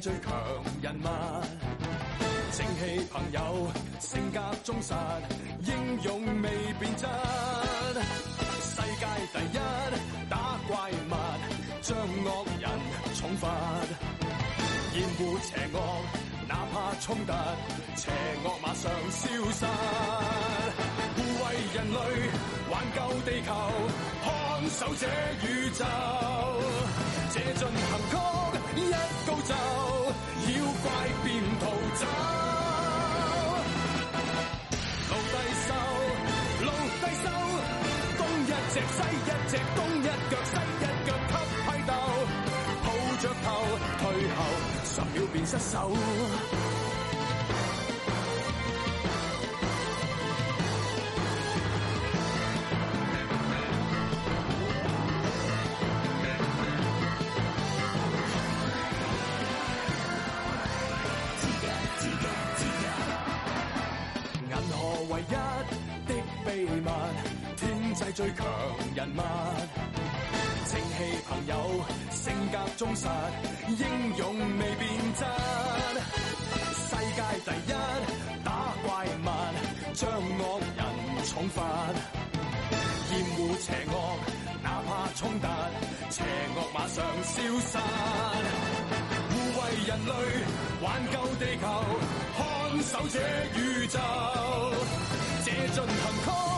最強人物，正氣朋友，性格忠實，英勇未變質。世界第一打怪物，將惡人重罰，厭惡邪惡，哪怕衝突，邪惡馬上消失。護衛人類，挽救地球，看守這宇宙，這進行曲。一高咒，妖怪便逃走。老弟受，老弟受，東一隻西一隻，東一腳西一腳，給批鬥，抱着頭退後，十秒便失手。最強人物，正氣朋友，性格忠實，英勇未變質。世界第一打怪物，將惡人重犯，厭惡邪惡，哪怕衝突，邪惡馬上消散。護衛人類，挽救地球，看守這宇宙，這進行曲。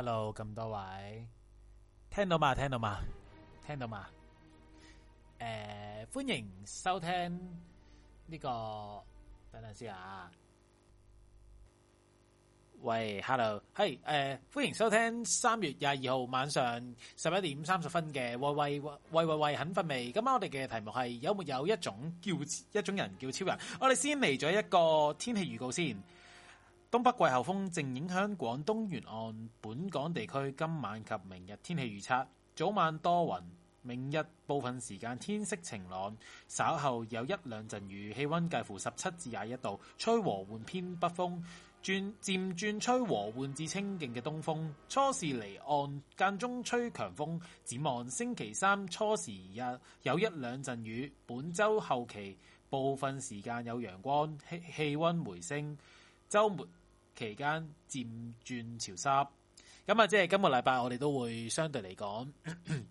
hello，咁多位聽到嘛？聽到嘛？聽到嘛？誒、呃，歡迎收聽呢、這個，等陣先啊！喂，hello，係、hey, 誒、呃，歡迎收聽三月廿二號晚上十一點三十分嘅喂喂喂喂喂，肯瞓未。今晚我哋嘅題目係有冇有一種叫一種人叫超人？我哋先嚟咗一個天氣預告先。東北季候風正影響廣東沿岸本港地區，今晚及明日天氣預測：早晚多雲，明日部分時間天色晴朗，稍後有一兩陣雨，氣溫介乎十七至廿一度，吹和緩偏北風，轉漸轉吹和緩至清勁嘅東風，初時離岸間中吹強風。展望星期三初時日有一兩陣雨，本週後期部分時間有陽光，氣溫回升，週末。期間漸轉潮濕，咁啊，即係今個禮拜我哋都會相對嚟講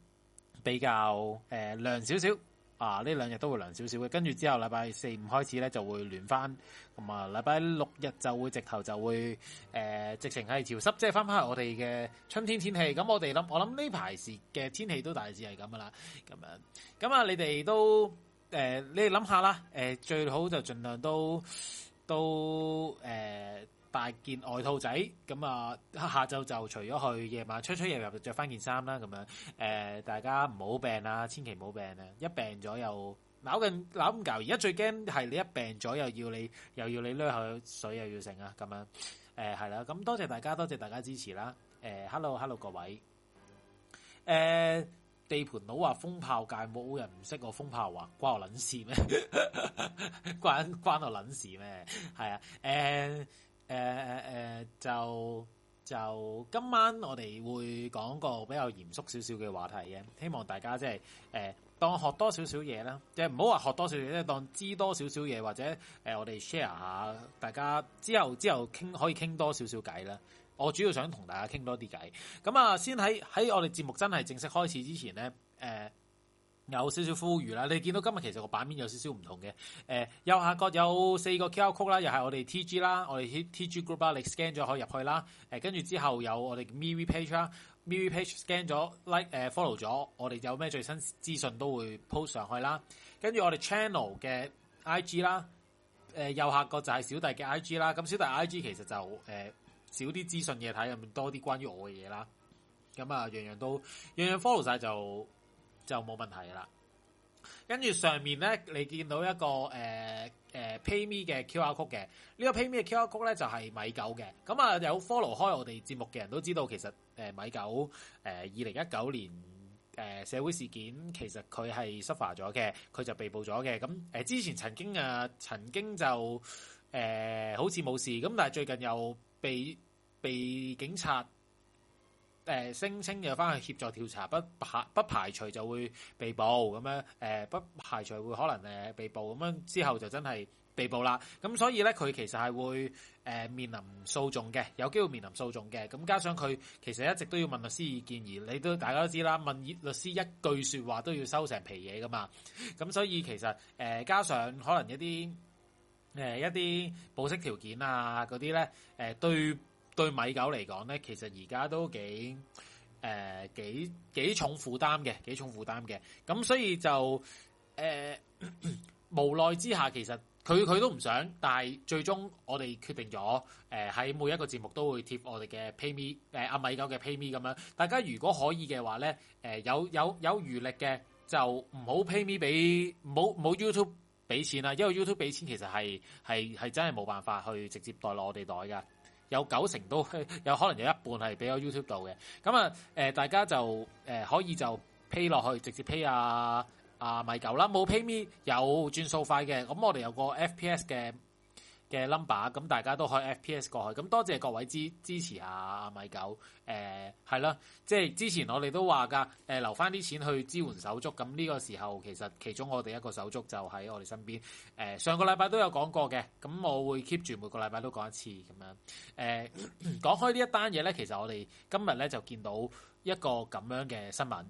比較誒涼、呃、少少啊，呢兩日都會涼少少嘅，跟住之後禮拜四五開始咧就會暖翻，同埋禮拜六日就會直頭就會誒、呃、直情係潮濕，即係翻翻我哋嘅春天天氣。咁我哋諗，我諗呢排時嘅天氣都大致係咁噶啦，咁樣。咁啊，你哋都誒，你哋諗下啦，誒，最好就盡量都都誒。呃大件外套仔咁啊，下晝就除咗去，夜晚吹吹又入入着翻件衫啦。咁樣，誒，大家唔好病啊，千祈唔好病啊！一病咗又扭緊扭咁，而家最驚係你一病咗又要你又要你撩下水又要成啊！咁、嗯、樣，誒，係啦，咁多謝大家，多謝大家支持啦。誒，hello hello 各位，誒、嗯，地盤佬話風炮界冇人唔識我，風炮話關我卵事咩？ 關關我卵事咩？係啊，誒、嗯。誒誒誒，就就今晚我哋會講個比較嚴肅少少嘅話題嘅，希望大家即係誒當學多少少嘢啦，即係唔好話學多少少嘢，即係當知多少少嘢或者誒、呃、我哋 share 下，大家之後之後傾可以傾多少少偈啦。我主要想同大家傾多啲偈咁啊，先喺喺我哋節目真係正式開始之前咧，誒、呃。有少少呼裕啦，你見到今日其實個版面有少少唔同嘅、呃，右下角有四個 QR code 啦，又係我哋 TG 啦，我哋 TG group 啦，你 scan 咗可以入去啦，跟、呃、住之後有我哋 Mimi page 啦 Mimi page scan 咗 like、呃、follow 咗，我哋有咩最新資訊都會 post 上去啦，跟住我哋 channel 嘅 IG 啦、呃，右下角就係小弟嘅 IG 啦，咁小弟 IG 其實就、呃、少啲資訊嘅睇，入面多啲關於我嘅嘢啦，咁啊樣樣都樣樣 follow 晒就。就冇問題啦。跟住上面咧，你見到一個、呃呃、PayMe 嘅 QR code 嘅，這個、的 Code 呢個 PayMe 嘅 QR code 咧就係、是、米九嘅。咁啊，有 follow 開我哋節目嘅人都知道，其實、呃、米九誒二零一九年、呃、社會事件，其實佢係 suffer 咗嘅，佢就被捕咗嘅。咁、呃、之前曾經啊，曾經就、呃、好似冇事，咁但係最近又被被警察。誒聲稱嘅翻去協助調查，不排不排除就會被捕咁樣，誒、呃、不排除會可能、呃、被捕咁樣，之後就真係被捕啦。咁所以咧，佢其實係會、呃、會面臨訴訟嘅，有機會面臨訴訟嘅。咁加上佢其實一直都要問律師意見，而你都大家都知啦，問律師一句說話都要收成皮嘢噶嘛。咁所以其實、呃、加上可能一啲、呃、一啲保釋條件啊嗰啲咧，誒、對。對米九嚟講咧，其實而家都幾誒、幾幾重負擔嘅，幾重負擔嘅。咁所以就誒、呃、無奈之下，其實佢佢都唔想，但係最終我哋決定咗，誒、呃、喺每一個節目都會貼我哋嘅 pay me，誒、呃、阿米九嘅 pay me 咁樣。大家如果可以嘅話咧，誒、呃、有有有餘力嘅就唔好 pay me 俾，唔好 YouTube 俾錢啦，啊。因為 YouTube 俾錢其實係係係真係冇辦法去直接代落我哋袋嘅。有九成都有可能有一半係俾我 YouTube 度嘅，咁啊誒大家就誒、呃、可以就 pay 落去，直接 pay 啊，啊米九啦，冇 pay me 有轉數快嘅，咁我哋有個 FPS 嘅。嘅 number 咁，大家都可以 FPS 過去。咁多謝各位支支持下米九。誒、呃，係啦，即係之前我哋都話噶、呃，留翻啲錢去支援手足。咁呢個時候其實其中我哋一個手足就喺我哋身邊。呃、上個禮拜都有講過嘅，咁我會 keep 住每個禮拜都講一次咁樣。講、呃、 開呢一單嘢咧，其實我哋今日咧就見到一個咁樣嘅新聞。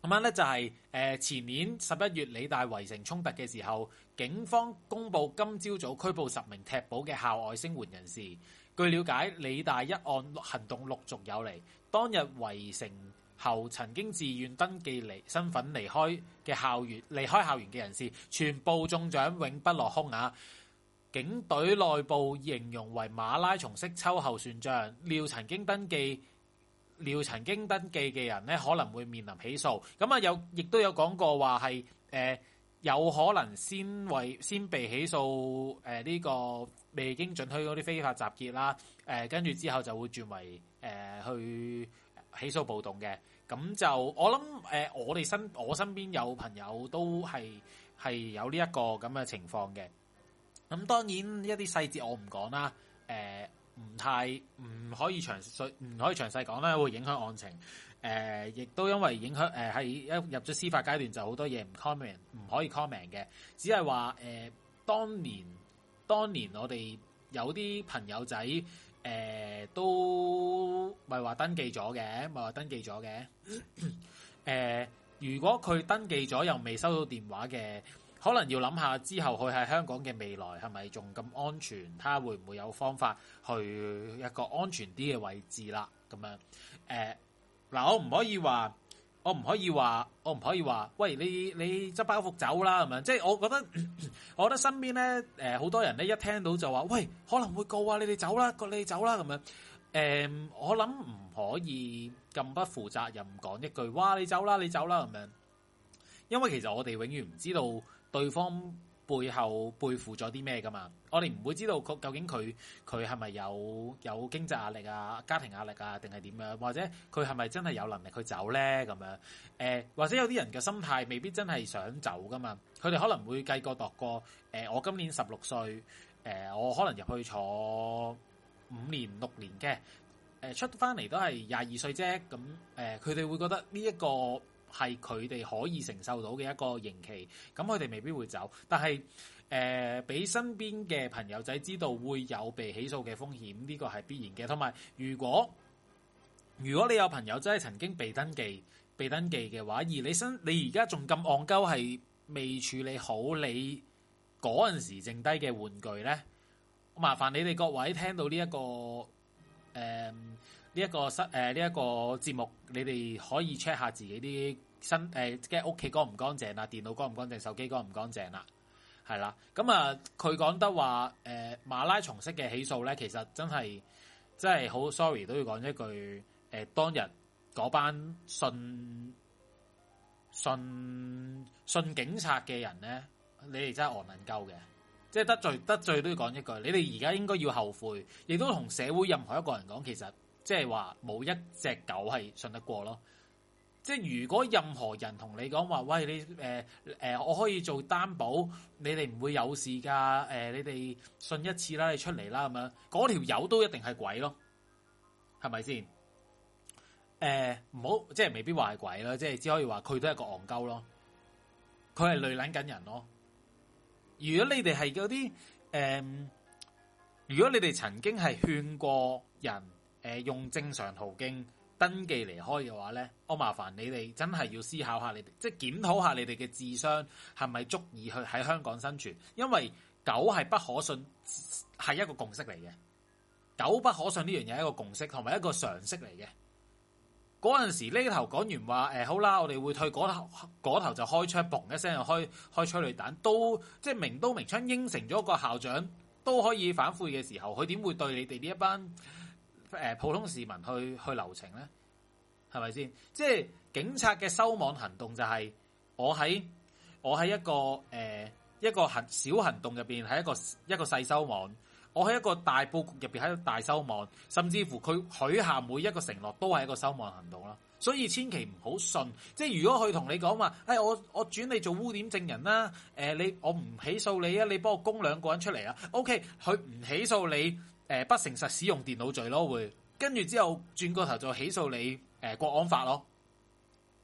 咁樣咧就係、是、誒、呃、前年十一月理大圍城衝突嘅時候，警方公布今朝早，早拘捕十名踢保嘅校外聲援人士。據了解，理大一案行動陸續，續有嚟，當日圍城後曾經自願登記離身份離開嘅校園離開校園嘅人士，全部中獎永不落空。啊！警隊內部形容為馬拉松式秋後算賬，料曾經登記。廖曾經登記嘅人咧，可能會面臨起訴。咁啊，有亦都有講過話係誒有可能先為先被起訴誒呢個未經准許嗰啲非法集結啦。誒跟住之後就會轉為誒、呃、去起訴暴動嘅。咁就我諗誒，我哋、呃、身我身邊有朋友都係係有呢一個咁嘅情況嘅。咁當然一啲細節我唔講啦。誒、呃。唔太唔可以詳細唔可以詳細講啦，會影響案情。誒、呃，亦都因為影響誒，係、呃、一入咗司法階段，就好多嘢唔 comment 唔可以 comment 嘅。只係話誒，當年當年我哋有啲朋友仔誒、呃、都唔係話登記咗嘅，唔係話登記咗嘅。誒、 呃，如果佢登記咗又未收到電話嘅。可能要諗下之後佢喺香港嘅未來係咪仲咁安全？睇下會唔會有方法去一個安全啲嘅位置啦。咁樣誒，嗱、呃，我唔可以話，我唔可以話，我唔可以話，喂，你你執包袱走啦，咁樣，即係我覺得，我覺得身邊咧，誒、呃，好多人咧一聽到就話，喂，可能會告啊，你哋走啦，個你走啦，咁樣。誒、呃，我諗唔可以咁不負責任講一句，哇，你走啦，你走啦，咁樣。因為其實我哋永遠唔知道。對方背後背負咗啲咩噶嘛？我哋唔會知道佢究竟佢佢係咪有有經濟壓力啊、家庭壓力啊，定係點樣？或者佢係咪真係有能力去走呢？咁樣、呃、或者有啲人嘅心態未必真係想走噶嘛？佢哋可能會計過度過、呃、我今年十六歲、呃、我可能入去坐五年六年嘅、呃、出翻嚟都係廿二歲啫。咁佢哋會覺得呢、這、一個。係佢哋可以承受到嘅一個刑期，咁佢哋未必會走。但係，誒、呃，俾身邊嘅朋友仔知道會有被起訴嘅風險，呢、這個係必然嘅。同埋，如果如果你有朋友真係曾經被登記、被登記嘅話，而你身你而家仲咁戇鳩，係未處理好你嗰陣時剩低嘅玩具呢？麻煩你哋各位聽到呢、這、一個，誒、嗯。呢、這、一個新誒呢一個節目，你哋可以 check 下自己啲新誒嘅屋企乾唔乾淨啊，電腦乾唔乾淨，手機乾唔乾淨啦，係啦。咁啊，佢講得話誒，馬拉松式嘅起訴咧，其實真係真係好 sorry，都要講一句誒、呃，當日嗰班信信信,信警察嘅人咧，你哋真係戇撚鳩嘅，即係得罪得罪都要講一句，你哋而家應該要後悔，亦都同社會任何一個人講，其實。即係話冇一隻狗係信得過咯，即係如果任何人同你講話，喂你誒誒，我可以做擔保，你哋唔會有事噶，誒你哋信一次啦，你出嚟啦咁樣，嗰條友都一定係鬼咯，係咪先？誒唔好，即係未必話係鬼咯，即係只可以話佢都係個戇鳩咯，佢係累捻緊人咯。如果你哋係嗰啲誒，如果你哋曾經係勸過人。誒，用正常途徑登記離開嘅話呢，我麻煩你哋真係要思考下，你哋即係檢討下你哋嘅智商係咪足以去喺香港生存？因為狗係不可信，係一個共識嚟嘅。狗不可信呢樣嘢，係一個共識同埋一個常識嚟嘅。嗰陣時呢頭講完話，誒、欸，好啦，我哋會退嗰頭嗰頭就開槍，嘣一聲就開開催淚彈，都即係明刀明槍應承咗個校長都可以反悔嘅時候，佢點會對你哋呢一班？誒，普通市民去去流程咧，係咪先？即係警察嘅收網行動就係我喺我喺一個誒、呃、一個行小行動入邊，係一個一個細收網。我喺一個大布局入邊係大收網，甚至乎佢許下每一個承諾都係一個收網行動啦。所以千祈唔好信。即係如果佢同你講話，誒、哎，我我轉你做污點證人啦，啊。誒、呃，你我唔起訴你啊，你幫我供兩個人出嚟啊。OK，佢唔起訴你。誒、呃，不誠實使用電腦罪咯，會跟住之後轉個頭就起訴你誒、呃、國安法咯，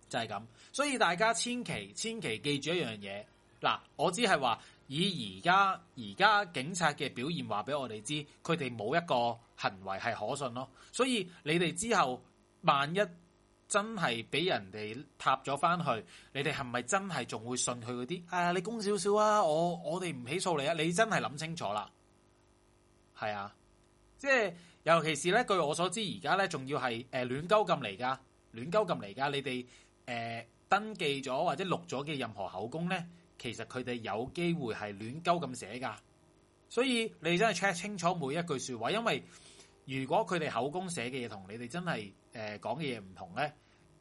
就係、是、咁。所以大家千祈千祈記住一樣嘢，嗱，我只係話以而家而家警察嘅表現話俾我哋知，佢哋冇一個行為係可信咯。所以你哋之後萬一真係俾人哋踏咗翻去，你哋係咪真係仲會信佢嗰啲？啊，你供少少啊，我我哋唔起訴你啊，你真係諗清楚啦，係啊。即係，尤其是咧，據我所知，而家咧仲要係誒亂鳩咁嚟噶，亂鳩咁嚟噶。你哋誒、呃、登記咗或者錄咗嘅任何口供咧，其實佢哋有機會係亂鳩咁寫噶。所以你真係 check 清楚每一句說話，因為如果佢哋口供寫嘅嘢同你哋真係誒講嘅嘢唔同咧，誒、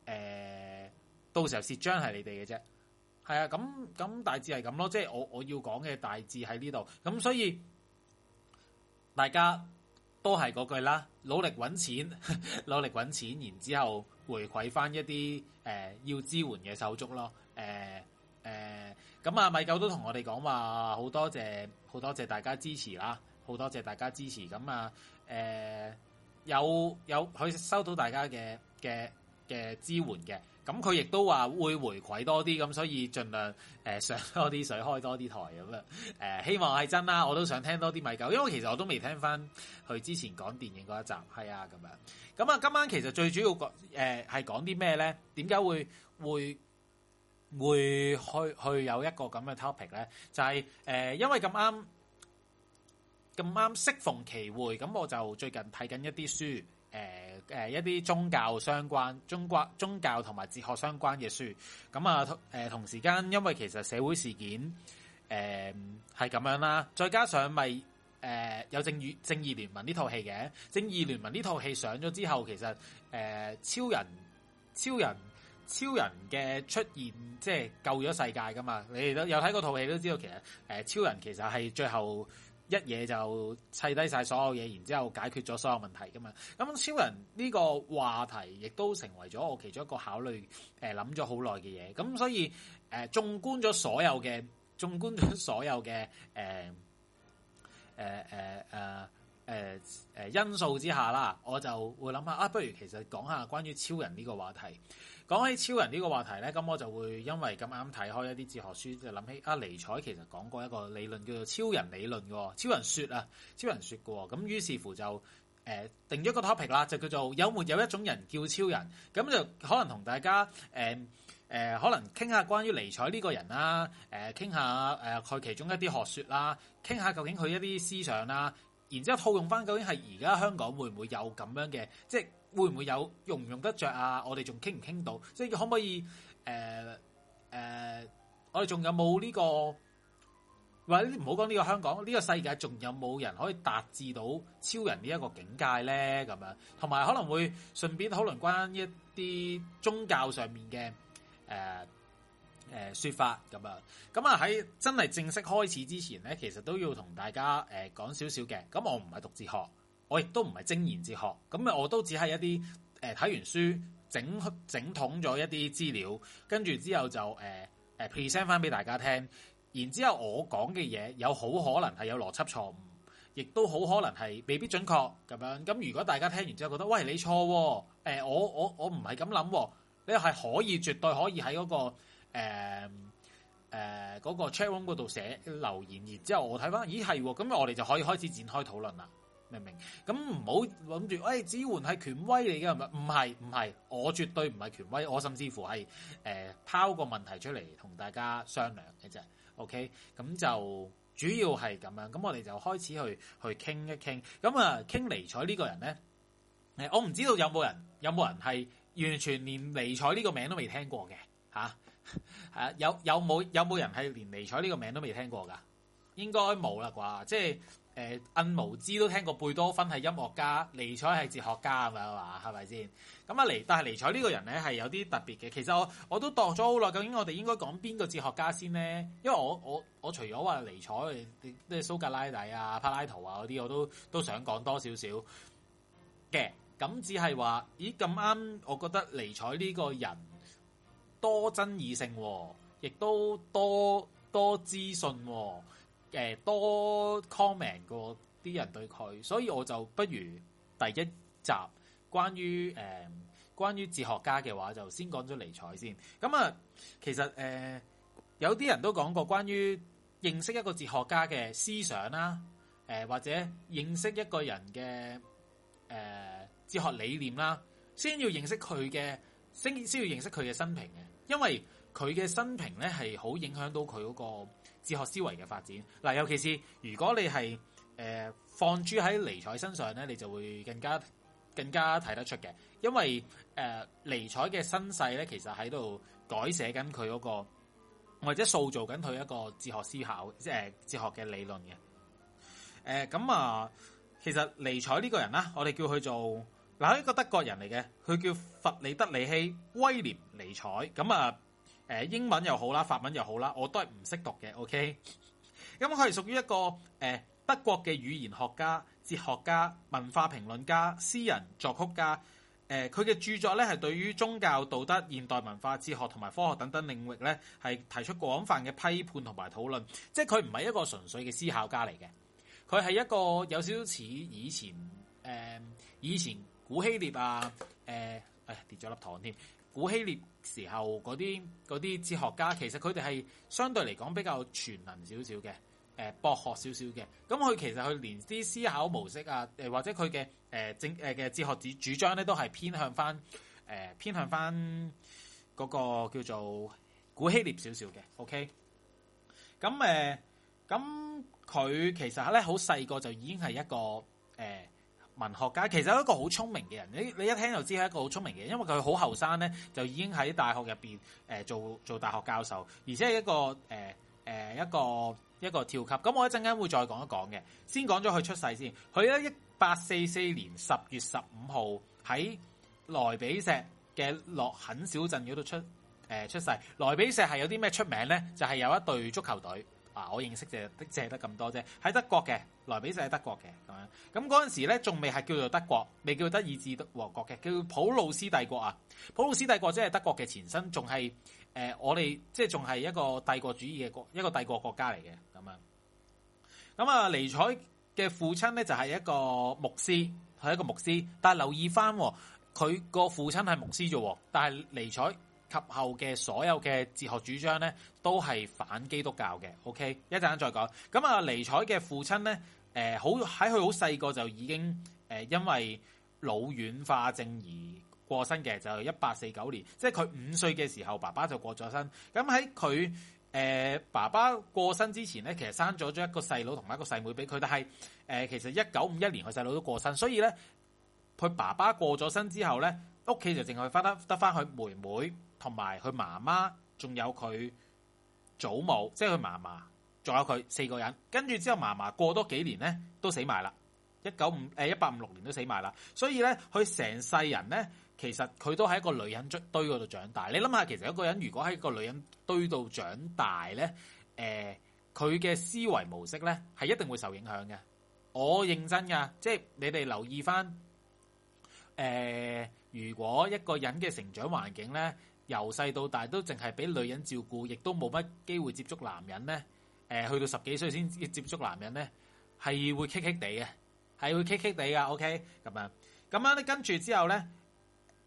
呃、到時候蝕章係你哋嘅啫。係啊，咁咁大致係咁咯。即係我我要講嘅大致喺呢度。咁所以大家。都係嗰句啦，努力揾錢，努力揾錢，然之後回饋翻一啲誒、呃、要支援嘅手足咯。誒、呃、誒，咁、呃、啊，米狗都同我哋講話，好多謝好多謝大家支持啦，好多謝大家支持，咁啊，誒、呃、有有可以收到大家嘅嘅嘅支援嘅。咁佢亦都話會回饋多啲，咁所以儘量、呃、上多啲水，開多啲台咁樣、呃、希望係真啦。我都想聽多啲米狗，因為其實我都未聽翻佢之前講電影嗰一集，係啊咁樣。咁啊，今晚其實最主要講、呃、係講啲咩咧？點解會會會去去有一個咁嘅 topic 咧？就係、呃、因為咁啱咁啱適逢其會，咁我就最近睇緊一啲書、呃誒、呃，一啲宗教相關、中國宗教同埋哲學相關嘅書，咁啊，誒、呃，同時間因為其實社會事件，誒、呃，係咁樣啦，再加上咪、就、誒、是呃、有正義正義聯盟呢套戲嘅，正義聯盟呢套戲上咗之後，其實誒、呃，超人、超人、超人嘅出現，即係救咗世界㗎嘛，你哋都有睇過套戲都知道，其實誒、呃，超人其實係最後。一嘢就砌低晒所有嘢，然之後解決咗所有問題㗎嘛。咁超人呢個話題，亦都成為咗我其中一個考慮，誒諗咗好耐嘅嘢。咁、呃、所以誒、呃，縱觀咗所有嘅，縱觀咗所有嘅誒誒誒誒誒誒因素之下啦，我就會諗下啊，不如其實講下關於超人呢個話題。講起超人呢個話題呢，咁我就會因為咁啱睇開一啲哲學書，就諗起阿、啊、尼采其實講過一個理論叫做超人理論嘅，超人說啊，超人說嘅，咁於是乎就誒、呃、定咗一個 topic 啦，就叫做有冇有，有一種人叫超人？咁就可能同大家誒誒、呃呃，可能傾下關於尼采呢個人啦，誒、呃，傾下誒佢其中一啲學說啦，傾下究竟佢一啲思想啦，然之後套用翻究竟係而家香港會唔會有咁樣嘅，即會唔會有用唔用得着啊？我哋仲傾唔傾到？即係可唔可以？誒、呃、誒、呃，我哋仲有冇呢個？或者唔好講呢個香港，呢個世界仲有冇人可以達至到超人呢一個境界咧？咁樣，同埋可能會順便討論關一啲宗教上面嘅誒誒說法咁樣。咁啊喺真係正式開始之前咧，其實都要同大家誒、呃、講少少嘅。咁我唔係讀哲學。我亦都唔係精研哲學，咁啊，我都只係一啲誒睇完書，整整統咗一啲資料，跟住之後就誒誒 present 翻俾大家聽。然之後我講嘅嘢有好可能係有邏輯錯誤，亦都好可能係未必準確咁樣。咁如果大家聽完之後覺得喂，你錯誒、哦呃，我我我唔係咁諗，你係可以絕對可以喺嗰、嗰個誒誒嗰個 chat room 嗰度寫留言，然之後我睇翻，咦係咁，哦、我哋就可以開始展開討論啦。明明？咁唔好諗住，誒、哎，子桓係權威嚟嘅，係咪？唔係，唔係，我絕對唔係權威，我甚至乎係誒拋個問題出嚟，同大家商量嘅啫。OK，咁就主要係咁樣。咁我哋就開始去去傾一傾。咁啊，傾尼采呢個人咧，我唔知道有冇人有冇人係完全連尼采呢個名都未聽過嘅吓。啊，有有冇有冇人係連尼采呢個名都未聽過噶？應該冇啦啩，即係。誒、嗯，暗無知都聽過貝多芬係音樂家，尼采係哲學家嘛，樣話，係咪先？咁啊尼，但係尼采呢個人咧係有啲特別嘅。其實我我都度咗好耐，究竟我哋應該講邊個哲學家先咧？因為我我我除咗話尼采，即係蘇格拉底啊、柏拉圖啊嗰啲，我都都想講多少少嘅。咁只係話，咦咁啱，我覺得尼采呢個人多爭議性，啊，亦都多多資訊，啊。誒，多 comment 過啲人對佢，所以我就不如第一集關於誒、嗯，關於哲學家嘅話，就先講咗尼采先。咁、嗯、啊，其實誒、嗯，有啲人都講過，關於認識一個哲學家嘅思想啦，誒、嗯、或者認識一個人嘅誒、嗯、哲學理念啦，先要認識佢嘅，先先要認識佢嘅生平嘅，因為佢嘅生平咧係好影響到佢嗰個。哲學思維嘅發展，嗱，尤其是如果你係誒、呃、放諸喺尼采身上咧，你就會更加更加睇得出嘅，因為誒、呃、尼采嘅身世咧，其實喺度改寫緊佢嗰個，或者塑造緊佢一個哲學思考，即係哲學嘅理論嘅。誒、呃，咁啊，其實尼采呢個人咧、啊，我哋叫佢做嗱，呃、一個德國人嚟嘅，佢叫弗里德里希威廉尼采，咁啊。誒英文又好啦，法文又好啦，我都係唔識讀嘅。OK，咁佢係屬於一個誒、呃、德國嘅語言學家、哲學家、文化評論家、詩人、作曲家。誒佢嘅著作咧係對於宗教、道德、現代文化、哲學同埋科學等等領域咧係提出廣泛嘅批判同埋討論。即係佢唔係一個純粹嘅思考家嚟嘅，佢係一個有少少似以前誒、呃、以前古希臘啊誒誒跌咗粒糖添。古希臘時候嗰啲啲哲學家，其實佢哋係相對嚟講比較全能少少嘅，誒、呃、博學少少嘅。咁佢其實佢連啲思考模式啊，誒或者佢嘅誒政誒嘅哲學主主張咧，都係偏向翻誒、呃、偏向翻嗰個叫做古希臘少少嘅。OK，咁誒咁佢其實咧好細個就已經係一個誒。呃文學家其實係一個好聰明嘅人，你你一聽就知係一個好聰明嘅人，因為佢好後生咧，就已經喺大學入邊誒做做大學教授，而且係一個誒誒、呃呃、一個一個跳級。咁我一陣間會再講一講嘅，先講咗佢出世先。佢喺一八四四年十月十五號喺萊比錫嘅洛肯小鎮嗰度出誒、呃、出世。萊比錫係有啲咩出名咧？就係、係、有一隊足球隊。啊！我認識就借得咁多啫，喺德國嘅萊比錫係德國嘅咁樣，咁嗰陣時咧仲未係叫做德國，未叫德意志德皇國嘅，叫普魯斯帝國啊，普魯斯帝國即係德國嘅前身，仲係、呃、我哋即係仲係一個帝國主義嘅國一個帝國國家嚟嘅咁樣。咁啊，尼采嘅父親咧就係、是、一個牧師，係一個牧師，但係留意翻佢個父親係牧師啫，但係尼采。及後嘅所有嘅哲學主張咧，都係反基督教嘅。OK，一陣間再講。咁啊，尼采嘅父親咧，誒、呃，好喺佢好細個就已經誒、呃，因為腦軟化症而過身嘅，就係一八四九年。即係佢五歲嘅時候，爸爸就過咗身。咁喺佢誒，爸爸過身之前咧，其實生咗咗一個細佬同埋一個細妹俾佢。但係誒，其實一九五一年佢細佬都過身，所以咧，佢爸爸過咗身之後咧，屋企就淨係翻得得翻佢妹妹。同埋佢媽媽，仲有佢祖母，即係佢嫲嫲，仲有佢四個人。跟住之後，嫲嫲過多幾年呢都死埋啦。一九五誒，一八五六年都死埋啦。所以呢，佢成世人呢，其實佢都喺一個女人堆嗰度長大。你諗下，其實一個人如果喺個女人堆度長大呢，誒、呃，佢嘅思維模式呢係一定會受影響嘅。我認真噶，即係你哋留意翻，誒、呃，如果一個人嘅成長環境呢。由細到大都淨係俾女人照顧，亦都冇乜機會接觸男人咧。誒、呃，去到十幾歲先接觸男人咧，係會棘棘地嘅，係會棘棘地噶。OK，咁樣咁樣咧，跟住之後咧，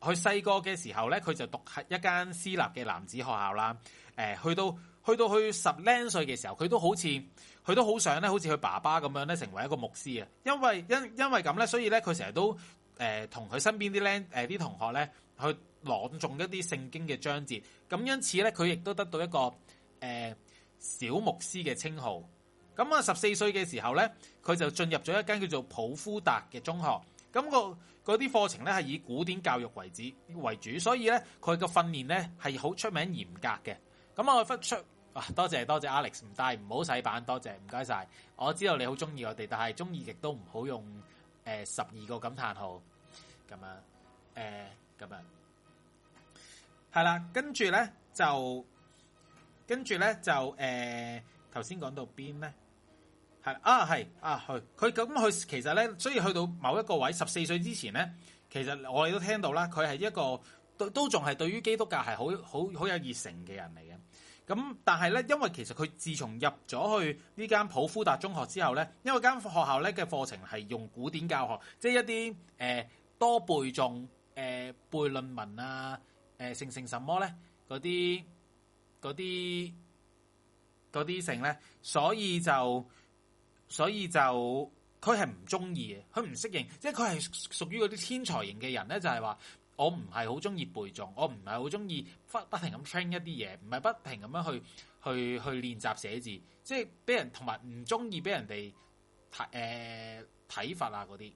佢細個嘅時候咧，佢就讀係一間私立嘅男子學校啦。誒、呃，去到去到佢十零歲嘅時候，佢都好似佢都好想咧，好似佢爸爸咁樣咧，成為一個牧師啊。因為因因為咁咧，所以咧，佢成日都誒同佢身邊啲靚誒啲同學咧去。朗誦一啲聖經嘅章節，咁因此咧，佢亦都得到一個誒、呃、小牧師嘅稱號。咁啊，十四歲嘅時候咧，佢就進入咗一間叫做普夫達嘅中學。咁個嗰啲課程咧係以古典教育為主為主，所以咧佢嘅訓練咧係好出名嚴格嘅。咁啊，我出啊，多謝多謝 Alex，唔帶唔好洗版，多謝唔該晒。我知道你好中意我哋，但係中意亦都唔好用誒十二個感嘆號咁樣，誒咁樣。呃係啦，跟住咧就，跟住咧就，誒、呃，頭先講到邊咧？係啊，係啊，去佢咁佢其實咧，所以去到某一個位，十四歲之前咧，其實我哋都聽到啦，佢係一個都都仲係對於基督教係好好好有熱誠嘅人嚟嘅。咁、嗯、但係咧，因為其實佢自從入咗去呢間普夫達中學之後咧，因為間學校咧嘅課程係用古典教學，即係一啲誒、呃、多背誦誒背論文啊。誒、呃，成成什麼咧？嗰啲嗰啲嗰啲成咧，所以就所以就佢係唔中意嘅，佢唔適應，即係佢係屬於嗰啲天才型嘅人咧，就係話我唔係好中意背誦，我唔係好中意不不停咁 train 一啲嘢，唔係不停咁樣去去去練習寫字，即係俾人同埋唔中意俾人哋睇誒睇法啊嗰啲。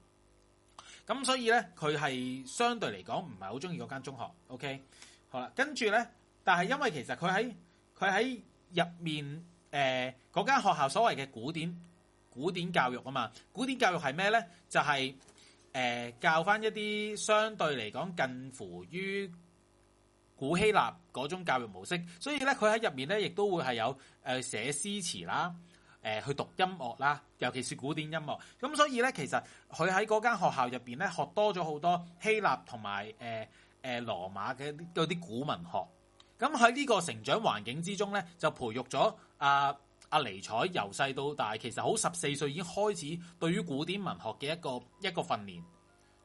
咁所以咧，佢係相對嚟講唔係好中意嗰間中學。OK，好啦，跟住咧，但係因為其實佢喺佢喺入面誒嗰間學校所謂嘅古典古典教育啊嘛，古典教育係咩咧？就係、是、誒、呃、教翻一啲相對嚟講近乎於古希臘嗰種教育模式，所以咧，佢喺入面咧亦都會係有誒寫詩詞啦。誒，去讀音樂啦，尤其是古典音樂。咁所以咧，其實佢喺嗰間學校入邊咧，學多咗好多希臘同埋誒誒羅馬嘅嗰啲古文學。咁喺呢個成長環境之中咧，就培育咗阿阿尼采由細到大，其實好十四歲已經開始對於古典文學嘅一個一個訓練，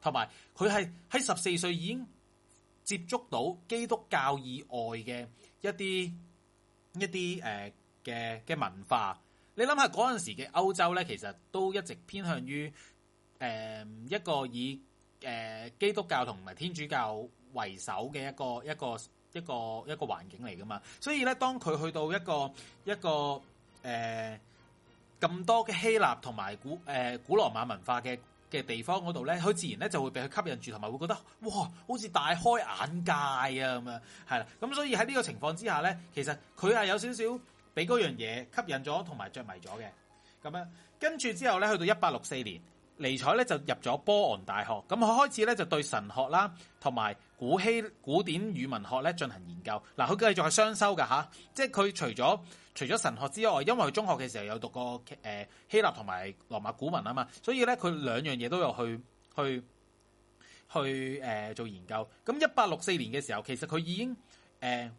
同埋佢係喺十四歲已經接觸到基督教以外嘅一啲一啲誒嘅嘅文化。你諗下嗰陣時嘅歐洲咧，其實都一直偏向於誒一個以誒基督教同埋天主教為首嘅一個一個一個一個環境嚟噶嘛。所以咧，當佢去到一個一個誒咁、呃、多嘅希臘同埋古誒、呃、古羅馬文化嘅嘅地方嗰度咧，佢自然咧就會俾佢吸引住，同埋會覺得哇，好似大開眼界啊咁樣。係啦，咁所以喺呢個情況之下咧，其實佢係有少少。俾嗰樣嘢吸引咗，同埋着迷咗嘅，咁樣跟住之後呢，去到一八六四年，尼采呢就入咗波昂大學，咁佢開始呢，就對神學啦，同埋古希古典語文學呢進行研究。嗱、啊，佢繼續係雙修噶吓、啊，即係佢除咗除咗神學之外，因為佢中學嘅時候有讀過誒、呃、希臘同埋羅馬古文啊嘛，所以呢，佢兩樣嘢都有去去去誒、呃、做研究。咁一八六四年嘅時候，其實佢已經誒。呃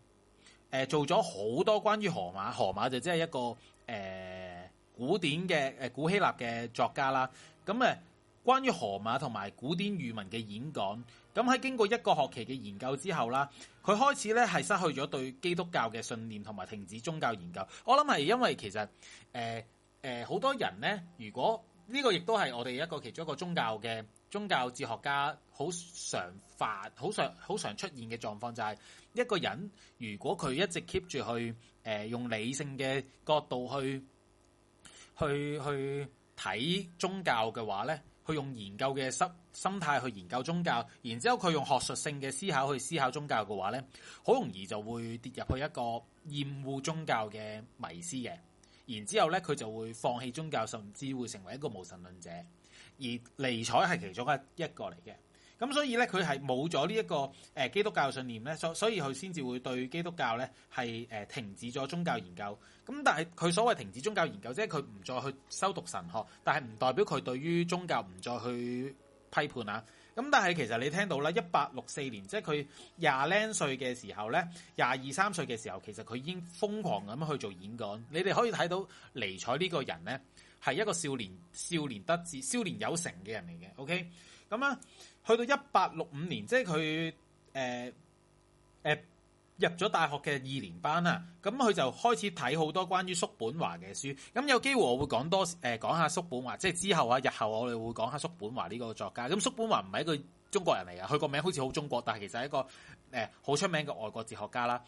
誒，做咗好多關於荷馬，荷馬就即係一個誒、呃、古典嘅誒古希臘嘅作家啦。咁誒，關於荷馬同埋古典語文嘅演講，咁喺經過一個學期嘅研究之後啦，佢開始咧係失去咗對基督教嘅信念，同埋停止宗教研究。我諗係因為其實誒誒，好、呃呃、多人咧，如果呢、這個亦都係我哋一個其中一個宗教嘅宗教哲學家。好常發、好常、好常出現嘅狀況就係一個人，如果佢一直 keep 住去、呃、用理性嘅角度去、去、去睇宗教嘅話咧，去用研究嘅心心態去研究宗教，然之後佢用學術性嘅思考去思考宗教嘅話咧，好容易就會跌入去一個厭惡宗教嘅迷思嘅，然之後咧佢就會放棄宗教，甚至會成為一個無神論者，而尼采係其中一個嚟嘅。咁所以咧，佢係冇咗呢一個、呃、基督教信念咧，所所以佢先至會對基督教咧係、呃、停止咗宗教研究。咁但係佢所謂停止宗教研究，即係佢唔再去修讀神學，但係唔代表佢對於宗教唔再去批判啊。咁但係其實你聽到啦，一八六四年，即係佢廿零歲嘅時候咧，廿二三歲嘅時候，其實佢已經瘋狂咁樣去做演講。你哋可以睇到尼采呢個人咧，係一個少年少年得志、少年有成嘅人嚟嘅。OK，咁啊～去到一八六五年，即係佢誒誒入咗大學嘅二年班啦，咁佢就開始睇好多關於叔本華嘅書。咁有機會我會講多誒講、呃、下叔本華，即係之後啊，日後我哋會講下叔本華呢個作家。咁叔本華唔係一個中國人嚟啊，佢個名字好似好中國，但係其實係一個誒好、呃、出名嘅外國哲學家啦。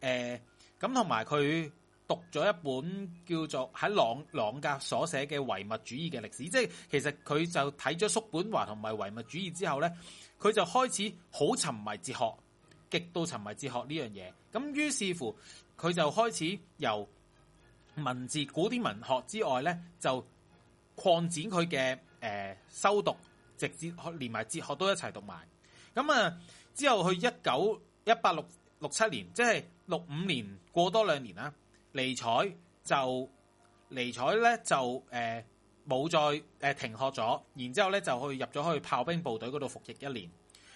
誒咁同埋佢，讀咗一本叫做喺朗朗格所寫嘅唯物主義嘅歷史，即係其實佢就睇咗叔本華同埋唯物主義之後呢，佢就開始好沉迷哲學，極度沉迷哲學呢樣嘢。咁於是乎，佢就開始由文字、古典文學之外呢，就擴展佢嘅誒，修讀直接連埋哲學都一齊讀埋。咁啊，之後去一九一八六六七年，即係六五年過多兩年啦。尼采就尼采咧就誒冇、呃、再停學咗，然之後咧就去入咗去炮兵部隊嗰度服役一年。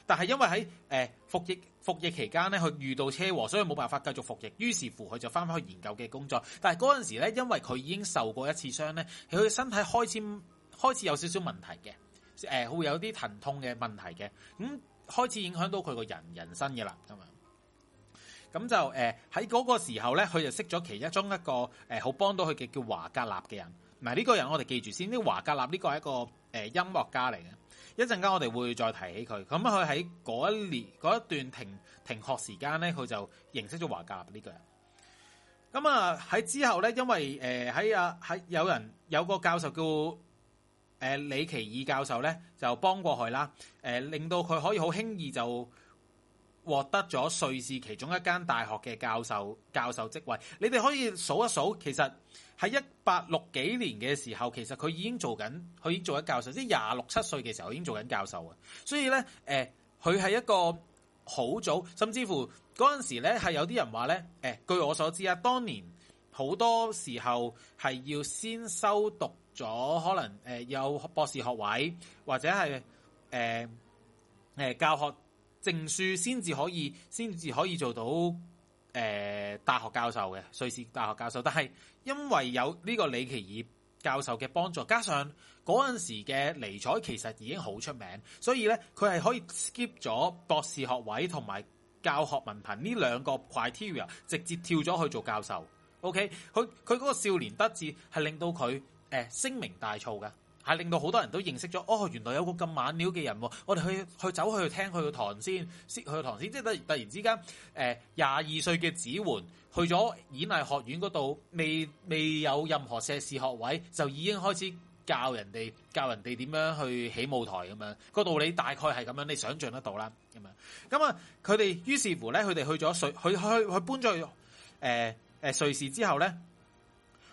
但係因為喺誒、呃、服役服役期間咧，佢遇到車禍，所以冇辦法繼續服役。於是乎佢就翻返去研究嘅工作。但係嗰陣時咧，因為佢已經受過一次傷咧，佢嘅身體開始開始有少少問題嘅，呃，會有啲疼痛嘅問題嘅，咁、嗯、開始影響到佢個人人生嘅啦，咁、嗯咁就喺嗰、呃、個時候咧，佢就識咗其中一個好、呃、幫到佢嘅叫華格納嘅人。嗱呢、呢個人我哋記住先，啲華格納呢個係一個、呃、音樂家嚟嘅。一陣間我哋會再提起佢。咁佢喺嗰一年嗰一段停停學時間咧，佢就認識咗華格納呢個人。咁啊喺之後咧，因為喺啊喺有人有個教授叫誒、呃、李奇爾教授咧，就幫過佢啦、呃。令到佢可以好輕易就獲得咗瑞士其中一間大學嘅教授教授職位，你哋可以數一數，其實喺一八六幾年嘅時候，其實佢已經做緊，佢已經做緊教授，即係廿六七歲嘅時候已經做緊教授啊！所以呢，誒、呃，佢係一個好早，甚至乎嗰陣時呢係有啲人話呢，誒、呃，據我所知啊，當年好多時候係要先修讀咗可能、呃、有博士學位或者係、呃呃、教學證書先至可以，先至可以做到、呃、大學教授嘅瑞士大學教授。但係因為有呢個李奇爾教授嘅幫助，加上嗰陣時嘅尼采其實已經好出名，所以呢，佢係可以 skip 咗博士學位同埋教學文憑呢兩個 criteria，直接跳咗去做教授。OK，佢佢嗰個少年得志係令到佢誒聲名大噪嘅。係令到好多人都認識咗，哦，原來有個咁猛料嘅人，我哋去去走去聽佢嘅堂先，去佢嘅堂先，即係突突然之間，誒廿二歲嘅子桓去咗演藝學院嗰度，未未有任何碩士學位，就已經開始教人哋教人哋點樣去起舞台咁樣，個道理大概係咁樣，你想象得到啦，咁樣。咁啊，佢哋於是乎咧，佢哋去咗瑞，去去搬去搬咗去誒誒瑞士之後咧。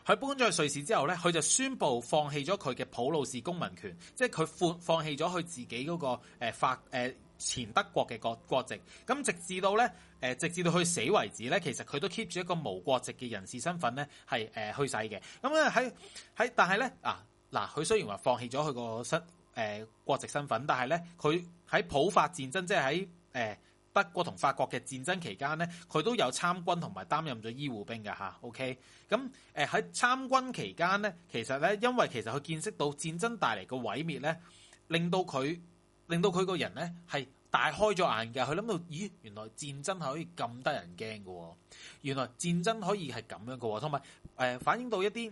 佢搬咗去瑞士之後咧，佢就宣布放棄咗佢嘅普魯士公民權，即係佢放放棄咗佢自己嗰個、呃、法誒、呃、前德國嘅國國籍。咁直至到咧、呃、直至到佢死為止咧，其實佢都 keep 住一個無國籍嘅人士身份咧係誒去世嘅。咁咧喺喺但係咧啊嗱，佢雖然話放棄咗佢個身誒國籍身份，但係咧佢喺普法戰爭即係喺誒。呃德國同法國嘅戰爭期間咧，佢都有參軍同埋擔任咗醫護兵嘅吓，OK，咁誒喺參軍期間咧，其實咧，因為其實佢見識到戰爭帶嚟嘅毀滅咧，令到佢令到佢個人咧係大開咗眼界。佢諗到，咦，原來戰爭係可以咁得人驚嘅，原來戰爭可以係咁樣嘅，同埋誒反映到一啲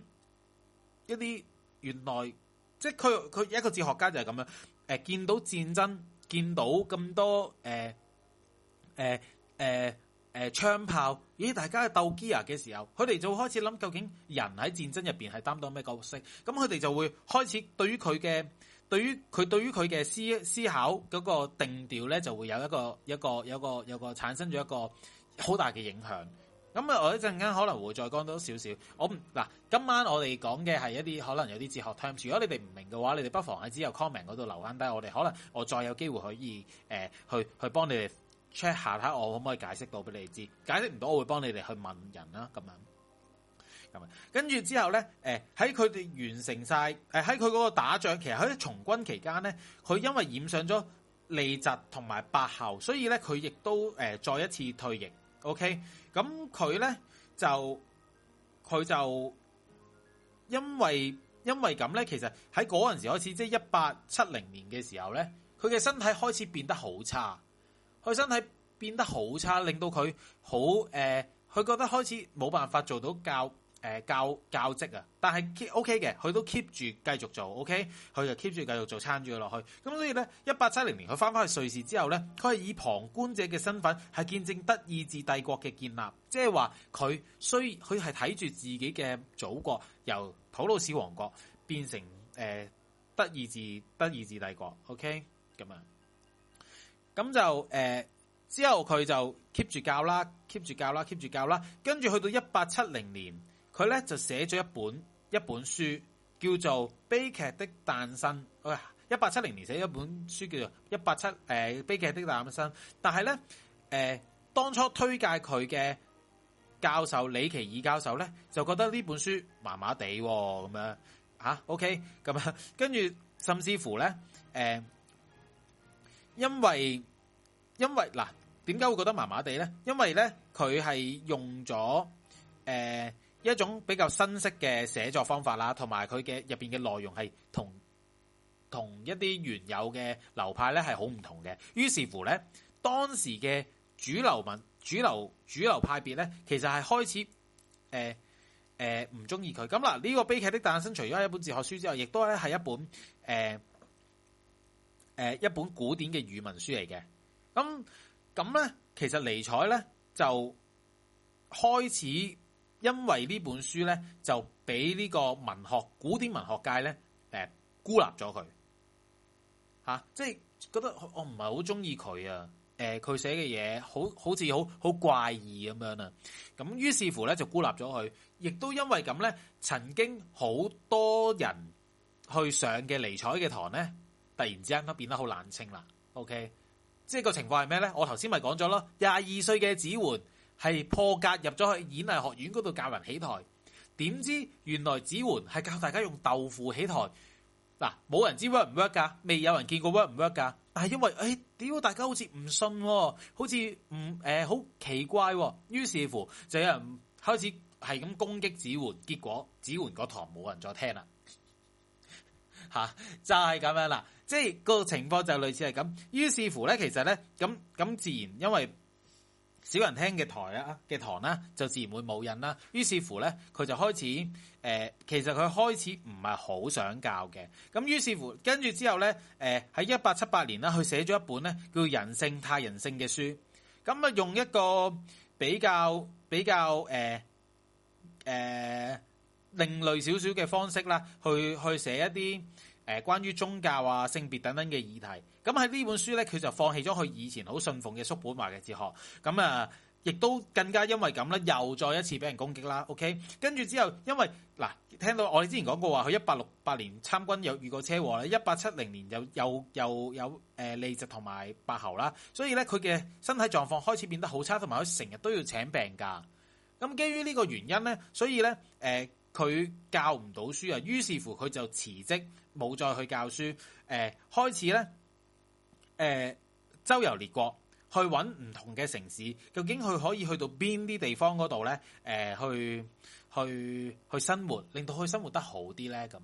一啲原來即係佢佢一個哲學家就係咁樣誒，呃，見到戰爭，見到咁多誒。呃誒誒誒，槍、呃呃、炮，咦！大家鬥 gear 嘅時候，佢哋就會開始諗究竟人喺戰爭入邊係擔當咩角色？咁佢哋就會開始對於佢嘅，對於佢對於佢嘅思思考嗰個定調咧，就會有一個有一個有一個有一個，有個產生咗一個好大嘅影響。咁啊，我一陣間可能會再講多少少。我嗱，今晚我哋講嘅係一啲可能有啲哲學 terms。如果你哋唔明嘅話，你哋不妨喺之後 comment 嗰度留翻低。我哋可能我再有機會可以誒、呃，去去幫你哋。check 下睇我可唔可以解釋到俾你知，解釋唔到我會幫你哋去問人啦、啊，咁樣，咁樣，跟住之後咧，誒喺佢哋完成晒，誒喺佢嗰個打仗，其實喺從軍期間咧，佢因為染上咗痢疾同埋白喉，所以咧佢亦都誒、呃、再一次退役。OK，咁佢咧就佢就因為因為咁咧，其實喺嗰陣時開始，即係一八七零年嘅時候咧，佢嘅身體開始變得好差。佢身體變得好差，令到佢好誒，佢、呃、覺得開始冇辦法做到教、呃、教教職啊。但係 keep OK 嘅，佢都 keep 住繼續做 OK，佢就 keep 住繼續做撐住落去。咁所以咧，一八七零年佢翻返去瑞士之後咧，佢係以旁觀者嘅身份係見證德意志帝國嘅建立，即係話佢需佢係睇住自己嘅祖國由普魯士王國變成誒德、呃、意志德意志帝國。OK 咁樣。咁就誒、呃、之後佢就 keep 住教啦，keep 住教啦，keep 住教啦。跟住去到一八七零年，佢咧就寫咗一本一本書，叫做《悲劇的誕生》。喂、哎，一八七零年寫咗一本書叫做一八七誒《悲劇的誕生》，但係咧誒當初推介佢嘅教授李奇爾教授咧，就覺得呢本書麻麻地喎，咁樣吓 OK 咁樣。跟、啊、住、okay, 甚至乎咧誒。呃因為因為嗱，點解會覺得麻麻地咧？因為咧，佢係用咗誒、呃、一種比較新式嘅寫作方法啦，同埋佢嘅入邊嘅內容係同同一啲原有嘅流派咧係好唔同嘅。於是乎咧，當時嘅主流文、主流主流派別咧，其實係開始誒誒唔中意佢。咁、呃、嗱，呢、呃這個悲劇的誕生，除咗係一本哲學書之外，亦都咧係一本誒。呃誒、呃，一本古典嘅語文書嚟嘅，咁咁咧，其實尼采咧就開始因為呢本書咧，就俾呢個文學古典文學界咧，誒、呃、孤立咗佢，吓、啊，即係覺得我唔係好中意佢啊，誒、呃，佢寫嘅嘢好好似好好怪異咁樣啊，咁、嗯、於是乎咧就孤立咗佢，亦都因為咁咧，曾經好多人去上嘅尼采嘅堂咧。突然之間都變得好冷清啦，OK？即係個情況係咩咧？我頭先咪講咗咯，廿二歲嘅子桓係破格入咗去演藝學院嗰度教人起台，點知原來子桓係教大家用豆腐起台，嗱，冇人知 work 唔 work 噶未有人見過 work 唔 work 噶但係因為誒，屌、哎、大家好似唔信，好似唔誒好奇怪，於是乎就有人開始係咁攻擊子桓，結果子桓嗰堂冇人再聽啦。吓就係、是、咁樣啦，即係個情況就類似係咁。於是乎咧，其實咧，咁咁自然，因為少人聽嘅台啊，嘅堂啦，就自然會冇人啦。於是乎咧，佢就開始、呃、其實佢開始唔係好想教嘅。咁於是乎，跟住之後咧，喺一八七八年啦，佢寫咗一本咧叫《人性太人性》嘅書。咁啊，用一個比較比較誒、呃呃另類少少嘅方式啦，去去寫一啲誒關於宗教啊、性別等等嘅議題。咁喺呢本書呢，佢就放棄咗佢以前好信奉嘅叔本華嘅哲學。咁啊，亦都更加因為咁咧，又再一次俾人攻擊啦。OK，跟住之後，因為嗱，啊，聽到我哋之前講過話，佢一八六八年參軍有遇過車禍咧，一八七零年又又又有誒痢疾同埋白喉啦，所以呢，佢嘅身體狀況開始變得好差，同埋佢成日都要請病假。咁基於呢個原因呢，所以呢。誒、呃。佢教唔到書啊，於是乎佢就辭職，冇再去教書。誒、呃，開始咧，誒、呃、周遊列國，去搵唔同嘅城市，究竟佢可以去到邊啲地方嗰度咧？誒，去去去生活，令到佢生活得好啲咧，咁樣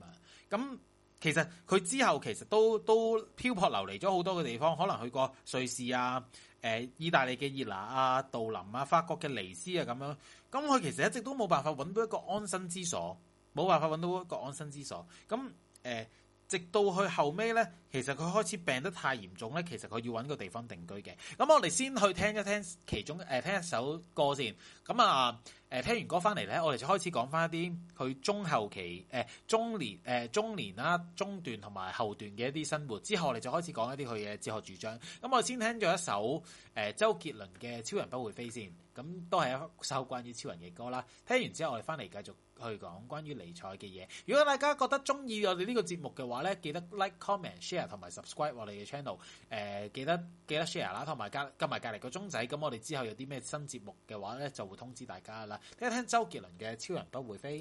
咁。其實佢之後其實都都漂泊流離咗好多嘅地方，可能去過瑞士啊、呃、意大利嘅熱拿啊、杜林啊、法國嘅尼斯啊咁樣。咁佢其實一直都冇辦法揾到一個安身之所，冇辦法揾到一個安身之所。咁、呃直到佢後尾咧，其實佢開始病得太嚴重咧，其實佢要揾個地方定居嘅。咁我哋先去聽一聽其中誒、呃、聽一首歌先。咁啊、呃、聽完歌翻嚟咧，我哋就開始講翻一啲佢中後期、呃、中年、呃、中年啦中段同埋後段嘅一啲生活。之後我哋就開始講一啲佢嘅哲學主張。咁我先聽咗一首、呃、周杰倫嘅《超人不會飛》先。咁都係一首關於超人嘅歌啦。聽完之後我哋翻嚟繼續。去講關於尼采嘅嘢。如果大家覺得中意我哋呢個節目嘅話咧，記得 like、comment、share 同埋 subscribe 我哋嘅 channel。誒，記得記得 share 啦，同埋加加埋隔離個鐘仔。咁我哋之後有啲咩新節目嘅話咧，就會通知大家啦。聽一聽周杰倫嘅《超人不會飛》。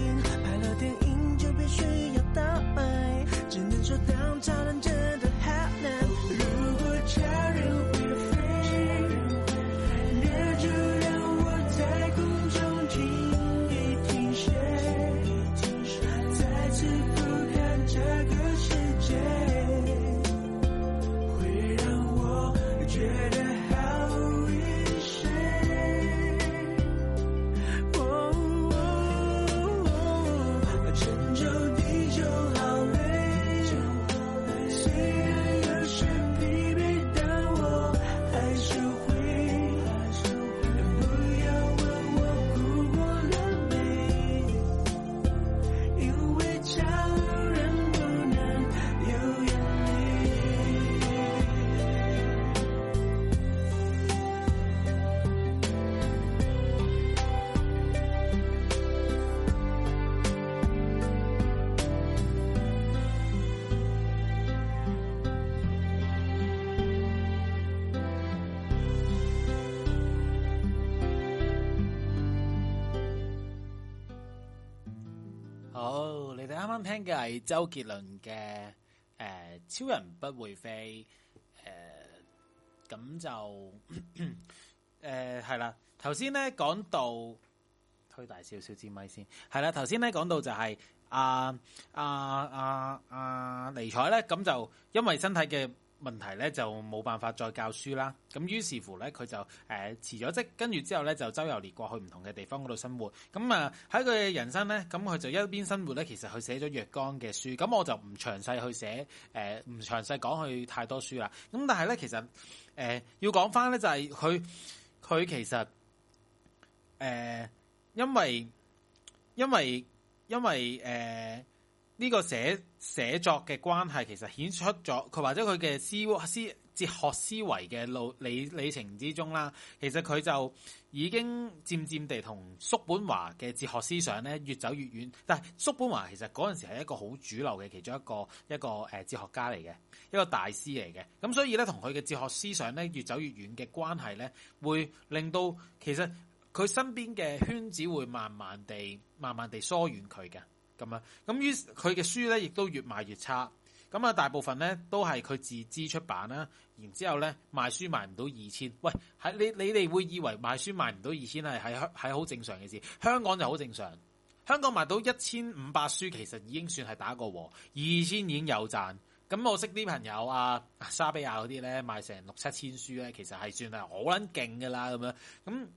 聽嘅係周杰倫嘅誒，超人不會飛。誒，咁就誒係啦。頭先咧講到推大少少支咪先，係啦。頭先咧講到就係阿阿阿阿尼采咧，咁就因為身體嘅。問題咧就冇辦法再教書啦，咁於是乎咧佢就誒辭咗職，跟住之後咧就周遊列國去唔同嘅地方嗰度生活。咁啊喺佢嘅人生咧，咁佢就一邊生活咧，其實佢寫咗若干嘅書。咁我就唔詳細去寫唔詳細講佢太多書啦。咁但係咧，其實誒、呃、要講翻咧就係佢佢其實誒、呃、因為因為因為誒。呃呢個寫寫作嘅關係其實顯出咗佢或者佢嘅思思哲學思維嘅路理旅程之中啦，其實佢就已經漸漸地同叔本華嘅哲學思想咧越走越遠。但係叔本華其實嗰陣時係一個好主流嘅其中一個一個誒哲學家嚟嘅一個大師嚟嘅，咁所以咧同佢嘅哲學思想咧越走越遠嘅關係咧，會令到其實佢身邊嘅圈子會慢慢地慢慢地疏遠佢嘅。咁啊，咁於佢嘅書咧，亦都越賣越差。咁啊，大部分咧都係佢自資出版啦。然之後咧賣書賣唔到二千，喂，喺你你哋會以為賣書賣唔到二千係喺喺好正常嘅事？香港就好正常，香港賣到一千五百書其實已經算係打個和，二千已經有賺。咁我識啲朋友啊，莎比亞嗰啲咧賣成六七千書咧，其實係算係好撚勁噶啦咁樣。咁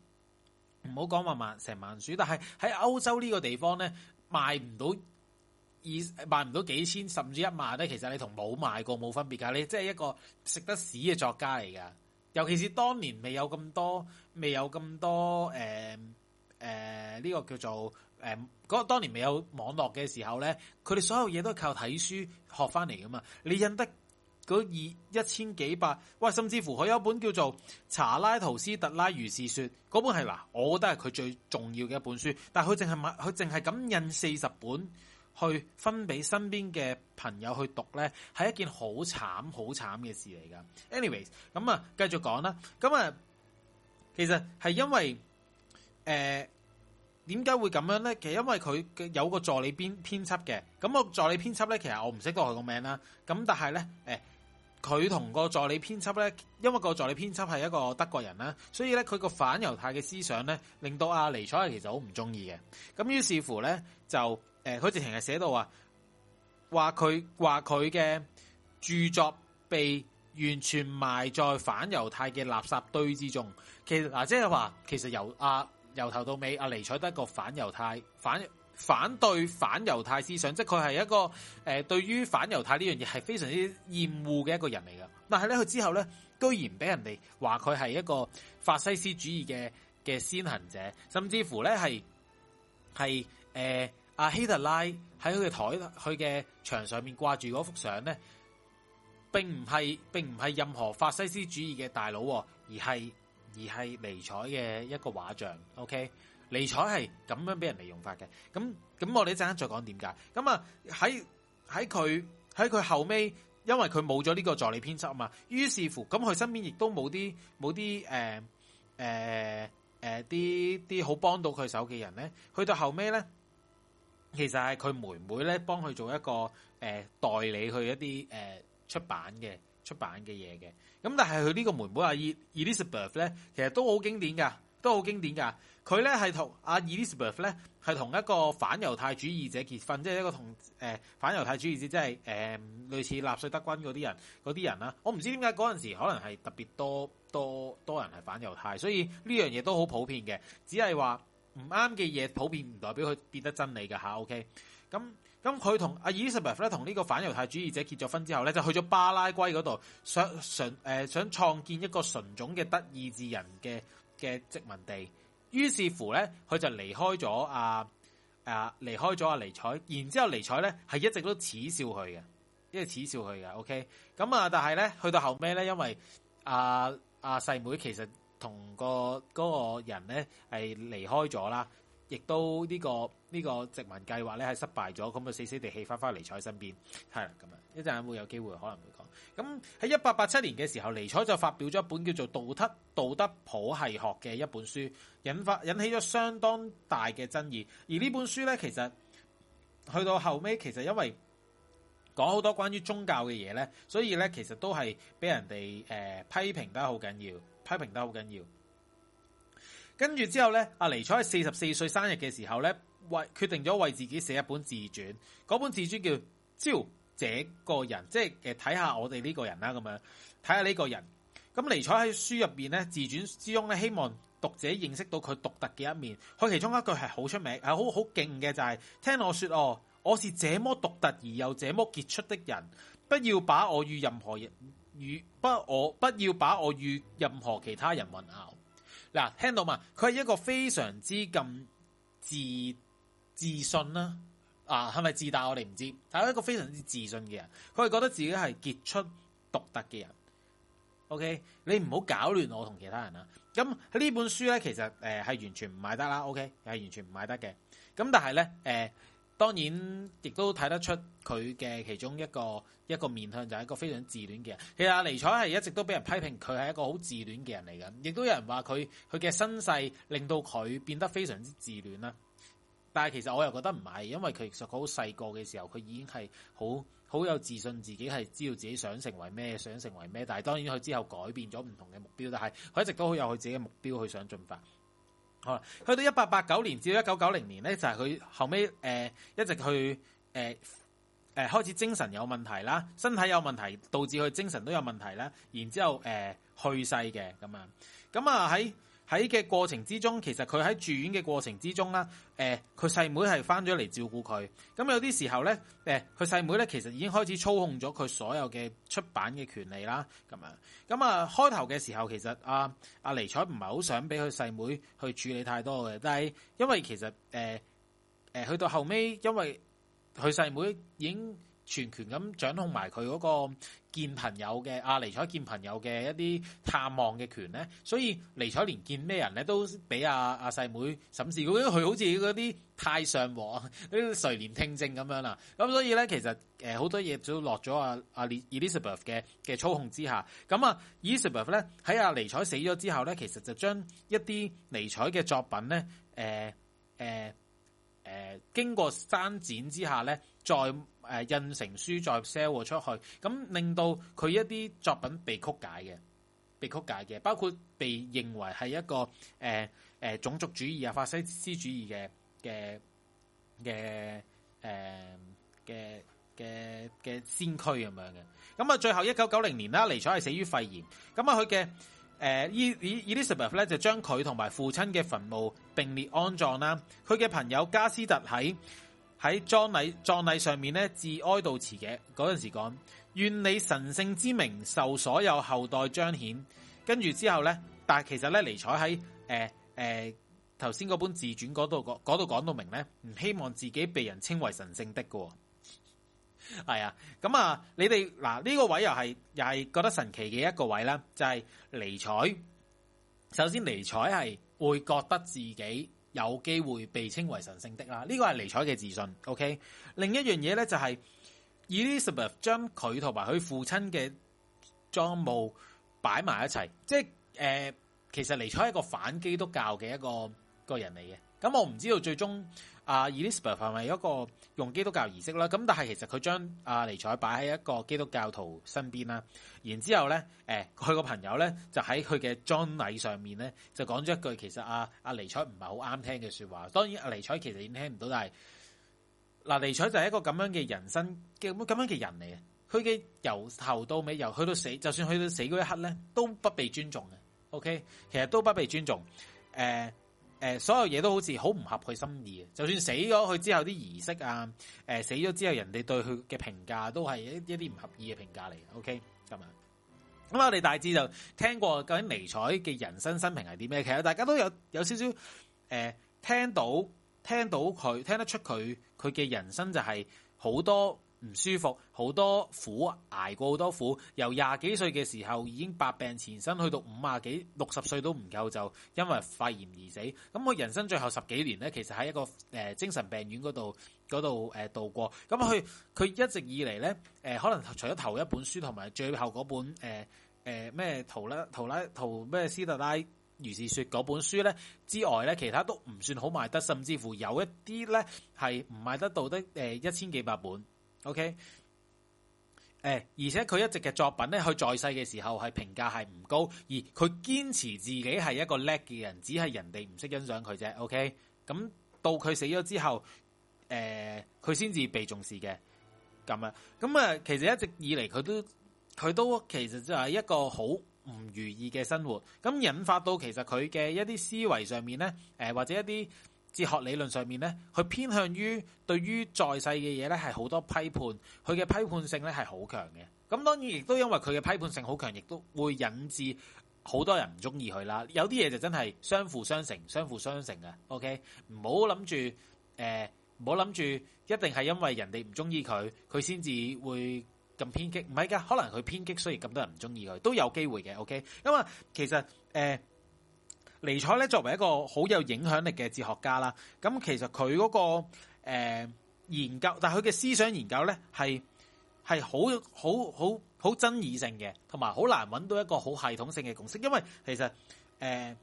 唔好講話賣成萬書，但係喺歐洲呢個地方咧。賣唔到二賣唔到幾千甚至一萬咧，其實你同冇賣過冇分別噶，你即係一個食得屎嘅作家嚟噶。尤其是當年沒有那麼未有咁多未有咁多誒誒呢個叫做誒嗰、呃、當年未有網絡嘅時候咧，佢哋所有嘢都係靠睇書學翻嚟噶嘛，你印得。嗰二一千幾百，哇！甚至乎佢有一本叫做《查拉圖斯特拉如是說》，嗰本係嗱，我覺得係佢最重要嘅一本書。但係佢淨係買，佢淨係咁印四十本去分俾身邊嘅朋友去讀咧，係一件好慘好慘嘅事嚟噶。Anyways，咁、嗯、啊，繼續講啦。咁、嗯、啊，其實係因為誒，點、欸、解會咁樣咧？其實因為佢有個助理編編輯嘅，咁、那、我、個、助理編輯咧，其實我唔識得佢個名啦。咁但係咧，誒、欸。佢同個助理編輯咧，因為個助理編輯係一個德國人啦，所以咧，佢個反猶太嘅思想咧，令到阿、啊、尼采其實好唔中意嘅。咁於是乎咧，就誒佢直情係寫到話，話佢話佢嘅著作被完全埋在反猶太嘅垃圾堆之中。其實嗱，即係話其實由阿、啊、由頭到尾，阿、啊、尼采得個反猶太反。反對反猶太思想，即係佢係一個誒、呃，對於反猶太呢樣嘢，係非常之厭惡嘅一個人嚟㗎。但係咧，佢之後咧，居然俾人哋話佢係一個法西斯主義嘅嘅先行者，甚至乎咧係係誒阿希特拉喺佢嘅台，佢嘅牆上面掛住嗰幅相咧，並唔係並唔係任何法西斯主義嘅大佬，而係而係尼采嘅一個畫像。OK。尼采係咁樣俾人利用法嘅，咁咁我哋一陣間再講點解。咁啊喺喺佢喺佢後尾，因為佢冇咗呢個助理編輯啊嘛，於是乎咁佢身邊亦都冇啲冇啲誒誒誒啲啲好幫到佢手嘅人咧。去到後尾咧，其實係佢妹妹咧幫佢做一個誒、呃、代理去一啲誒、呃、出版嘅出版嘅嘢嘅。咁但係佢呢個妹妹啊 E Elizabeth 咧，其實都好經典噶。都好經典㗎，佢咧係同阿 Elizabeth 咧係同一個反猶太主義者結婚，即係一個同、呃、反猶太主義者，即係誒、呃、類似納粹德軍嗰啲人嗰啲人啦。我唔知點解嗰陣時可能係特別多多多人係反猶太，所以呢樣嘢都好普遍嘅。只係話唔啱嘅嘢普遍唔代表佢變得真理㗎吓、啊、OK，咁咁佢同阿 Elizabeth 咧同呢個反猶太主義者結咗婚之後咧，就去咗巴拉圭嗰度，想純、呃、想創建一個純種嘅德意志人嘅嘅殖民地，於是乎咧，佢就離開咗阿阿離開咗阿尼采，然之後尼采咧係一直都恥笑佢嘅，一直恥笑佢嘅，OK，咁、嗯、啊，但係咧去到後尾咧，因為阿阿細妹其實同個、嗰個人咧係離開咗啦，亦都呢個呢個殖民計劃咧係失敗咗，咁啊死死地氣返返尼采身邊，係啦，咁啊一陣有冇有機會可能？咁喺一八八七年嘅時候，尼采就發表咗一本叫做《道德道德譜系學》嘅一本書，引發引起咗相當大嘅爭議。而呢本書呢，其實去到後尾，其實因為講好多關於宗教嘅嘢，呢，所以呢，其實都係俾人哋誒、呃、批評得好緊要，批評得好緊要。跟住之後呢，阿尼采喺四十四歲生日嘅時候呢，為決定咗為自己寫一本自傳，嗰本自傳叫《招》。這個人，即係誒，睇、呃、下我哋呢個人啦，咁樣睇下呢個人。咁尼采喺書入邊呢，自傳之中呢，希望讀者認識到佢獨特嘅一面。佢其中一句係好出名，係好好勁嘅，就係、是、聽我說哦，我是這麼獨特而又這麼傑出的人，不要把我與任何人與不我不要把我與任何其他人混淆。嗱，聽到嘛？佢係一個非常之咁自自信啦、啊。啊，係咪自大我哋唔知，但係一個非常之自信嘅人，佢係覺得自己係傑出獨特嘅人。OK，你唔好搞亂我同其他人啊。咁呢本書咧，其實誒係、呃、完全唔買得啦。OK，係完全唔買得嘅。咁但係咧，誒、呃、當然亦都睇得出佢嘅其中一個一個面向就係一個非常自戀嘅人。其實、啊、尼采係一直都俾人批評，佢係一個好自戀嘅人嚟嘅，亦都有人話佢佢嘅身世令到佢變得非常之自戀啦。但係其實我又覺得唔係，因為佢其實好細個嘅時候，佢已經係好好有自信，自己係知道自己想成為咩，想成為咩。但係當然佢之後改變咗唔同嘅目標，但係佢一直都好有佢自己嘅目標去想進發。好啦，去到一八八九年至一九九零年呢，就係、是、佢後尾誒、呃、一直去誒誒、呃呃、開始精神有問題啦，身體有問題導致佢精神都有問題啦，然之後誒、呃、去世嘅咁啊，咁啊喺。喺嘅過程之中，其實佢喺住院嘅過程之中啦，誒、呃，佢細妹係翻咗嚟照顧佢，咁有啲時候咧，誒、呃，佢細妹咧其實已經開始操控咗佢所有嘅出版嘅權利啦，咁樣，咁啊開頭嘅時候其實阿阿尼采唔係好想俾佢細妹去處理太多嘅，但係因為其實誒誒、呃呃，去到後尾，因為佢細妹，妹已經全權咁掌控埋佢嗰個。見朋友嘅阿、啊、尼采見朋友嘅一啲探望嘅權咧，所以尼采連見咩人咧都俾阿阿細妹審視，佢好似嗰啲太上皇，呢垂簾聽政咁樣啦。咁所以咧，其實誒好、呃、多嘢都落咗阿阿 Elizabeth 嘅嘅操控之下。咁啊，Elizabeth 咧喺阿尼采死咗之後咧，其實就將一啲尼采嘅作品咧，誒、呃、誒。呃誒、呃，經過刪剪之下咧，再誒、呃、印成書，再 sell 出去，咁令到佢一啲作品被曲解嘅，被曲解嘅，包括被認為係一個誒誒、呃呃、種族主義啊、法西斯主義嘅嘅嘅誒嘅嘅嘅先驅咁樣嘅。咁啊，最後一九九零年啦，尼采係死於肺炎。咁啊，佢嘅。誒，Elizabeth 咧就將佢同埋父親嘅墳墓並列安葬啦。佢嘅朋友加斯特喺，喺葬禮葬禮上面咧致哀悼詞嘅嗰陣時講：願你神聖之名受所有後代彰顯。跟住之後咧，但係其實咧尼采喺誒誒頭先嗰本自傳嗰度嗰度講到明咧，唔希望自己被人稱為神聖的噶。係啊，咁啊，你哋嗱呢個位又係又係覺得神奇嘅一個位啦，就係、是、尼采。首先，尼采係會覺得自己有機會被稱為神聖的啦，呢、這個係尼采嘅自信。OK，另一樣嘢咧就係以尼采將佢同埋佢父親嘅葬墓擺埋一齊，即係誒、呃，其實尼采係一個反基督教嘅一個一個人嚟嘅。咁、嗯、我唔知道最終啊 Elisabeth 係咪一個用基督教儀式啦？咁但係其實佢將阿尼采擺喺一個基督教徒身邊啦，然之後咧，誒佢個朋友咧就喺佢嘅葬禮上面咧就講咗一句其實阿、啊、阿、啊、尼采唔係好啱聽嘅說話。當然阿、啊、尼采其實已經聽唔到，但係嗱、啊、尼采就係一個咁樣嘅人生嘅咁樣嘅人嚟嘅。佢嘅由頭到尾，由去到死，就算去到死嗰一刻咧，都不被尊重嘅。OK，其實都不被尊重。誒、呃。誒所有嘢都好似好唔合佢心意啊！就算死咗佢之後啲儀式啊，誒、呃、死咗之後人哋對佢嘅評價都係一啲一啲唔合意嘅評價嚟，OK 咁樣。咁我哋大致就聽過究竟尼采嘅人生生平係啲咩？其實大家都有有少少誒、呃、聽到聽到佢聽得出佢佢嘅人生就係好多。唔舒服，好多苦挨過好多苦。由廿幾歲嘅時候已經百病纏身，去到五十幾六十歲都唔夠，就因為肺炎而死。咁佢人生最後十幾年咧，其實喺一個誒、呃、精神病院嗰度度誒度過。咁佢佢一直以嚟咧誒，可能除咗頭一本書同埋最後嗰本誒誒咩圖啦圖拉圖咩斯特拉如是說嗰本書咧之外咧，其他都唔算好賣得，甚至乎有一啲咧係唔賣得到嘅誒、呃、一千幾百本。O K，誒，而且佢一直嘅作品咧，佢在世嘅時候係評價係唔高，而佢堅持自己係一個叻嘅人，只係人哋唔識欣賞佢啫。O K，咁到佢死咗之後，誒、呃，佢先至被重視嘅咁啊。咁啊、嗯，其實一直以嚟佢都佢都其實就係一個好唔如意嘅生活，咁、嗯、引發到其實佢嘅一啲思維上面咧，誒、呃，或者一啲哲學理論上面咧，佢偏向於對於在世嘅嘢咧係好多批判，佢嘅批判性咧係好強嘅。咁當然亦都因為佢嘅批判性好強，亦都會引致好多人唔中意佢啦。有啲嘢就真係相輔相成，相輔相成嘅。OK，唔好諗住，誒、呃，唔好諗住一定係因為人哋唔中意佢，佢先至會咁偏激。唔係噶，可能佢偏激，雖然咁多人唔中意佢，都有機會嘅。OK，咁啊，其實誒。呃尼采咧作為一個好有影響力嘅哲學家啦，咁其實佢嗰，那個誒、呃、研究，但係佢嘅思想研究咧係係好好好好爭議性嘅，同埋好難揾到一個好系統性嘅共識，因為其實誒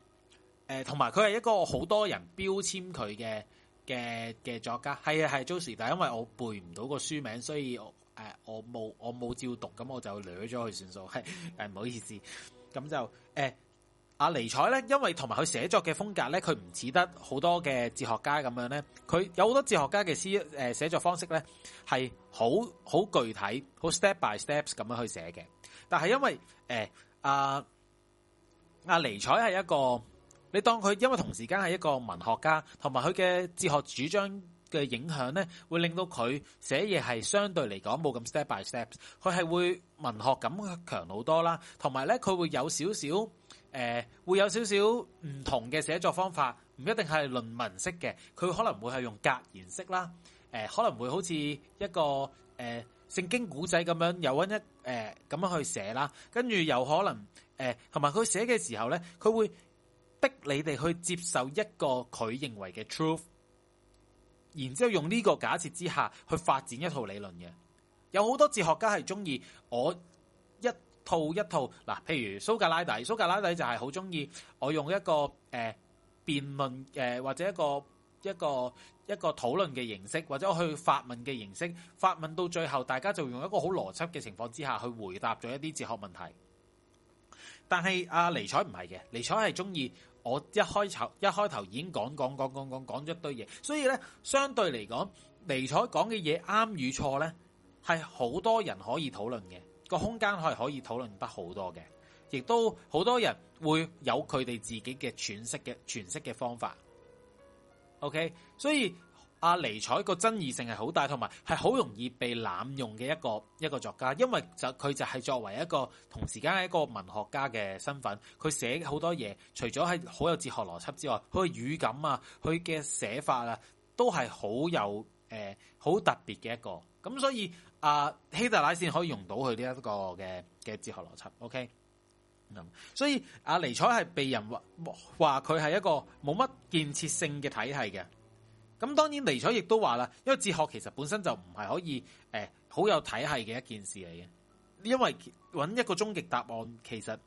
誒同埋佢係一個好多人標籤佢嘅嘅嘅作家，係啊係 Jossie 但係因為我背唔到個書名，所以我誒、呃、我冇我冇照讀，咁我就掠咗佢算數，係誒唔好意思，咁就誒。呃阿尼采咧，因為同埋佢寫作嘅風格咧，佢唔似得好多嘅哲學家咁樣咧。佢有好多哲學家嘅詩誒、呃，寫作方式咧係好好具體，好 step by steps 咁樣去寫嘅。但係因為誒阿阿尼采係一個，你當佢因為同時間係一個文學家，同埋佢嘅哲學主張嘅影響咧，會令到佢寫嘢係相對嚟講冇咁 step by steps。佢係會文學感強好多啦，同埋咧佢會有少少。誒、呃、會有少少唔同嘅寫作方法，唔一定係論文式嘅，佢可能會係用格言式啦、呃。可能會好似一個、呃、聖經古仔咁樣，有揾一、呃、咁樣去寫啦。跟住有可能誒同埋佢寫嘅時候咧，佢會逼你哋去接受一個佢認為嘅 truth，然之後用呢個假設之下去發展一套理論嘅。有好多哲學家係中意我。套一套嗱，譬如蘇格拉底，蘇格拉底就係好中意我用一個誒辯論誒或者一個一個一個討論嘅形式，或者我去發問嘅形式，發問到最後大家就用一個好邏輯嘅情況之下去回答咗一啲哲學問題。但係阿尼采唔係嘅，尼采係中意我一開頭一開頭已經講講講講講講咗一堆嘢，所以咧相對嚟講，尼采講嘅嘢啱與錯咧係好多人可以討論嘅。個空間係可以討論得好多嘅，亦都好多人會有佢哋自己嘅詮釋嘅詮釋嘅方法。OK，所以阿、啊、尼采個爭議性係好大，同埋係好容易被濫用嘅一個一個作家，因為就佢就係作為一個同時間係一個文學家嘅身份，佢寫好多嘢，除咗係好有哲學邏輯之外，佢嘅語感啊，佢嘅寫法啊，都係好有誒好、呃、特別嘅一個。咁所以。啊，希特拉先可以用到佢呢一個嘅嘅哲學邏輯，OK? 嗯、所以阿、啊、尼采係被人話話佢係一個冇乜建設性嘅體系嘅。咁當然尼采亦都話啦，因為哲學其實本身就唔係可以誒好、呃、有體系嘅一件事嚟嘅，因為揾一個終極答案其實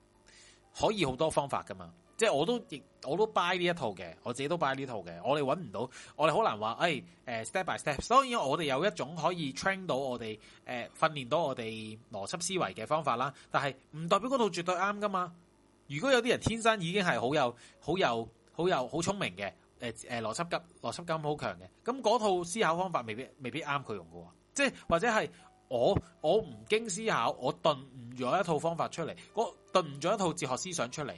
可以好多方法噶嘛。即係我都亦我都 buy 呢一套嘅，我自己都 buy 呢套嘅。我哋揾唔到，我哋好難話誒誒 step by step。所以我哋有一種可以 train 到我哋誒、呃、訓練到我哋邏輯思維嘅方法啦。但係唔代表嗰套絕對啱噶嘛？如果有啲人天生已經係好有好有好有好聰明嘅，誒、呃、誒、呃、邏輯急邏輯感好強嘅，咁嗰套思考方法未必未必啱佢用喎。即係或者係我我唔經思考，我頓咗一套方法出嚟，我頓唔咗一套哲學思想出嚟。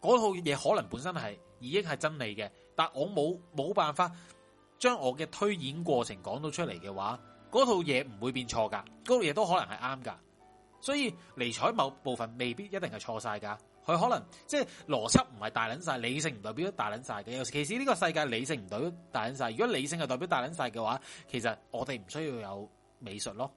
嗰套嘢可能本身係已經係真理嘅，但我冇冇辦法將我嘅推演過程講到出嚟嘅話，嗰套嘢唔會變錯噶，嗰套嘢都可能係啱噶。所以尼采某部分未必一定係錯晒噶，佢可能即係、就是、邏輯唔係大撚晒，理性唔代表大撚晒嘅。尤其是呢個世界理性唔代表大撚晒，如果理性係代表大撚晒嘅話，其實我哋唔需要有美術咯。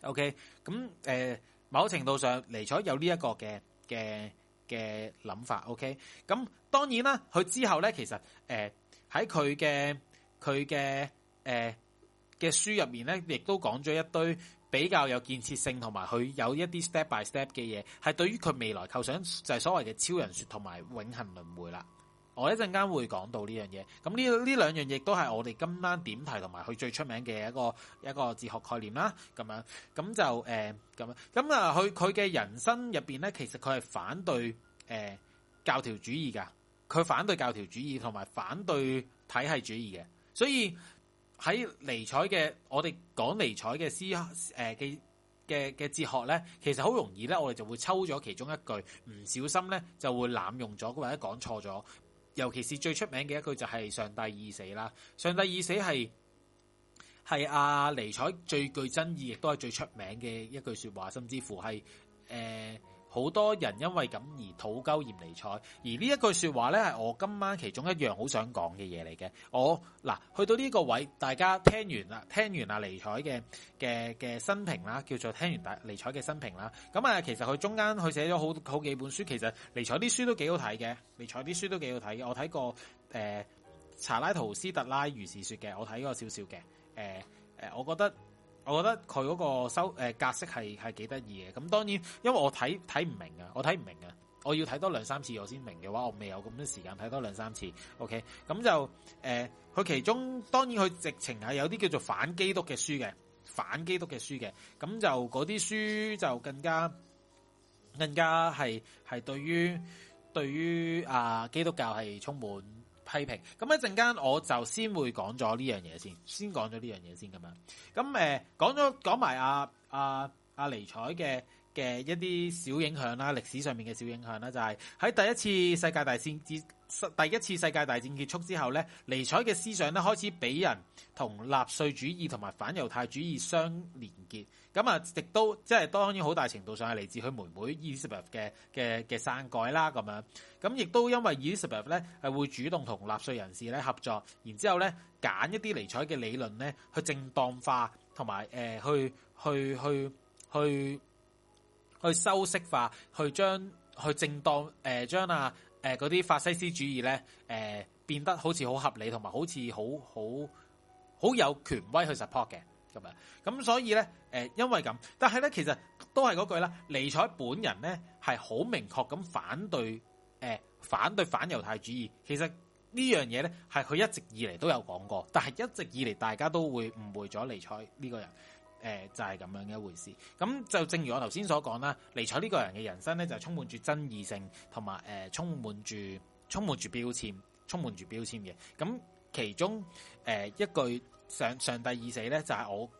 OK，咁誒、呃，某程度上尼采有呢一個嘅嘅。嘅諗法，OK，咁當然啦，佢之後咧，其實誒喺佢嘅佢嘅誒嘅書入面咧，亦都講咗一堆比較有建設性，同埋佢有一啲 step by step 嘅嘢，係對於佢未來構想就係所謂嘅超人說同埋永恒輪迴啦。我一陣間會講到呢樣嘢，咁呢呢兩樣嘢都係我哋今晚點題同埋佢最出名嘅一個一個哲學概念啦。咁樣，咁就誒咁咁啊佢佢嘅人生入面咧，其實佢係反對誒、呃、教條主義噶，佢反對教條主義同埋反對體系主義嘅。所以喺尼采嘅我哋講尼采嘅思嘅嘅、呃、哲學咧，其實好容易咧，我哋就會抽咗其中一句，唔小心咧就會濫用咗，或者講錯咗。尤其是最出名嘅一句就係上帝已死啦！上帝已死係係阿尼采最具爭議，亦都係最出名嘅一句說話，甚至乎係誒、好多人因為咁而討鳩嫌尼采，而呢一句説話呢係我今晚其中一樣好想講嘅嘢嚟嘅。我嗱去到呢個位，大家聽完啦，聽完阿尼采嘅嘅嘅生平啦，叫做聽完大尼采嘅生平啦。咁啊，其實佢中間佢寫咗好好幾本書，其實尼采啲書都幾好睇嘅，尼采啲書都幾好睇嘅。我睇過誒、呃、查拉圖斯特拉如是說嘅，我睇過少少嘅。誒、呃、我覺得。我覺得佢嗰個收誒格式係係幾得意嘅，咁當然因為我睇睇唔明啊，我睇唔明啊，我要睇多兩三次我先明嘅話，我未有咁多時間睇多兩三次。OK，咁就誒，佢、呃、其中當然佢直情係有啲叫做反基督嘅書嘅，反基督嘅書嘅，咁就嗰啲書就更加更加係係對於對於啊基督教係充滿。批評，咁一陣間，我就先會講咗呢樣嘢先，先講咗呢樣嘢先咁樣。咁誒講咗講埋阿阿阿尼采嘅嘅一啲小影響啦，歷史上面嘅小影響啦，就係喺第一次世界大戰之。第一次世界大戰結束之後咧，尼采嘅思想咧開始俾人同納粹主義同埋反猶太主義相連結。咁啊，亦都即係當然好大程度上係嚟自佢妹妹伊麗莎白嘅嘅嘅刪改啦咁樣。咁亦都因為伊麗莎白咧係會主動同納粹人士咧合作，然之後咧揀一啲尼采嘅理論咧去正當化，同埋誒去去去去去修飾化，去將去正當誒、呃、將啊。嗯誒、呃，嗰啲法西斯主義咧，誒、呃、變得好似好合理，同埋好似好好好有權威去 support 嘅咁，咁所以咧，誒、呃、因為咁，但係咧，其實都係嗰句啦。尼采本人咧係好明確咁反對，誒、呃、反對反猶太主義。其實呢樣嘢咧係佢一直以嚟都有講過，但係一直以嚟大家都會誤會咗尼采呢個人。誒、呃，就係、是、咁樣嘅一回事。咁就正如我頭先所講啦，尼采呢個人嘅人生咧，就是、充滿住爭議性，同埋誒，充滿住充滿住標籤，充滿住標籤嘅。咁其中誒、呃、一句上上帝已死咧，就係、是、我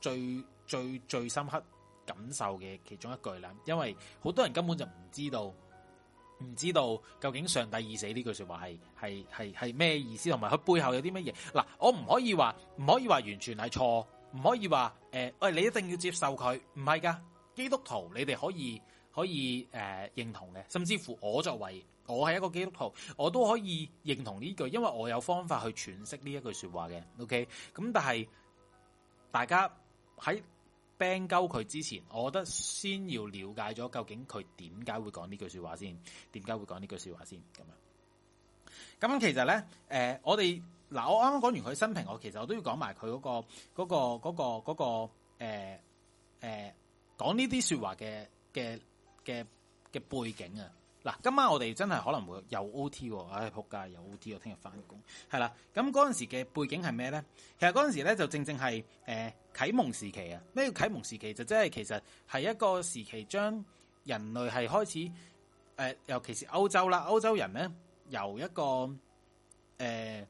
最最最深刻感受嘅其中一句啦。因為好多人根本就唔知道，唔知道究竟上帝已死呢句說話係係係係咩意思，同埋佢背後有啲乜嘢。嗱，我唔可以話唔可以話完全係錯。唔可以話誒，喂、呃，你一定要接受佢，唔係噶基督徒，你哋可以可以誒、呃、認同嘅，甚至乎我作為我係一個基督徒，我都可以認同呢句，因為我有方法去詮釋呢一句說話嘅。OK，咁但係大家喺 bang 鳩佢之前，我覺得先要了解咗究竟佢點解會講呢句說話先，點解會講呢句說話先，咁咁其實咧，誒、呃，我哋。嗱、啊，我啱啱講完佢生平，我其實我都要講埋佢嗰個嗰個嗰個嗰個誒誒講呢啲說話嘅嘅嘅嘅背景啊！嗱、啊，今晚我哋真係可能會有 O T，唉、啊、仆街有 O T，我聽日翻工係啦。咁嗰陣時嘅背景係咩咧？其實嗰陣時咧就正正係誒、呃、啟蒙時期啊！咩叫啟蒙時期？就即係其實係一個時期，將人類係開始誒、呃，尤其是歐洲啦，歐洲人咧由一個誒。呃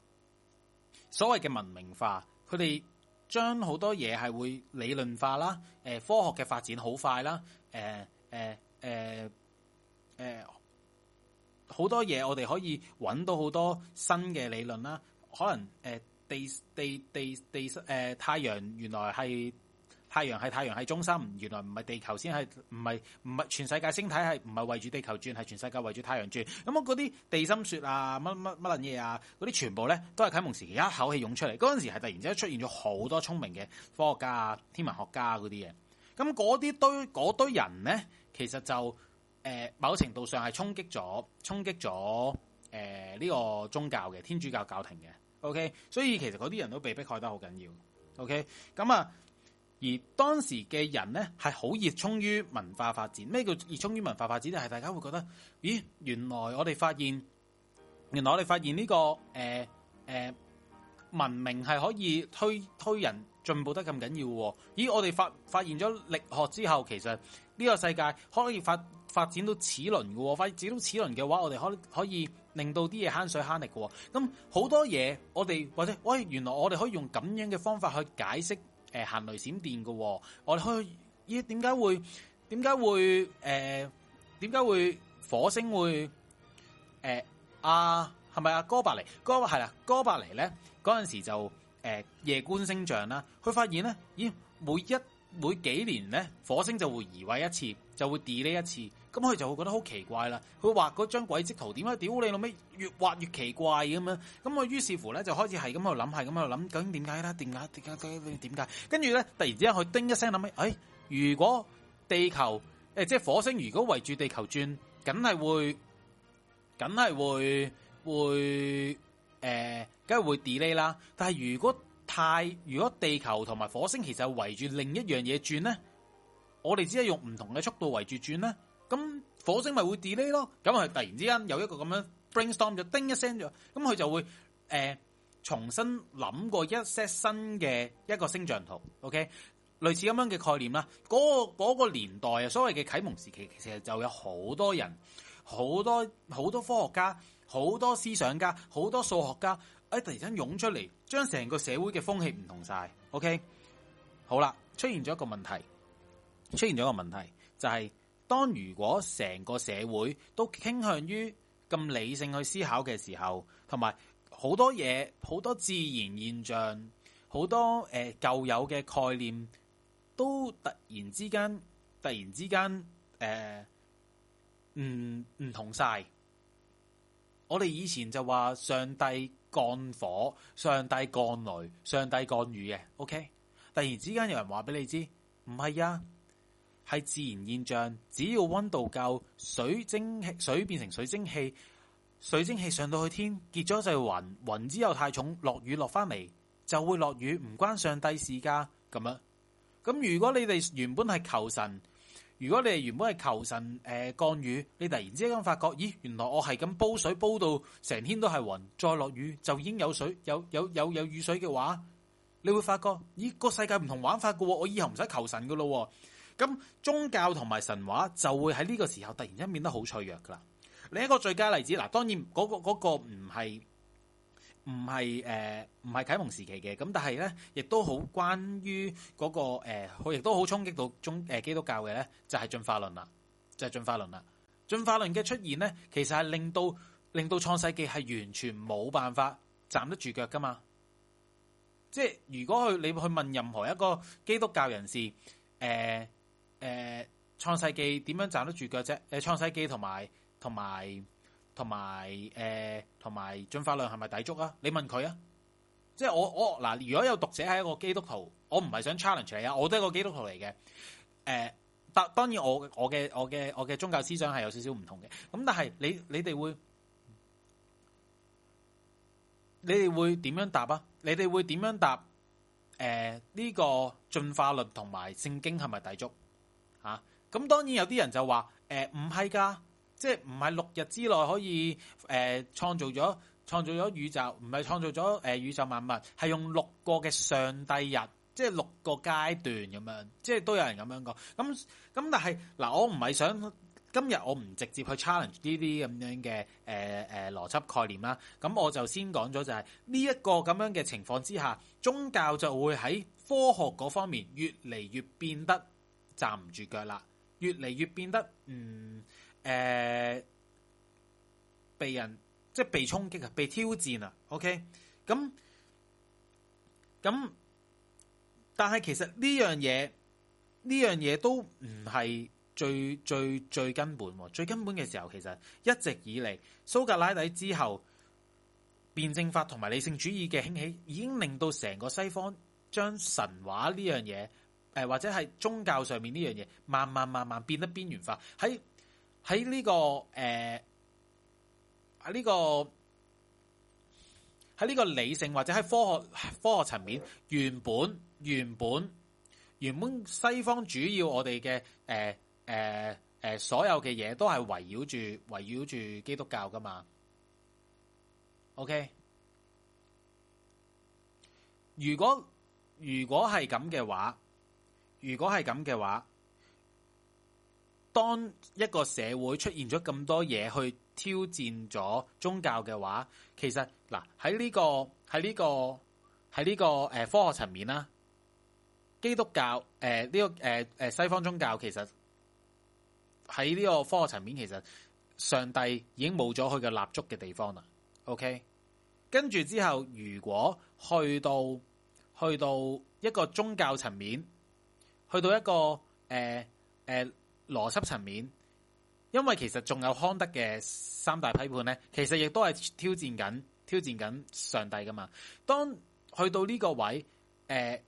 所謂嘅文明化，佢哋將好多嘢係會理論化啦。誒、呃，科學嘅發展好快啦。誒誒誒誒，好、呃呃呃、多嘢我哋可以揾到好多新嘅理論啦。可能誒、呃、地地地地誒、呃、太陽原來係。太陽係太陽係中心，原來唔係地球先係，唔係唔係全世界星體係唔係圍住地球轉，係全世界圍住太陽轉。咁啊，嗰啲地心說啊，乜乜乜撚嘢啊，嗰啲全部咧都係啟蒙時期一口氣湧出嚟。嗰陣時係突然之間出現咗好多聰明嘅科學家啊、天文學家嗰啲嘢。咁嗰啲堆嗰堆人咧，其實就誒、呃，某程度上係衝擊咗衝擊咗誒呢個宗教嘅天主教教廷嘅。OK，所以其實嗰啲人都被迫害得好緊要。OK，咁啊。而當時嘅人咧，係好熱衷於文化發展。咩叫熱衷於文化發展呢？就係大家會覺得，咦，原來我哋發現，原來我哋發現呢個誒誒文明係可以推推人進步得咁緊要喎。咦，我哋發發現咗力學之後，其實呢個世界可以發發展到齒輪嘅喎。發展到齒輪嘅話，我哋可以可以令到啲嘢慳水慳力嘅喎。咁好多嘢，我哋或者喂，原來我哋可以用咁樣嘅方法去解釋。誒，行雷閃電嘅，哦，我哋去咦，點解會點解會誒點解會火星會誒、呃、啊，係咪啊哥白尼哥係啦、啊、哥白尼咧嗰陣時就誒、呃、夜觀星象啦，佢發現咧，咦、哎，每一每幾年咧，火星就會移位一次，就會 delay 一次。咁佢就會覺得好奇怪啦，佢畫嗰張軌跡圖點解？屌你老味越畫越奇怪咁樣，咁我於是乎咧就開始係咁喺度諗，係咁喺度諗，究竟點解啦？點解點解點點點點點？跟住咧，突然之間佢叮一聲諗起，哎，如果地球誒即係火星，如果圍住地球轉，梗係會梗係會會誒梗係會 delay 啦。但係如果太如果地球同埋火星其實係圍住另一樣嘢轉咧，我哋只係用唔同嘅速度圍住轉咧。咁火星咪會 delay 咯，咁佢突然之間有一個咁樣 brainstorm 就叮一聲咗，咁佢就會誒、呃、重新諗過一 set 新嘅一個星象圖，OK 類似咁樣嘅概念啦。嗰、嗰個、嗰個年代啊，所謂嘅啟蒙時期，其實就有好多人、好多好多科學家、好多思想家、好多數學家，誒、哎、突然間湧出嚟，將成個社會嘅風氣唔同晒。OK 好啦，出現咗一個問題，出現咗一個問題就係、是。當如果成個社會都傾向於咁理性去思考嘅時候，同埋好多嘢、好多自然現象、好多誒、呃、舊有嘅概念，都突然之間、突然之間唔唔、呃、同晒。我哋以前就話上帝降火、上帝降雷、上帝降雨嘅，OK。突然之間有人話俾你知，唔係呀。係自然現象，只要溫度夠，水蒸水變成水蒸氣，水蒸氣上到去天結咗就係雲，雲之後太重落雨落翻嚟就會落雨，唔關上帝的事㗎咁樣。咁如果你哋原本係求神，如果你哋原本係求神、呃、降雨，你突然之間發覺，咦，原來我係咁煲水煲到成天都係雲，再落雨就已經有水有有有有雨水嘅話，你會發覺咦，個世界唔同玩法㗎喎，我以後唔使求神㗎咯喎。咁宗教同埋神話就會喺呢個時候突然間變得好脆弱噶啦。另一個最佳例子嗱，當然嗰個嗰個唔係唔係誒唔係啟蒙時期嘅，咁但係咧亦都好關於嗰個誒，佢、呃、亦都好衝擊到宗誒基督教嘅咧，就係進化論啦，就係進化論啦。進化論嘅出現咧，其實係令到令到創世紀係完全冇辦法站得住腳噶嘛。即係如果去你去問任何一個基督教人士誒。呃誒、呃，創世記，點樣站得住腳啫？誒、呃，創世記同埋同埋同埋誒，同埋進化論係咪抵觸啊？你問佢啊！即係我我嗱、呃，如果有讀者係一個基督徒，我唔係想 challenge 你啊，我都係一個基督徒嚟嘅。誒、呃，但當然我我嘅我嘅我嘅宗教思想係有少少唔同嘅。咁但係你你哋會，你哋會點樣答啊？你哋會點樣答？誒、呃，呢、這個進化論同埋聖經係咪抵觸？吓、啊、咁，當然有啲人就話誒唔係噶，即係唔係六日之內可以誒創、呃、造咗創造咗宇宙，唔係創造咗誒、呃、宇宙萬物，係用六個嘅上帝日，即係六個階段咁樣，即係都有人咁樣講。咁咁但係嗱，我唔係想今日我唔直接去 challenge 呢啲咁樣嘅誒誒邏輯概念啦。咁我就先講咗就係呢一個咁樣嘅情況之下，宗教就會喺科學嗰方面越嚟越變得。站唔住腳啦，越嚟越變得唔誒、嗯，呃，被人即係被衝擊啊，被挑戰啊。OK，咁咁，但係其實呢樣嘢呢樣嘢都唔係最最最根本。最根本嘅時候，其實一直以嚟蘇格拉底之後，辯證法同埋理性主義嘅興起，已經令到成個西方將神話呢樣嘢。或者係宗教上面呢樣嘢，慢慢慢慢變得邊緣化。喺喺呢個誒喺呢個喺呢個理性或者喺科學科學層面，原本原本原本西方主要我哋嘅，誒誒誒，所有嘅嘢都係圍繞住圍繞住基督教㗎嘛。OK，如果如果係咁嘅話。如果係咁嘅話，當一個社會出現咗咁多嘢去挑戰咗宗教嘅話，其實嗱喺呢個喺呢、呢個喺呢、呢個誒、呢個呃、科學層面啦，基督教誒呢、呃呢個誒誒、呃、西方宗教其實喺呢個科學層面，其實上帝已經冇咗佢嘅立足嘅地方啦。OK，跟住之後，如果去到去到一個宗教層面。去到一個誒誒邏輯層面，因為其實仲有康德嘅三大批判咧，其實亦都係挑戰緊、挑戰緊上帝噶嘛。當去到呢個位誒呢、呃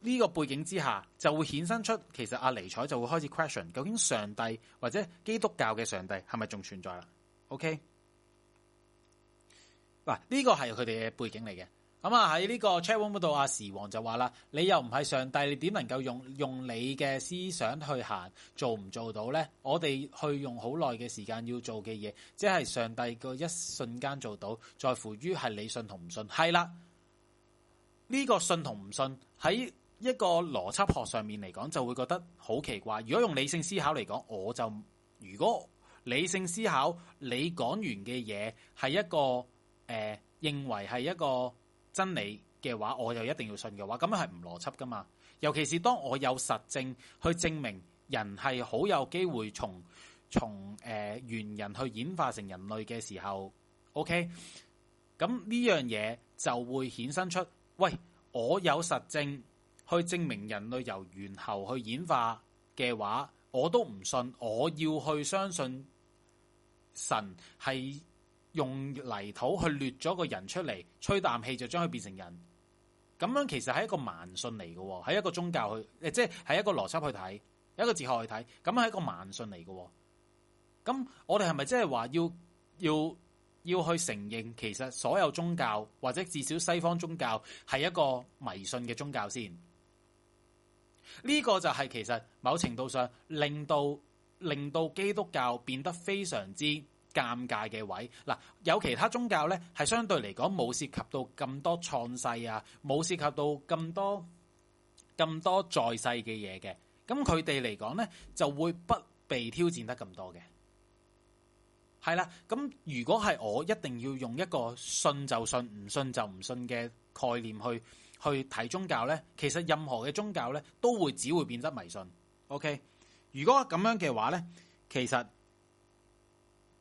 呢個背景之下，就會衍生出其實阿尼采就會開始 question，究竟上帝或者基督教嘅上帝係咪仲存在啦？OK，嗱、啊、呢、呢個係佢哋嘅背景嚟嘅。咁、嗯、啊，喺呢個 chatroom 嗰度，阿時王就話啦：你又唔係上帝，你點能夠用用你嘅思想去行，做唔做到呢？我哋去用好耐嘅時間要做嘅嘢，即係上帝嗰一瞬間做到，在乎於係你信同唔信。係啦，呢、這個信同唔信喺一個邏輯學上面嚟講，就會覺得好奇怪。如果用理性思考嚟講，我就如果理性思考你講完嘅嘢係一個誒認為係一個。呃認為真理嘅話，我又一定要信嘅話，咁樣係唔邏輯噶嘛？尤其是當我有實證去證明人係好有機會從從、呃、猿人去演化成人類嘅時候，OK，咁呢樣嘢就會衍生出，喂，我有實證去證明人類由猿猴去演化嘅話，我都唔信，我要去相信神係，用泥土去掠咗個人出嚟，吹啖氣就將佢變成人，咁樣其實係一個盲信嚟嘅，係一個宗教去，即係一個邏輯去睇，一個哲學去睇，咁樣係一個盲信嚟嘅。咁我哋係咪即係話要要要去承認，其實所有宗教或者至少西方宗教係一個迷信嘅宗教先？呢個就係其實某程度上令到令到基督教變得非常之。尷尬嘅位，嗱，有其他宗教呢，係相對嚟講冇涉及到咁多創世啊，冇涉及到咁多咁多在世嘅嘢嘅，咁佢哋嚟講呢，就會不被挑戰得咁多嘅。係啦，咁如果係我一定要用一個信就信，唔信就唔信嘅概念去去睇宗教呢，其實任何嘅宗教呢，都會只會變得迷信。OK，如果咁樣嘅話呢，其實。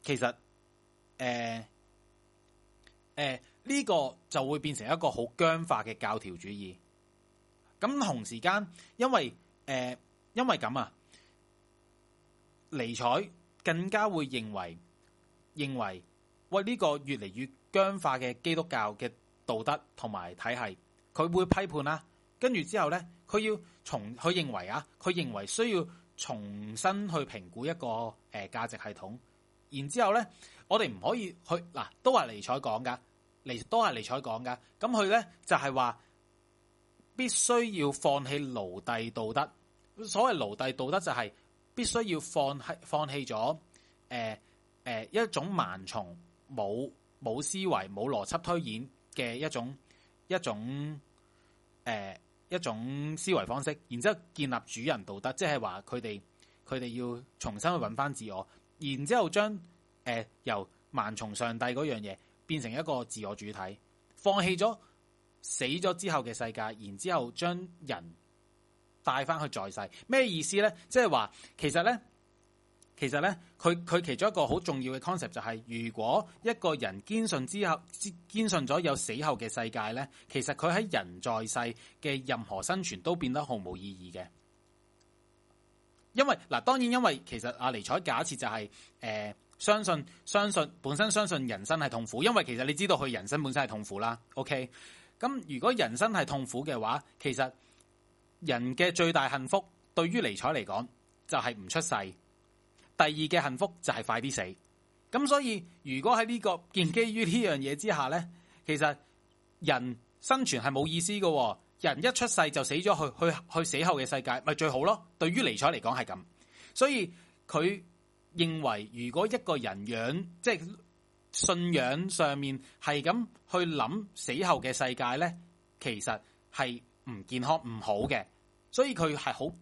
其實，誒、呃、誒，呢、呃呢個就會變成一個好僵化嘅教條主義。咁同時間、呃，因為誒，因為咁啊，尼采更加會認為認為，哇！呢、呢個越嚟越僵化嘅基督教嘅道德同埋體系，佢會批判啦。跟住之後呢，佢要重，佢認為啊，佢認為需要重新去評估一個誒、呃、價值系統。然之後咧，我哋唔可以去嗱，都係尼采講噶，尼都係尼采講噶。咁佢咧就係話，必須要放棄奴隸道德。所謂奴隸道德就係必須要放棄，放棄咗誒誒一種盲從、冇冇思維、冇邏輯推演嘅一種一種誒、呃、一種思維方式。然之後建立主人道德，即係話佢哋佢哋要重新去揾翻自我。然之後將誒、呃、由盲從上帝嗰樣嘢變成一個自我主體，放棄咗死咗之後嘅世界，然之後將人帶翻去在世，咩意思呢？即係話其實呢，其實呢，佢佢其中一個好重要嘅 concept 就係、是，如果一個人堅信之後堅信咗有死後嘅世界呢，其實佢喺人在世嘅任何生存都變得毫無意義嘅。因為嗱，當然因為其實阿、啊、尼采假設就係、是、誒、呃，相信相信本身相信人生係痛苦，因為其實你知道佢人生本身係痛苦啦。OK，咁如果人生係痛苦嘅話，其實人嘅最大幸福對於尼采嚟講就係唔出世。第二嘅幸福就係快啲死。咁所以如果喺呢、這個建基於呢樣嘢之下呢，其實人生存係冇意思噶、哦。人一出世就死咗去去去死後嘅世界，咪最好咯？對於尼采嚟講係咁，所以佢認為如果一個人養，即係信仰上面係咁去諗死後嘅世界咧，其實係唔健康唔好嘅，所以佢係好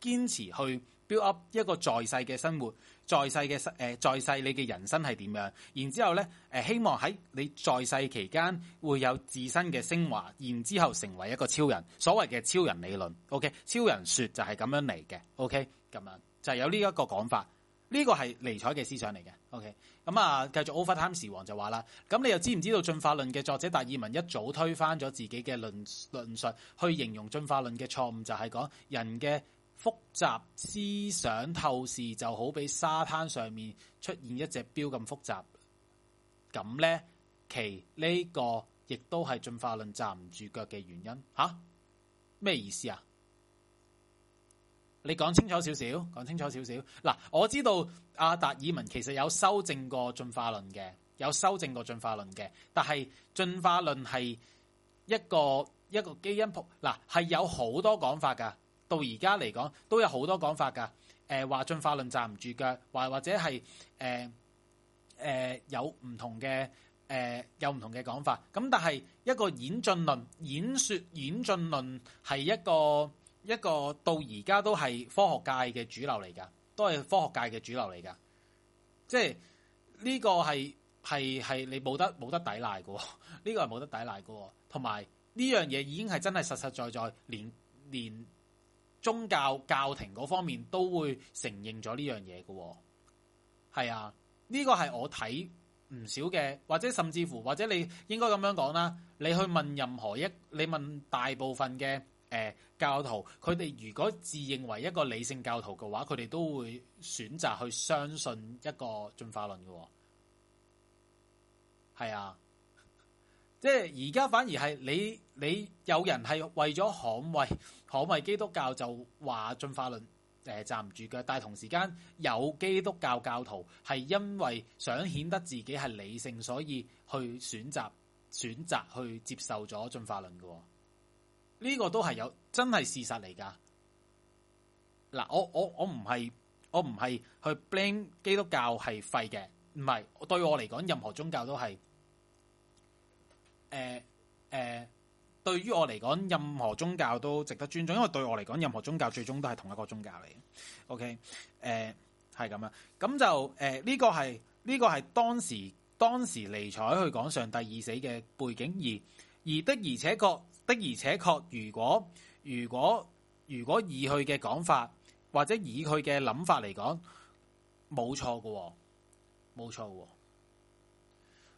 堅持去 build up 一個在世嘅生活。在世嘅，誒、呃，在世你嘅人生係點樣？然之後咧，誒、呃，希望喺你在世期間會有自身嘅升華，然之後成為一個超人。所謂嘅超人理論，OK，超人說就係咁樣嚟嘅，OK，咁、嗯、樣就係、是、有呢一個講法，呢、這個係尼采嘅思想嚟嘅，OK、嗯。咁啊，繼續 Over Time 時王就話啦，咁你又知唔知道進化論嘅作者達爾文一早推翻咗自己嘅論論，論論述，去形容進化論嘅錯誤就係、是、講人嘅。複雜思想透視就好比沙灘上面出現一隻錶咁複雜，咁呢，其呢個亦都係進化論站唔住腳嘅原因吓？啊，咩意思啊？你講清楚少少，講清楚少少。嗱，我知道阿達爾文其實有修正過進化論嘅，有修正過進化論嘅，但係進化論係一個一個基因譜，嗱，係有好多講法㗎。到而家嚟講都有好多講法噶，誒話進化論站唔住腳，或或者係誒誒有唔同嘅誒、呃、有唔同嘅講法。咁但係一個演進論演說演進論係一個一個到而家都係科學界嘅主流嚟噶，都係科學界嘅主流嚟噶。即係呢個係係係你冇得冇得抵賴噶，呢、這個係冇得抵賴噶。同埋呢樣嘢已經係真係實實在在，在，連連。宗教教廷嗰方面都會承認咗呢樣嘢嘅，係啊，呢個係我睇唔少嘅，或者甚至乎，或者你應該咁樣講啦，你去問任何一，你問大部分嘅、呃、教徒，佢哋如果自認為一個理性教徒嘅話，佢哋都會選擇去相信一個進化論嘅、哦，係啊。即係而家反而係你你，有人係為咗捍衛捍衛基督教就話進化論誒、呃、站唔住腳嘅，但係同時間有基督教教徒係因為想顯得自己係理性，所以去選擇選擇去接受咗進化論喎、哦。呢、呢個都係有真係事實嚟噶。嗱，我我我唔係我唔係去 blame 基督教係廢嘅，唔係對我嚟講任何宗教都係。誒、呃、誒、呃，對於我嚟講，任何宗教都值得尊重，因為對我嚟講，任何宗教最終都係同一個宗教嚟。OK，誒係咁啊，咁就誒呢、呃呢個係呢、呢個係當時當時尼采去講上帝已死嘅背景，而而的而且確的而且確如，如果如果如果以佢嘅講法或者以佢嘅諗法嚟講，冇錯嘅、哦，冇錯嘅、哦。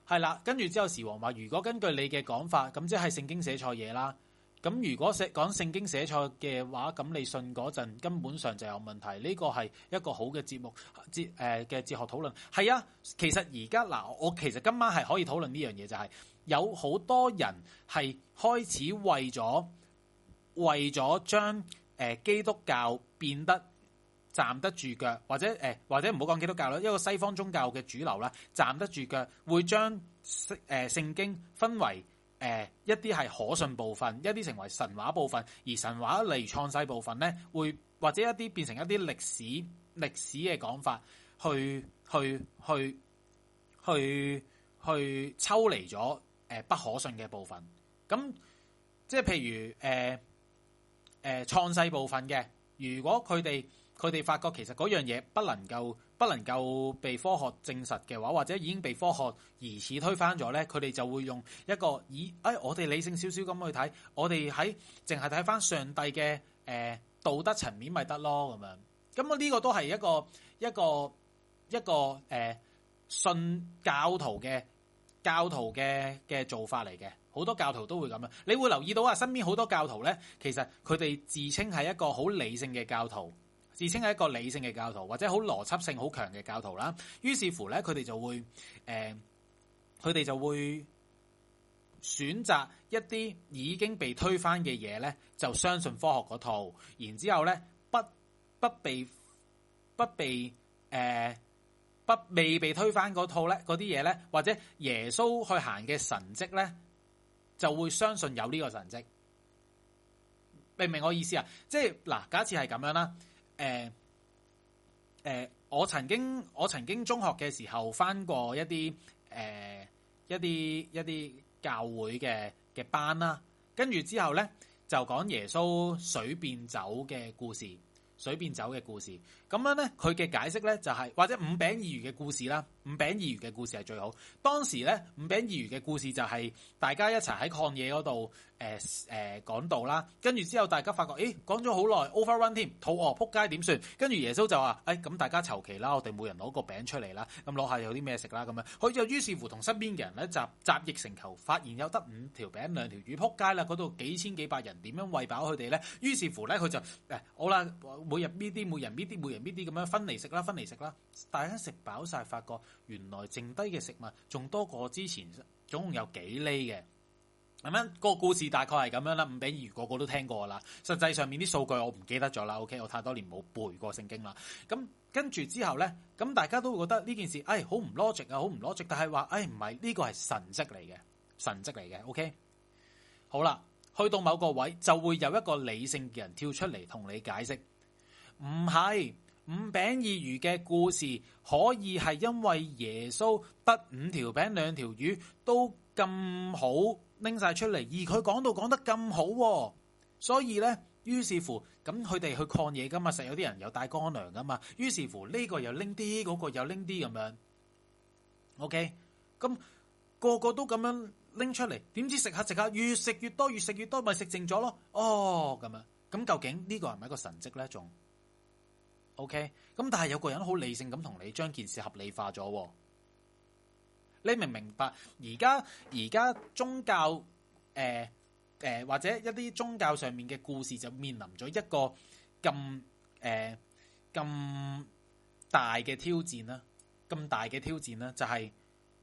係啦，跟住之後，時王話如果根據你嘅講法，咁即係聖經寫錯嘢啦。咁如果寫講聖經寫錯嘅話，咁你信嗰陣根本上就有問題。呢個係一個好嘅節目哲誒嘅、呃、哲學討論。係啊，其實而家嗱，我其實今晚係可以討論呢樣嘢，就係有好多人係開始為咗為咗將誒基督教變得。站得住腳，或者誒、呃，或者唔好講基督教啦，一個西方宗教嘅主流啦，站得住腳，會將、呃、聖經分為、呃、一啲係可信部分，一啲成為神話部分，而神話例如創世部分咧，會或者一啲變成一啲歷史歷史嘅講法，去去去去去抽離咗、呃、不可信嘅部分。咁即係譬如誒誒、呃呃、創世部分嘅，如果佢哋佢哋發覺其實嗰樣嘢不能夠不能夠被科學證實嘅話，或者已經被科學疑似推翻咗呢，佢哋就會用一個以哎，我哋理性少少咁去睇，我哋喺淨係睇翻上帝嘅誒、呃、道德層面咪得咯咁樣。咁啊，呢、這個都係一個一個一個誒、呃、信教徒嘅教徒嘅嘅做法嚟嘅。好多教徒都會咁樣。你會留意到啊，身邊好多教徒呢，其實佢哋自稱係一個好理性嘅教徒。自稱係一個理性嘅教徒，或者好邏輯性好強嘅教徒啦。於是乎咧，佢哋就會誒，佢哋就會選擇一啲已經被推翻嘅嘢咧，就相信科學嗰套。然之後咧，不不被不被誒不未被推翻嗰套咧，嗰啲嘢咧，或者耶穌去行嘅神跡咧，就會相信有呢個神跡。明唔明我意思啊？即係嗱，假設係咁樣啦。誒、呃、誒、呃，我曾經我曾經中學嘅時候返過一啲誒、呃、一啲一啲教會嘅嘅班啦，跟住之後咧就講耶穌水變酒嘅故事，水變酒嘅故事，咁樣咧佢嘅解釋咧就係、是、或者五餅二魚嘅故事啦。五餅二魚嘅故事係最好。當時咧，五餅二魚嘅故事就係大家一齊喺曠野嗰度，誒、欸、誒、欸、講道啦。跟住之後，大家發覺，咦、欸，講咗好耐，overrun 添，肚餓，仆街點算？跟住耶穌就話，誒、欸、咁大家求其啦，我哋每人攞個餅出嚟啦，咁攞下有啲咩食啦咁樣。佢就於是乎同身邊嘅人咧集集役成球，發現有得五條餅、兩條魚，仆街啦！嗰度幾千幾百人點樣餵飽佢哋咧？於是乎咧，佢就誒、欸、好啦，每日搣啲，每人搣啲，每人搣啲咁樣分嚟食啦，分嚟食啦。大家食飽晒發覺。原來剩低嘅食物仲多過之前，總共有幾厘嘅。咁樣，個故事大概係咁樣啦。五餅二魚個個都聽過啦，實際上面啲數據我唔記得咗啦。OK，我太多年冇背過聖經啦。咁跟住之後呢，咁大家都會覺得呢件事，唉、哎，好唔 logic 啊，好唔 logic。但係話，唉，唔係，呢個係神跡嚟嘅，神跡嚟嘅。OK，好啦，去到某個位就會有一個理性嘅人跳出嚟同你解釋，唔係。五餅二魚嘅故事可以係因為耶穌得五條餅兩條魚都咁好拎晒出嚟，而佢講到講得咁好，所以咧，於是乎咁佢哋去抗嘢噶嘛，實有啲人有帶乾糧噶嘛，於是乎呢個又拎啲，嗰個又拎啲咁樣。OK，咁個個都咁樣拎出嚟，點知食下食下越食越多，越食越多咪食剩咗咯？哦，咁啊，咁究竟呢個係咪一個神蹟咧？仲？O K，咁但係有個人好理性咁同你將件事合理化咗，你明唔明白？而家而家宗教誒誒、呃呃、或者一啲宗教上面嘅故事就面臨咗一個咁誒咁大嘅挑戰啦，咁大嘅挑戰呢，就係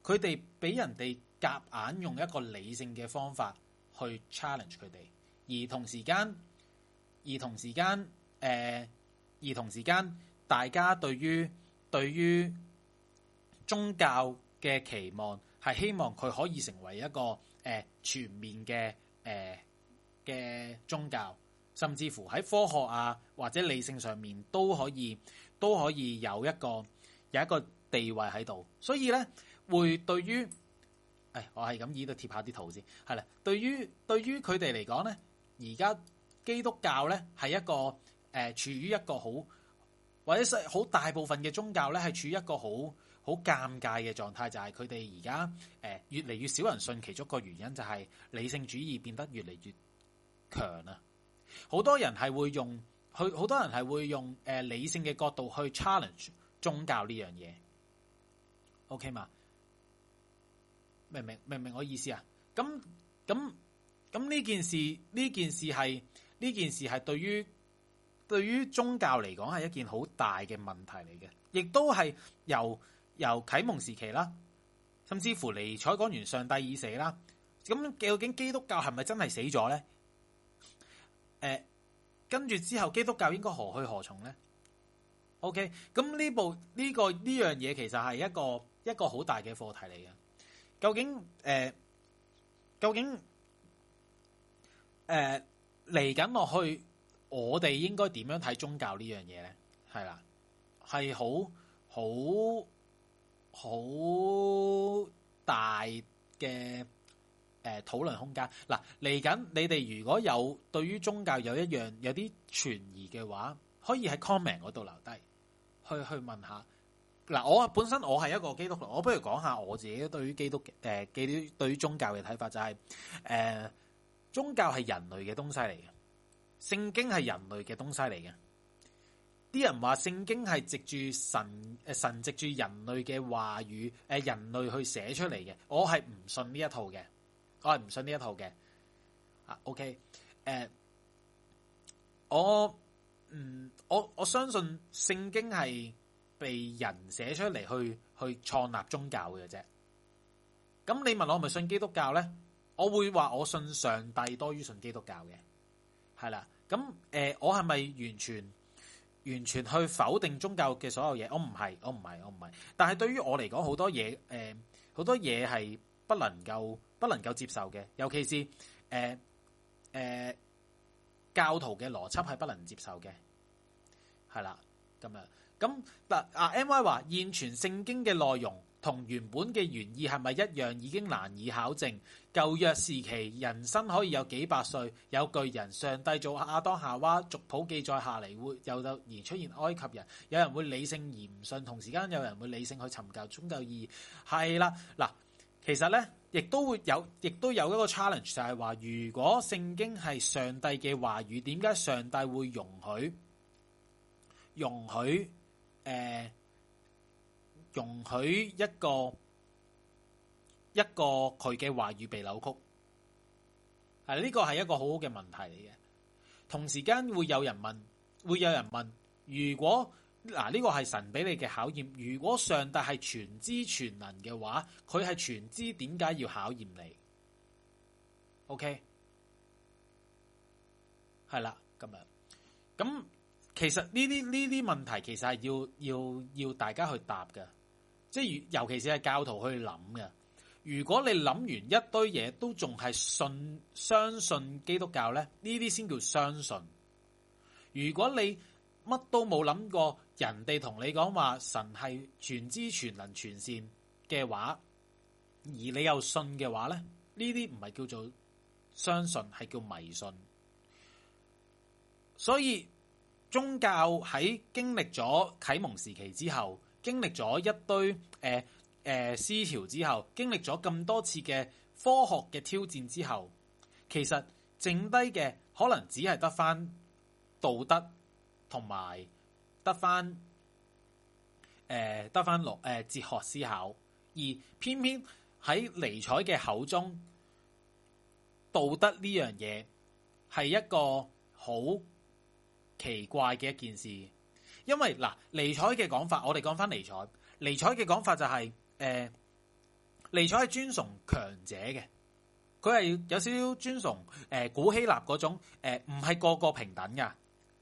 佢哋俾人哋夾硬用一個理性嘅方法去 challenge 佢哋，而同時間而同時間誒。呃而同時間，大家對於對於宗教嘅期望係希望佢可以成為一個、呃、全面嘅嘅、呃、宗教，甚至乎喺科學啊或者理性上面都可以都可以有一個有一個地位喺度。所以咧，會對於誒我係咁依度貼下啲圖先。係啦，對於對於佢哋嚟講咧，而家基督教咧係一個。誒、呃，處於一個好，或者好大部分嘅宗教呢，係處於一個好好尷尬嘅狀態，就係佢哋而家誒越嚟越少人信，其中一個原因就係理性主義變得越嚟越強啊！好多人係會用，好多人係會用誒、呃、理性嘅角度去 challenge 宗教呢樣嘢。OK 嘛？明唔明？明唔明我意思啊？咁咁咁呢件事，呢件事係呢件事係對於。對於宗教嚟講係一件好大嘅問題嚟嘅，亦都係由由啟蒙時期啦，甚至乎尼采講完上帝已死啦，咁究竟基督教係咪真係死咗咧？誒、呃，跟住之後基督教應該何去何從咧？OK，咁呢部呢、呢個呢樣嘢其實係一個一個好大嘅課題嚟嘅。究竟誒、呃，究竟誒嚟緊落去？我哋應該點樣睇宗教呢樣嘢咧？係啦，係好好好大嘅誒、呃、討論空間。嗱，嚟緊你哋如果有對於宗教有一樣有啲存疑嘅話，可以喺 comment 嗰度留低，去去問下。嗱，我啊本身我係一個基督徒，我不如講下我自己對於基督誒，對、呃、對於宗教嘅睇法就係、是、誒、呃，宗教係人類嘅東西嚟嘅。聖經係人類嘅東西嚟嘅，啲人話聖經係藉住神、誒、神藉住人類嘅話語誒、人類去寫出嚟嘅，我係唔信呢一套嘅，我係唔信呢一套嘅。啊，OK，誒，uh，我唔我我相信聖經係被人寫出嚟去去創立宗教嘅啫。咁你問我係咪信基督教咧？我會話我信上帝多於信基督教嘅，係啦。咁、呃、我係咪完全完全去否定宗教嘅所有嘢？我唔係，我唔係，我唔係。但係對於我嚟講，好多嘢、呃、好多嘢係不能夠不能夠接受嘅，尤其是誒誒、呃呃、教徒嘅邏輯係不能接受嘅，係啦。咁樣。咁嗱啊，M Y 話現存聖經嘅內容。同原本嘅原意係咪一樣已經難以考證。舊約時期人生可以有幾百歲，有巨人，上帝做亞當夏娃，族譜記載下嚟會有而出現埃及人。有人會理性而唔信，同時間有人會理性去尋求宗教意義。係啦，嗱，其實呢，亦都會有，亦都有一個 challenge 就係話，如果聖經係上帝嘅話語，點解上帝會容許容許誒，呃容許一個一個佢嘅話語被扭曲，係呢個係一個好好嘅問題嚟嘅。同時間會有人問，會有人問，如果嗱呢個係神俾你嘅考驗，如果上帝係全知全能嘅話，佢係全知點解要考驗你？OK，係啦，咁樣咁，其實呢啲呢啲問題，其實係要要要大家去答嘅。即係，尤其是係教徒去諗嘅。如果你諗完一堆嘢，都仲係信相信基督教咧，呢啲先叫相信。如果你乜都冇諗過，人哋同你講話神係全知全能全善嘅話，而你又信嘅話咧，呢啲唔係叫做相信，係叫迷信。所以宗教喺經歷咗啟蒙時期之後。經歷咗一堆誒誒、呃呃、思潮之後，經歷咗咁多次嘅科學嘅挑戰之後，其實剩低嘅可能只係得返道德同埋得返誒得返落誒哲學思考，而偏偏喺尼采嘅口中，道德呢樣嘢係一個好奇怪嘅一件事。因為嗱尼采嘅講法，我哋講返尼采。尼采嘅講法就係、是，誒、呃，尼采係尊崇強者嘅，佢係有少少尊崇，誒、呃、古希臘嗰種，誒唔係個個平等噶，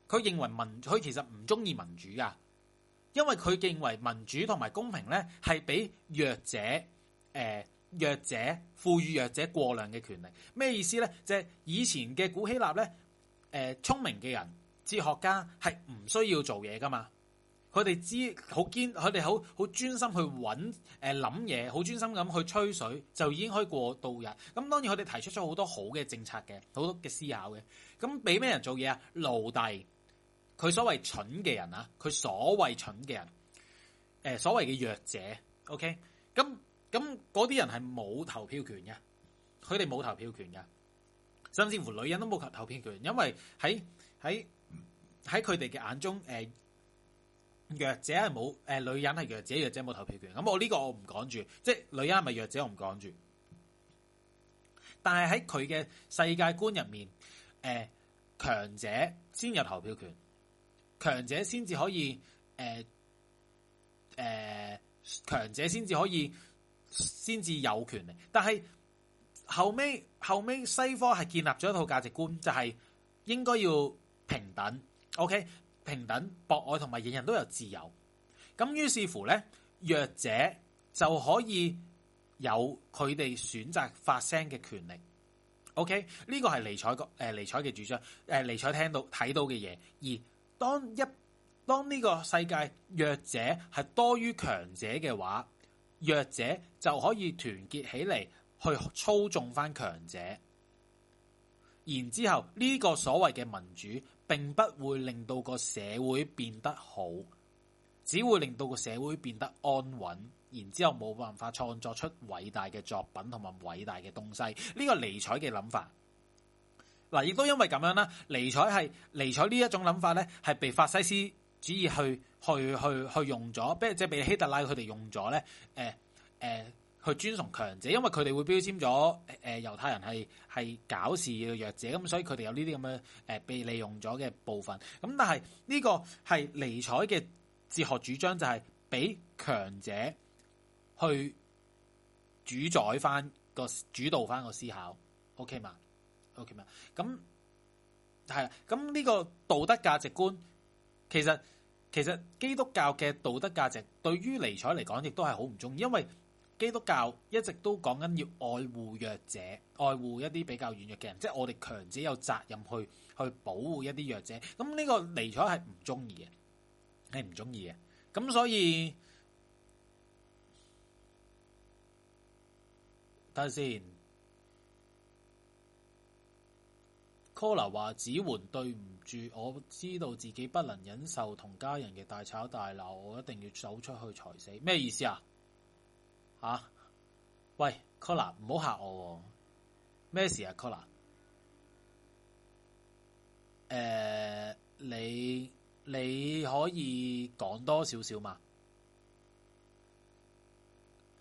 佢認為民，佢其實唔中意民主噶，因為佢認為民主同埋公平咧係俾弱者，誒、呃、弱者賦予弱者過量嘅權力，咩意思咧？即、就、係、是、以前嘅古希臘咧，誒、呃、聰明嘅人。哲學家係唔需要做嘢㗎嘛他們？佢哋知好堅，佢哋好好專心去揾誒諗嘢，好、呃、專心咁去吹水就已經可以過度日。咁當然佢哋提出咗好多好嘅政策嘅，好多嘅思考嘅。咁俾咩人做嘢啊？奴隸，佢所謂蠢嘅人啊，佢所謂蠢嘅人，誒、呃、所謂嘅弱者。OK，咁咁嗰啲人係冇投票權嘅，佢哋冇投票權嘅，甚至乎女人都冇投投票權，因為喺喺。喺佢哋嘅眼中，誒、呃，弱者係冇，誒、呃，女人係弱者，弱者冇投票權。咁我呢個我唔講住，即係女人係咪弱者我唔講住。但係喺佢嘅世界觀入面，誒、呃，強者先有投票權，強者先至可以，誒、呃，誒、呃，強者先至可以，先至有權利。但係後尾，後尾，西方係建立咗一套價值觀，就係、是、應該要平等。O.K. 平等博愛同埋人人都有自由，咁於是乎咧，弱者就可以有佢哋選擇發聲嘅權力。O.K. 呢個係尼采誒尼采嘅主張，誒尼采聽到睇到嘅嘢。而當一當呢個世界弱者係多於強者嘅話，弱者就可以團結起嚟，去操縱翻強者，然之後呢個所謂嘅民主。並不會令到個社會變得好，只會令到個社會變得安穩，然之後冇辦法創作出偉大嘅作品同埋偉大嘅東西。呢、這個尼采嘅諗法，嗱，亦都因為咁樣啦，尼采係尼采呢一種諗法咧，係被法西斯主義去去去去用咗，比如即係俾希特拉佢哋用咗咧，誒、呃、誒。呃去尊崇強者，因為佢哋會標籤咗誒、呃、猶太人係係搞事嘅弱者，咁所以佢哋有呢啲咁嘅誒被利用咗嘅部分。咁但係呢、這個係尼采嘅哲學主張，就係、是、俾強者去主宰翻個主導翻個思考。OK 嘛？OK 嘛？咁係啊？咁呢個道德價值觀其實其實基督教嘅道德價值對於尼采嚟講，亦都係好唔中意，因為。基督教一直都講緊要愛護弱者，愛護一啲比較軟弱嘅人，即係我哋強者有責任去去保護一啲弱者。咁呢個尼采係唔中意嘅，係唔中意嘅。咁所以睇下先。Caller 話：子桓對唔住，我知道自己不能忍受同家人嘅大吵大鬧，我一定要走出去才死。咩意思啊？啊、喂，Cola，唔好吓我，咩事啊，Cola？誒、呃，你你可以講多少少嘛？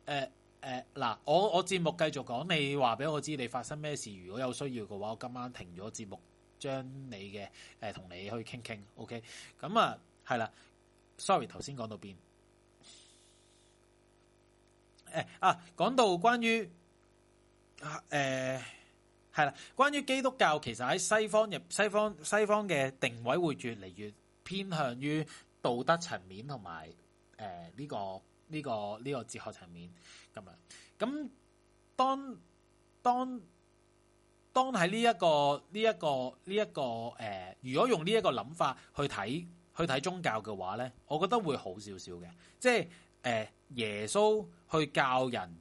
誒、呃、誒，嗱、呃，我我節目繼續講，你話俾我知你發生咩事。如果有需要嘅話，我今晚停咗節目，將你嘅誒同你去傾傾。OK，咁啊，係啦，sorry，頭先講到邊。誒啊，講到關於誒係啦，關於基督教，其實喺西方入西方西方嘅定位會越嚟越偏向於道德層面同埋誒呢個呢個呢個哲學層面咁樣。咁當當當喺呢一個呢一個呢一個誒、呃，如果用呢一個諗法去睇去睇宗教嘅話咧，我覺得會好少少嘅，即係。誒，耶穌去教人，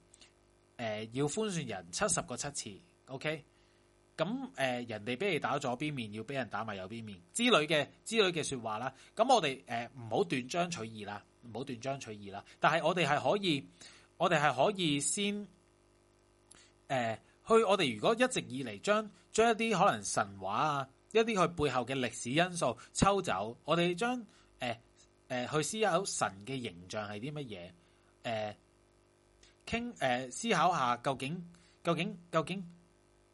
誒要寬恕人七十個七次，OK？咁誒，人哋俾你打左邊面，要俾人打埋右邊面之類嘅，之類嘅說話啦。咁我哋誒唔好斷章取義啦，唔好斷章取義啦。但係我哋係可以，我哋係可以先，誒、呃、去我哋如果一直以嚟將將一啲可能神話啊，一啲佢背後嘅歷史因素抽走，我哋將誒。呃誒、呃，去思考神嘅形象係啲乜嘢？誒、呃，傾誒、呃，思考下究竟究竟究竟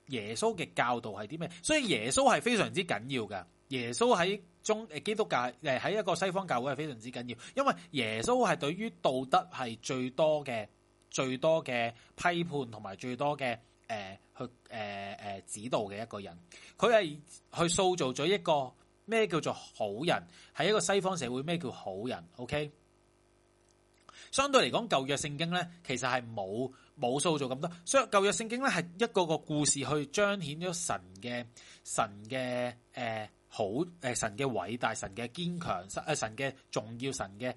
耶穌嘅教導係啲咩？所以耶穌係非常之緊要㗎。耶穌喺中誒基督教誒喺一個西方教會係非常之緊要，因為耶穌係對於道德係最多嘅最多嘅批判同埋最多嘅誒、呃、去誒誒、呃呃、指導嘅一個人。佢係去塑造咗一個。咩叫做好人？係一個西方社會，咩叫好人？OK，相對嚟講，舊約聖經咧，其實係冇冇塑造咁多。所以舊約聖經咧，係一個個故事去彰顯咗神嘅神嘅誒、呃、好誒、呃、神嘅偉大，神嘅堅強、呃、神誒神嘅重要神嘅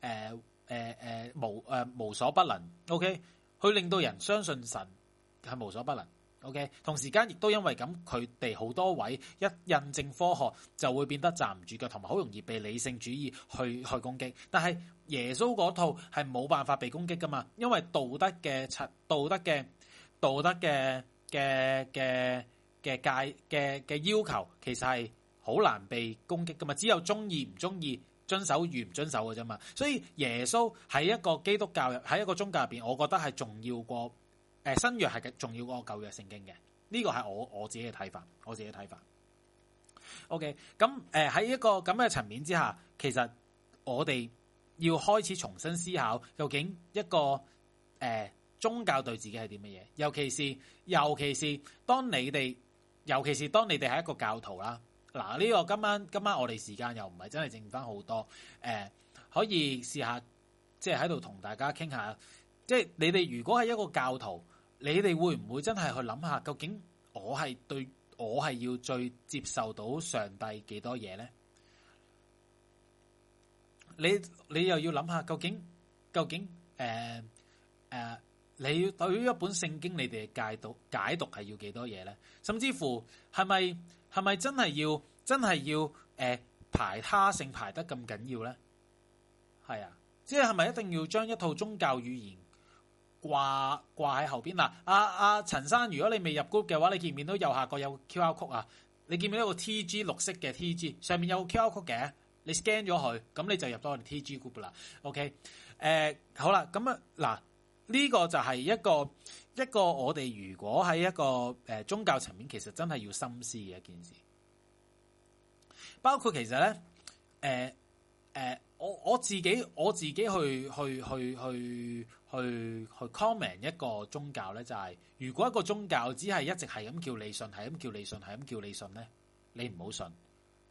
誒誒誒無誒、呃、無所不能。OK，去令到人相信神係無所不能。O.K. 同時間亦都因為咁，佢哋好多位一印證科學，就會變得站唔住腳，同埋好容易被理性主義去去攻擊。但係耶穌嗰套係冇辦法被攻擊㗎嘛，因為道德嘅、道德嘅、道德嘅嘅嘅嘅界嘅嘅要求，其實係好難被攻擊㗎嘛。只有鍾意唔鍾意遵守與唔遵守嘅啫嘛。所以耶穌喺一個基督教入，喺一個宗教入邊，我覺得係重要過。誒，新約係嘅重要過舊約聖經嘅，呢個係我我自己嘅睇法，我自己嘅睇法。OK，咁誒喺一個咁嘅層面之下，其實我哋要開始重新思考，究竟一個誒、呃、宗教對自己係點乜嘢？尤其是尤其是當你哋，尤其是當你哋係一個教徒啦。嗱，呢個今晚今晚我哋時間又唔係真係剩翻好多，誒，可以試下即係喺度同大家傾下，即係你哋如果係一個教徒。你哋會唔會真係去諗下，究竟我係對我係要最接受到上帝幾多嘢咧？你你又要諗下究，究竟究竟誒誒，你要對於一本聖經，你哋嘅解讀解讀係要幾多嘢咧？甚至乎係咪係咪真係要真係要誒、呃、排他性排得咁緊要咧？係啊，即係係咪一定要將一套宗教語言？掛掛喺後邊啦，阿、啊、阿、啊、陳生，如果你未入 group 嘅話，你見唔見到右下角有 QR code 啊？你見唔見到個 TG 綠色嘅 TG，上面有 QR code 嘅，你 scan 咗佢，咁你就入到我哋 TG group 啦。OK，誒、呃，好啦，咁啊，嗱，呢個就係一個一個我哋如果喺一個誒、呃、宗教層面，其實真係要深思嘅一件事。包括其實咧，誒、呃、誒、呃，我我自己我自己去去去去。去去去去 comment 一個宗教咧，就係、是、如果一個宗教只係一直係咁叫你信，係咁叫你信，係咁叫你信咧，你唔好信，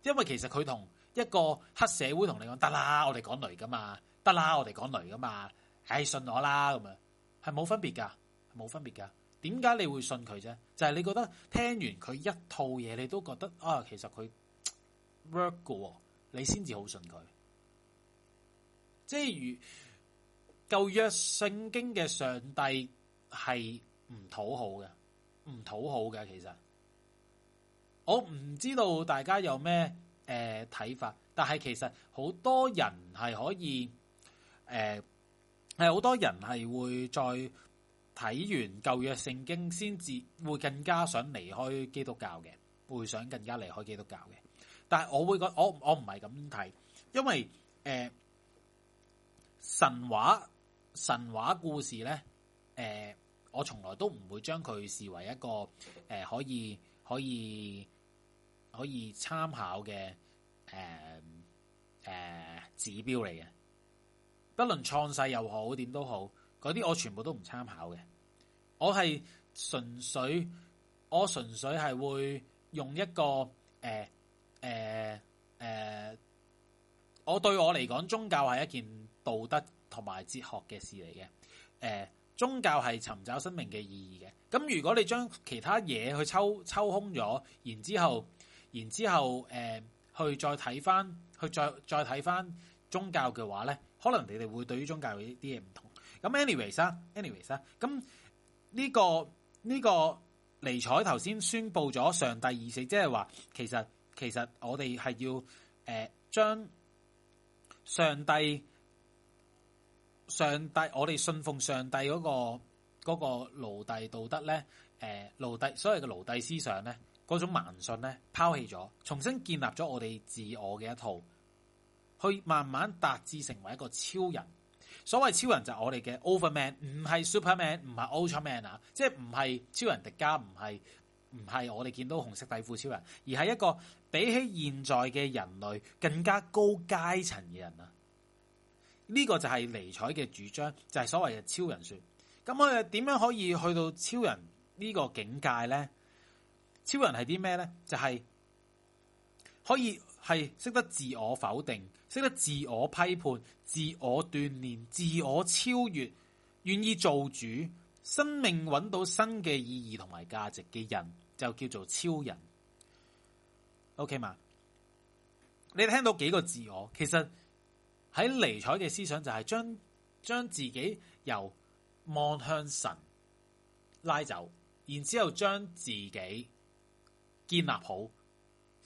因為其實佢同一個黑社會同你講，得啦，我哋講雷噶嘛，得啦，我哋講雷噶嘛，誒、哎、信我啦咁啊，係冇分別噶，係冇分別噶，點解你會信佢啫？就係、是、你覺得聽完佢一套嘢，你都覺得啊，其實佢 work 嘅，你先至好信佢，即係如。舊約聖經嘅上帝係唔討好嘅，唔討好嘅其實，我唔知道大家有咩誒睇法，但係其實好多人係可以誒，係、呃、好多人係會再睇完舊約聖經先至會更加想離開基督教嘅，會想更加離開基督教嘅，但係我會覺我我唔係咁睇，因為誒、呃、神話。神話故事呢，誒、呃，我從來都唔會將佢視為一個誒、呃、可以可以可以參考嘅誒誒指標嚟嘅。不論創世又好點都好，嗰啲我全部都唔參考嘅。我係純粹，我純粹係會用一個誒誒誒，我對我嚟講，宗教係一件道德。同埋哲學嘅事嚟嘅。誒、呃，宗教係尋找生命嘅意義嘅。咁如果你將其他嘢去抽抽空咗，然之後，然之後，誒、呃，去再睇翻，去再再睇翻宗教嘅話咧，可能你哋會對於宗教有啲嘢唔同。咁 anyways 啊 anyway 啊咁呢個呢、呢個尼采頭先宣布咗上帝已死，即係話其實其實我哋係要誒、呃、將上帝。上帝，我哋信奉上帝嗰、嗰個嗰、嗰個奴隸道德咧，誒、呃，奴隸所謂嘅奴隸思想咧，嗰種盲信咧，拋棄咗，重新建立咗我哋自我嘅一套，去慢慢達至成為一個超人。所謂超人就係我哋嘅 Overman，唔係 Superman，唔係 Ultraman 啊，即係唔係超人迪迦，唔係唔係我哋見到紅色底褲超人，而係一個比起現在嘅人類更加高階層嘅人啊！呢、呢個就係尼采嘅主張，就係所謂嘅超人說。咁我哋點樣可以去到超人呢個境界呢？超人係啲咩呢？就係、係、可以係識得自我否定、識得自我批判、自我鍛煉、自我超越、願意做主、生命揾到新嘅意義同埋價值嘅人，就叫做超人。OK 嘛？你聽到幾個自我，其實？喺尼采嘅思想，就係將將自己由望向神拉走，然之後將自己建立好，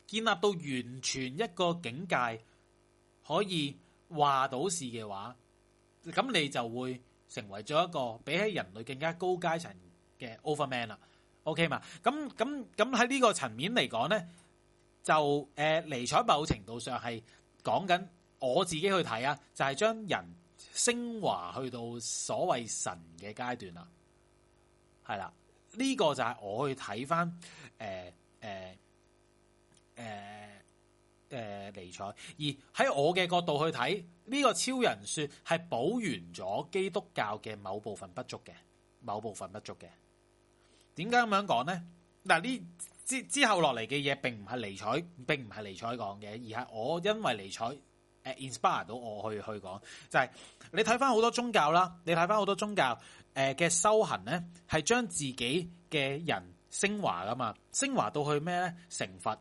建立到完全一個境界可以話到事嘅話，咁你就會成為咗一個比起人類更加高階層嘅 over man 啦。OK 嘛？咁咁咁喺呢個層面嚟講咧，就誒尼采某程度上係講緊。我自己去睇啊，就係、是、將人升華去到所謂神嘅階段啦，係啦，呢、這個就係我去睇翻，誒誒誒誒尼采，而喺我嘅角度去睇，呢、這個超人說係保原咗基督教嘅某部分不足嘅，某部分不足嘅。點解咁樣講呢？嗱，呢之之後落嚟嘅嘢並唔係尼采，並唔係尼采講嘅，而係我因為尼采。inspire 到我去去講，就係你睇翻好多宗教啦，你睇翻好多宗教誒嘅修行咧，係將自己嘅人升華噶嘛，升華到去咩咧？成佛，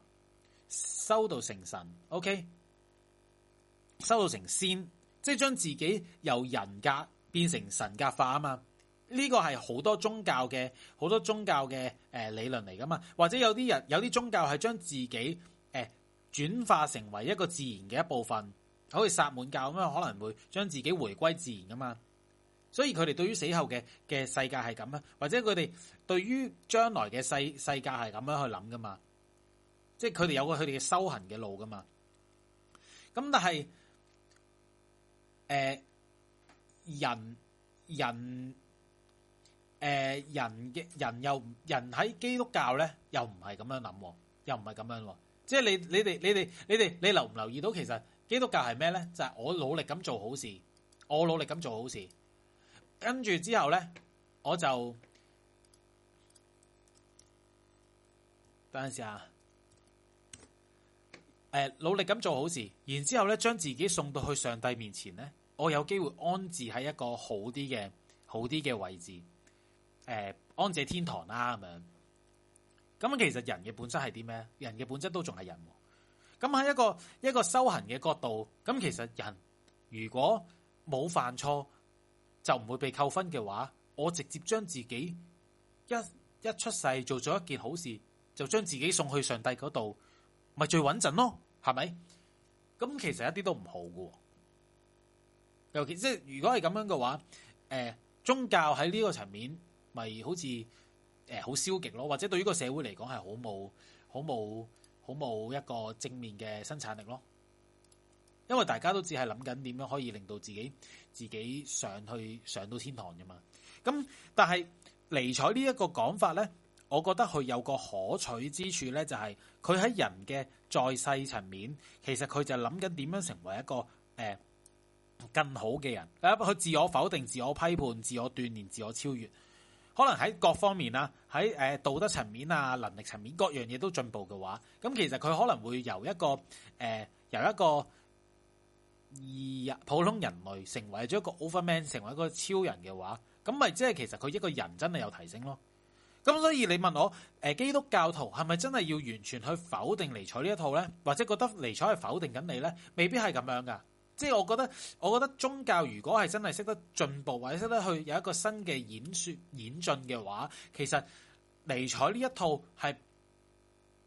修到成神，OK，修到成仙，即係將自己由人格變成神格化啊嘛。呢個係好多宗教嘅好多宗教嘅誒理論嚟噶嘛。或者有啲人有啲宗教係將自己誒轉化成為一個自然嘅一部分。好似薩滿教咁樣，可能會將自己回歸自然噶嘛。所以佢哋對於死後嘅嘅世界係咁啊，或者佢哋對於將來嘅世世界係咁樣去諗噶嘛。即係佢哋有個佢哋嘅修行嘅路噶嘛。咁但係，誒、呃，人人，誒、呃，人嘅人又人喺基督教咧，又唔係咁樣諗，又唔係咁樣。即、就、係、是、你你哋你哋你哋你，你留唔留意到，其實？基督教係咩呢？就係、是、我努力咁做好事，我努力咁做好事，跟住之後呢，我就等陣時啊，努力咁做好事，然之後呢，將自己送到去上帝面前呢，我有機會安置喺一個好啲嘅好啲嘅位置，呃，安置天堂啦，啊，咁樣。咁其實人嘅本質係啲咩？人嘅本質都仲係人。咁喺一個一個修行嘅角度，咁其實人如果冇犯錯就唔會被扣分嘅話，我直接將自己一一出世做咗一件好事，就將自己送去上帝嗰度，咪最穩陣咯，係咪？咁其實一啲都唔好嘅，哦，尤其即係如果係咁樣嘅話，誒、呃，宗教喺呢個層面咪好似誒好消極咯，或者對於呢個社會嚟講係好冇好冇好冇一個正面嘅生產力咯，因為大家都只係諗緊點樣可以令到自己自己上去上到天堂啫嘛。咁但係尼采呢一個講法呢，我覺得佢有個可取之處呢，就係佢喺人嘅在世層面，其實佢就諗緊點樣成為一個誒、呃、更好嘅人。佢自我否定、自我批判、自我鍛煉、自我、自我超越。可能喺各方面啊，喺誒道德層面啊、能力層面各樣嘢都進步嘅話，咁其實佢可能會由一個誒、呃、由一個二日普通人類成為咗一個 overman，成為一個超人嘅話，咁咪即係其實佢一個人真係有提升咯。咁所以你問我誒基督教徒係咪真係要完全去否定尼采呢一套咧，或者覺得尼采係否定緊你咧？未必係咁樣噶。即係我覺得，我覺得宗教如果係真係識得進步或者識得去有一個新嘅演說演進嘅話，其實尼采呢一套係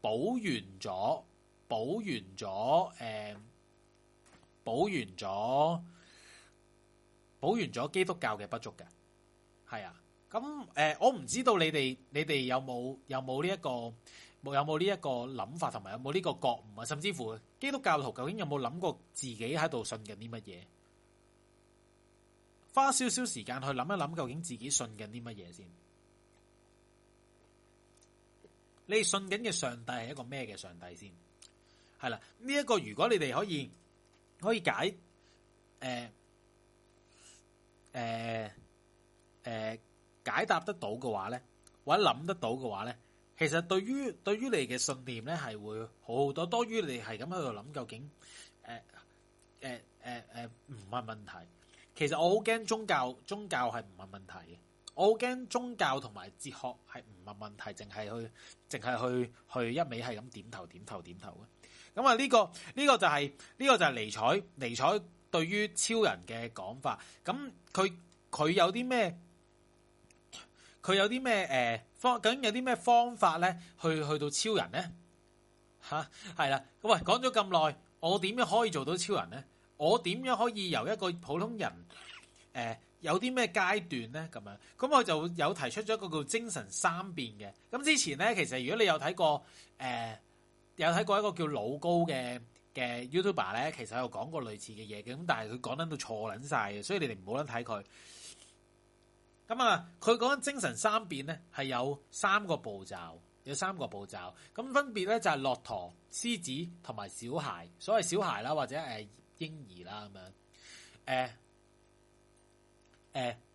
補完咗、補完咗、誒、欸、補完咗、補完咗基督教嘅不足嘅，係啊。咁誒、欸，我唔知道你哋你哋有冇有冇呢一個。有冇呢一個諗法，同埋有冇呢個覺悟啊？甚至乎基督教徒究竟有冇諗過自己喺度信緊啲乜嘢？花少少時間去諗一諗，究竟自己信緊啲乜嘢先？你信緊嘅上帝係一個咩嘅上帝先？係啦，呢一個如果你哋可以可以解，誒誒誒解答得到嘅話咧，或者諗得到嘅話咧？其實對於對於你嘅信念咧，係會好好多，多於你係咁喺度諗究竟，誒誒誒誒唔係問題。其實我好驚宗教，宗教係唔係問題嘅。我好驚宗教同埋哲學係唔係問題，淨係去淨係去去一味係咁點頭點頭點頭嘅。咁啊呢個呢個就係呢個就係尼采尼采對於超人嘅講法。咁佢佢有啲咩？佢有啲咩誒方？究竟有啲咩方法咧，去去到超人咧？吓、啊？係啦。咁喂，講咗咁耐，我點樣可以做到超人咧？我點樣可以由一個普通人誒、欸、有啲咩階段咧？咁樣，咁我就有提出咗一個叫精神三變嘅。咁之前咧，其實如果你有睇過誒、呃、有睇過一個叫老高嘅嘅 YouTuber 咧，其實有講過類似嘅嘢嘅，咁但係佢講緊都錯撚晒嘅，所以你哋唔好撚睇佢。咁、嗯、啊，佢講緊精神三變咧，係有三個步驟，有三個步驟。咁分別咧就係、是、駱駝」、「獅子同埋小孩，所謂小孩啦或者誒、欸、嬰兒啦咁樣。誒、欸、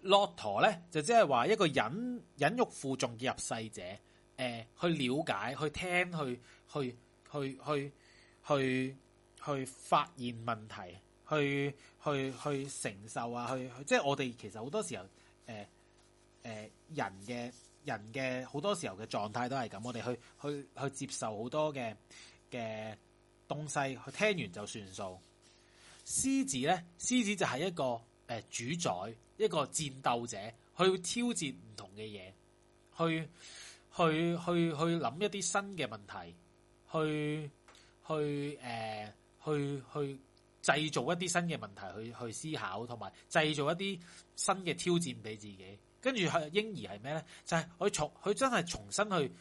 駱駝、呃、呢，咧就即係話一個人忍辱負重嘅入世者、欸，去了解、去聽、去去去去去去發現問題、去去去，去承受啊，去即係我哋其實好多時候、欸誒、呃，人嘅人嘅好多時候嘅狀態都係咁，我哋去去去接受好多嘅嘅東西，去聽完就算數。獅子咧，獅子就係一個誒、呃、主宰，一個戰鬥者，去挑戰唔同嘅嘢，去去去去諗一啲新嘅問題，去去誒、呃、去去製造一啲新嘅問題去，去去思考，同埋製造一啲新嘅挑戰俾自己。跟住係嬰兒係咩咧？就係、是、佢重佢真係重新去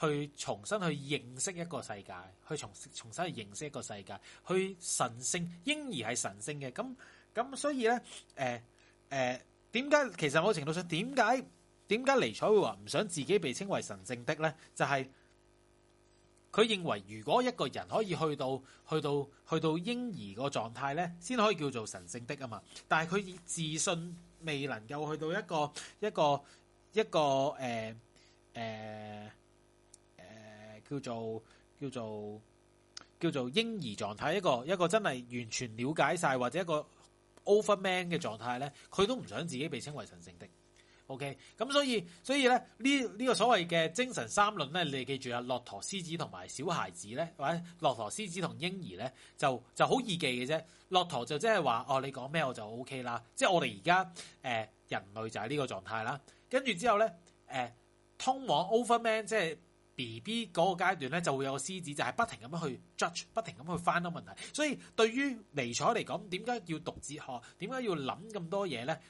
去重新去認識一個世界，去重重新去認識一個世界，去神聖嬰兒係神聖嘅。咁咁所以咧，誒、呃、誒，點、呃、解其實某程度上點解點解尼采會話唔想自己被稱為神聖的咧？就係、是、佢認為如果一個人可以去到去到去到嬰兒個狀態咧，先可以叫做神聖的啊嘛。但係佢以自信。未能夠去到一個一個一個誒誒誒叫做叫做叫做嬰兒狀態一個一個真係完全了解晒或者一個 over man 嘅狀態咧，佢都唔想自己被稱為神聖的。OK，咁所以所以咧呢呢、呢個所謂嘅精神三論咧，你記住啊，駱駝、獅子同埋小孩子咧，或者駱駝、獅子同嬰兒咧，就就好易記嘅啫。駱駝就即係話哦，你講咩我就 OK 啦。即係我哋而家誒人類就係呢個狀態啦。跟住之後咧、呃、通往 Overman 即係 B B 嗰個階段咧，就會有個獅子，就係、是、不停咁樣去 judge，不停咁去翻多問題。所以對於尼采嚟講，點解要讀哲學，點解要諗咁多嘢咧？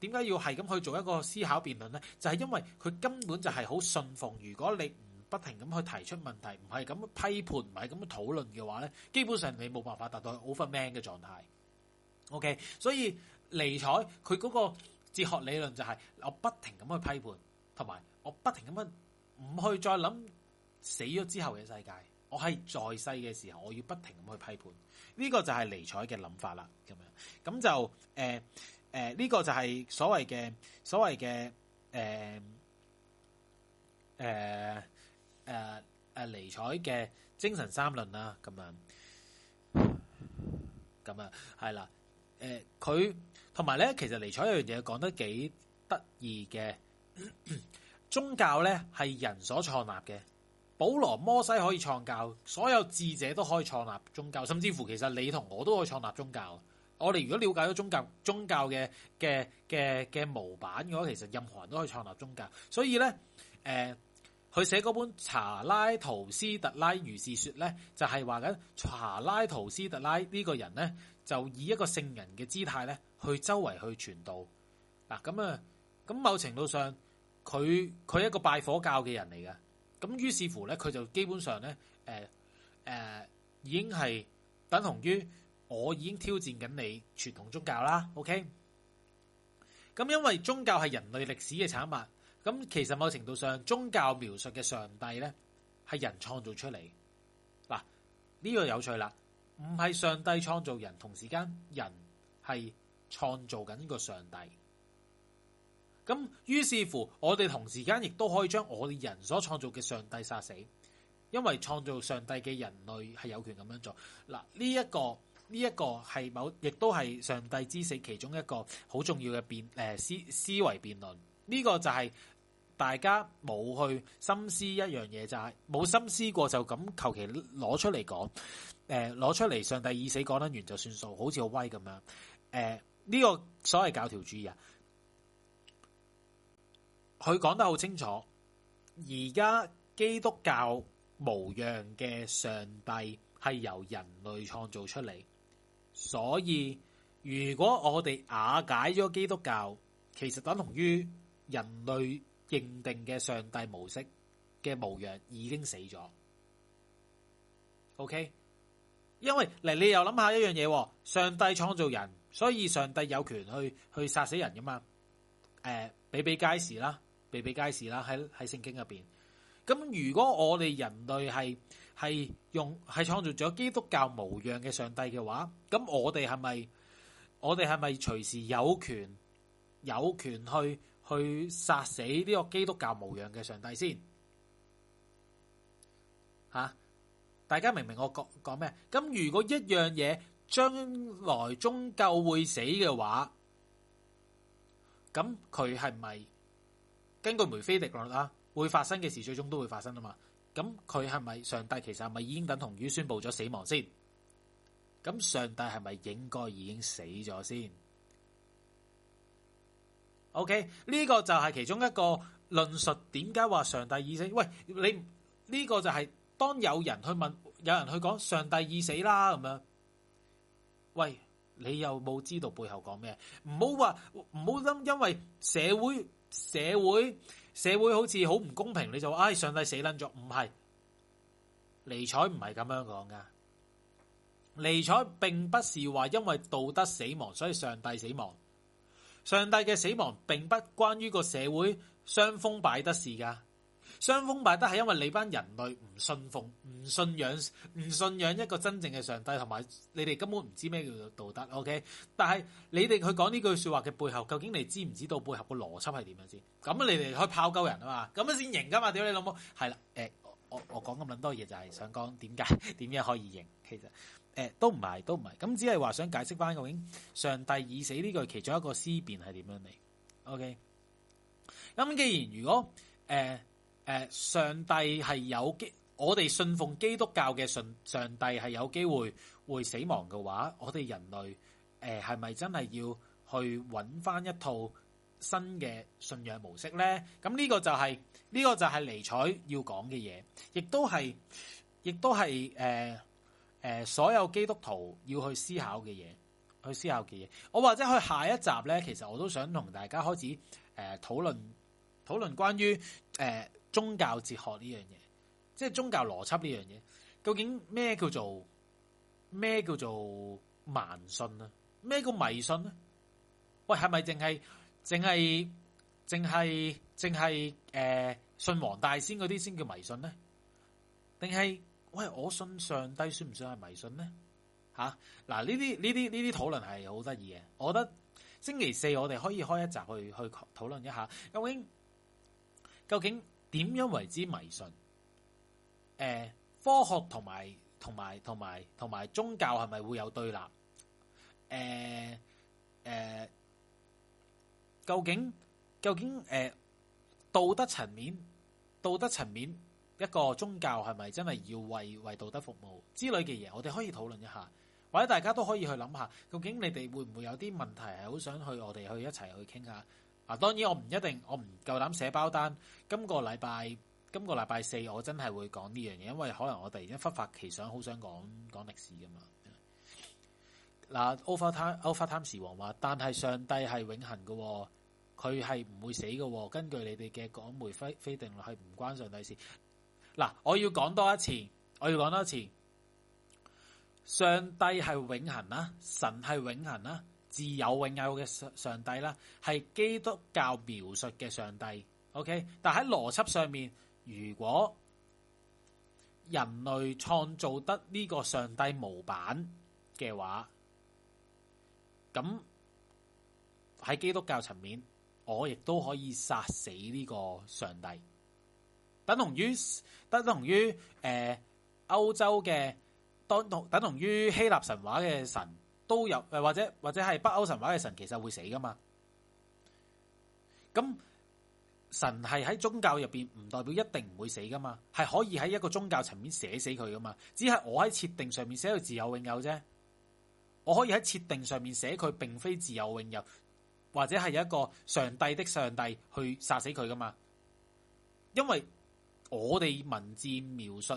點解要係咁去做一個思考辯論咧？就係因為佢根本就係好信奉。如果你唔不停咁去提出問題，唔係咁批判，唔係咁討論嘅話咧，基本上你冇辦法達到 overman 嘅狀態。OK，所以尼采佢嗰個哲學理論就係，我不停咁去批判，同埋我不停咁樣唔去再諗死咗之後嘅世界。我係在世嘅時候，我要不停咁去批判。呢個就係尼采嘅諗法啦。咁樣咁就誒。誒、呃，呢、這個就係所謂嘅，所謂嘅，誒、呃，誒、呃，誒、呃，誒、呃，尼采嘅精神三論啦，咁啊，咁啊，係啦，誒，佢同埋咧，其實尼采有樣嘢講得幾得意嘅，宗教咧係人所創立嘅，保羅、摩西可以創教，所有智者都可以創立宗教，甚至乎其實你同我都可以創立宗教。我哋如果了解咗宗教宗教嘅嘅嘅嘅模板嘅話，其實任何人都可以創立宗教。所以咧，誒，佢寫嗰本《查拉圖斯特拉如是說》咧，就係話緊查拉圖斯特拉呢個人咧，就以一個聖人嘅姿態咧，去周圍去傳道。嗱，咁啊，咁、啊、某程度上，佢佢係一個拜火教嘅人嚟嘅。咁於是乎咧，佢就基本上咧、呃呃，已經係等同於。我已經挑戰緊你傳統宗教啦，OK？咁因為宗教係人類歷史嘅產物，咁其實某程度上宗教描述嘅上帝呢係人創造出嚟。嗱，呢個有趣啦，唔係上帝創造人，同時間人係創造緊個上帝。咁於是乎，我哋同時間亦都可以將我哋人所創造嘅上帝殺死，因為創造上帝嘅人類係有權咁樣做。嗱，呢一個。呢、這、一個係某，亦都係上帝之死其中一個好重要嘅辯，誒、呃、思思維辯論。呢、這個就係大家冇去深思一樣嘢，就係冇深思過就咁求其攞出嚟講，誒、呃、攞出嚟上帝已死講得完就算數，好似好威咁樣。誒、呃、呢、這個所謂教條主義啊，佢講得好清楚。而家基督教模樣嘅上帝係由人類創造出嚟。所以，如果我哋瓦解咗基督教，其實等同於人類認定嘅上帝模式嘅模樣已經死咗。OK，因為嚟你又諗下一樣嘢，上帝創造人，所以上帝有權去去殺死人噶嘛？誒，比比皆是啦，比比皆是啦，喺喺聖經入邊。咁如果我哋人類係。係用係創造咗基督教模樣嘅上帝嘅話，咁我哋係咪我哋係咪隨時有權有權去去殺死呢個基督教模樣嘅上帝先？吓、啊，大家明唔明我講講咩？咁如果一樣嘢將來終究會死嘅話，咁佢係咪根據梅菲迪定律，啊、會發生嘅事最終都會發生啊嘛？咁佢係咪上帝？其實係咪已經等同於宣布咗死亡先？咁上帝係咪應該已經死咗先？OK，呢個就係其中一個論述點解話上帝已死。喂，你呢個就係當有人去問，有人去講上帝已死啦，咁樣。喂，你又冇知道背後講咩？唔好話，唔好因因為社會社會。社會好似好唔公平，你就話：哎，上帝死撚咗？唔係，尼采唔係咁樣講噶。尼采並不是話因為道德死亡，所以上帝死亡。上帝嘅死亡並不關於個社會傷風擺得事噶。傷風敗德係因為你班人類唔信奉、唔信仰、唔信仰一個真正嘅上帝，同埋你哋根本唔知咩叫做道德。OK，但係你哋去講呢句說話嘅背後，究竟你知唔知道背後個邏輯係點樣先？咁你哋可以炮鳩人啊嘛，咁樣先贏㗎嘛！屌你老母，係啦，誒、欸，我我講咁撚多嘢就係想講點解點樣可以贏。其實、欸、都唔係都唔係，咁只係話想解釋返究竟上帝已死呢句其中一個思辨係點樣嚟。OK，咁既然如果、欸誒、呃，上帝係有機，我哋信奉基督教嘅信，上帝係有機會會死亡嘅話，我哋人類誒係咪真係要去揾翻一套新嘅信仰模式咧？咁呢個就係、是、呢、呢個就係尼采要講嘅嘢，亦都係，亦都係誒誒所有基督徒要去思考嘅嘢，去思考嘅嘢。我或者去下一集咧，其實我都想同大家開始誒討論討論關於誒。呃宗教哲學呢樣嘢，即係宗教邏輯呢樣嘢，究竟咩叫做咩叫做盲信、啊、咩叫迷信呢、啊？咩、呃、叫迷信呢？喂，係咪淨係淨係淨係淨係誒信王大仙嗰啲先叫迷信呢？定係喂我信上帝算唔算係迷信呢？吓、啊、嗱，呢啲呢啲呢啲討論係好得意嘅，我覺得星期四我哋可以開一集去去討論一下究，究竟究竟。點樣為之迷信？誒，科學同埋同埋同埋同埋宗教係咪會有對立？誒誒，究竟究竟誒道德層面道德層面一個宗教係咪真係要為為道德服務之類嘅嘢？我哋可以討論一下，或者大家都可以去諗下，究竟你哋會唔會有啲問題係好想去我哋去一齊去傾下？嗱，當然我唔一定，我唔夠膽寫包單。今個禮拜，今個禮拜四，我真係會講呢樣嘢，因為可能我突然間忽發奇想，好想講講歷史噶嘛。嗱、啊，Over Time，Over Time 時王話，但係上帝係永恆嘅、哦，佢係唔會死嘅、哦。根據你哋嘅港媒非非定律，係唔關上帝事。嗱、啊，我要講多一次，我要講多一次，上帝係永恆啦、啊，神係永恆啦、啊。自有，永有嘅上上帝啦，係基督教描述嘅上帝。OK，但喺邏輯上面，如果人類創造得呢個上帝模板嘅話，咁喺基督教層面，我亦都可以殺死呢個上帝，等同於等同於誒歐洲嘅當等同於希臘神話嘅神。都有誒，或者或者係北歐神話嘅神，其實會死噶嘛？咁神係喺宗教入邊唔代表一定唔會死噶嘛？係可以喺一個宗教層面寫死佢噶嘛？只係我喺設定上面寫到自由永有啫。我可以喺設定上面寫佢並非自由永有，或者係一個上帝的上帝去殺死佢噶嘛？因為我哋文字描述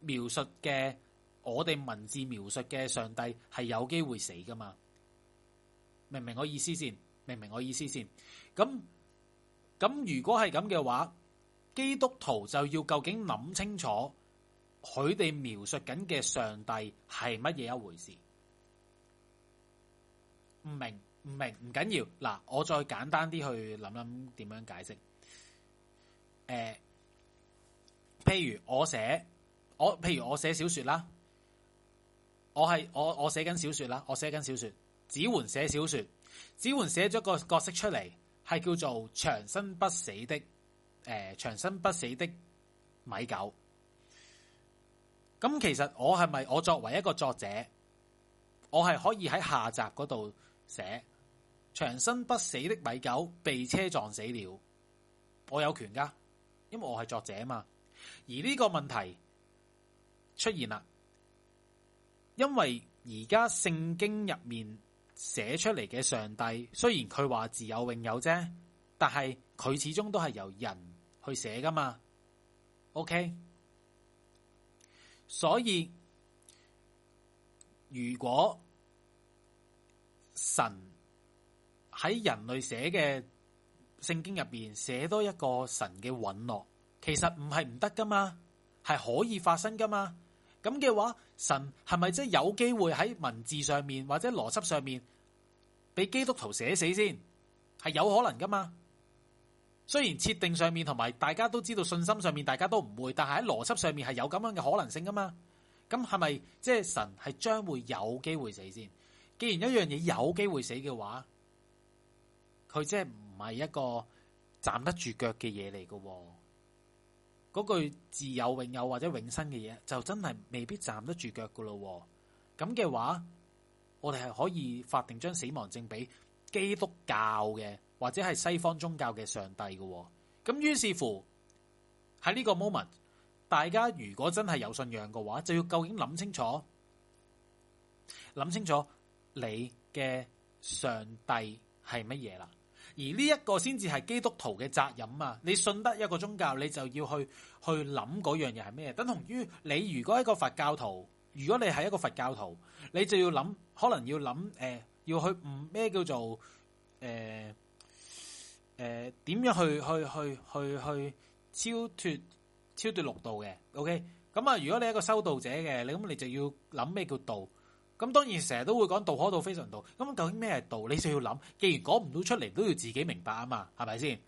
描述嘅。我哋文字描述嘅上帝係有機會死，噶嘛？明唔明我意思先？明唔明我意思先？咁咁如果係咁嘅話，基督徒就要究竟諗清楚，佢哋描述緊嘅上帝係乜嘢一回事？唔明唔明，唔緊要。嗱，我再簡單啲去諗諗，點樣解釋？誒、呃，譬如我寫我，譬如我寫小說啦。我係我我寫緊小說啦，我寫緊小說，子桓寫小說，子桓寫咗個角色出嚟，係叫做長生不死的，誒、呃，長生不死的米狗。咁其實我係咪我作為一個作者，我係可以喺下集嗰度寫長生不死的米狗被車撞死了，我有權噶，因為我係作者嘛。而呢個問題出現啦。因為而家聖經入面寫出嚟嘅上帝，雖然佢話自有永有啫，但係佢始終都係由人去寫噶嘛。OK，所以如果神喺人類寫嘅聖經入邊寫多一個神嘅允諾，其實唔係唔得噶嘛，係可以發生噶嘛。咁嘅話，神係咪即係有機會喺文字上面或者邏輯上面俾基督徒寫死先？係有可能噶嘛？雖然設定上面同埋大家都知道信心上面大家都唔會，但係喺邏輯上面係有咁樣嘅可能性噶嘛？咁係咪即係神係將會有機會死先？既然一樣嘢有機會死嘅話，佢即係唔係一個站得住腳嘅嘢嚟喎。嗰句自有永有或者永生嘅嘢，就真係未必站得住腳噶咯。咁嘅話，我哋係可以法定將死亡證俾基督教嘅或者係西方宗教嘅上帝噶。咁於是乎，喺呢個 moment，大家如果真係有信仰嘅話，就要究竟諗清楚，諗清楚你嘅上帝係乜嘢啦。而呢一個先至係基督徒嘅責任啊！你信得一個宗教，你就要去去諗嗰樣嘢係咩？等同於你如果係一個佛教徒，如果你係一個佛教徒，你就要諗，可能要諗誒、呃，要去唔咩叫做誒誒，點、呃呃、樣去去去去去超脱超脱六道嘅？OK，咁啊，如果你係一個修道者嘅，你咁你就要諗咩叫道？咁當然成日都會講道可道非常道，咁究竟咩係道？你就要諗，既然講唔到出嚟，都要自己明白啊嘛，係咪先？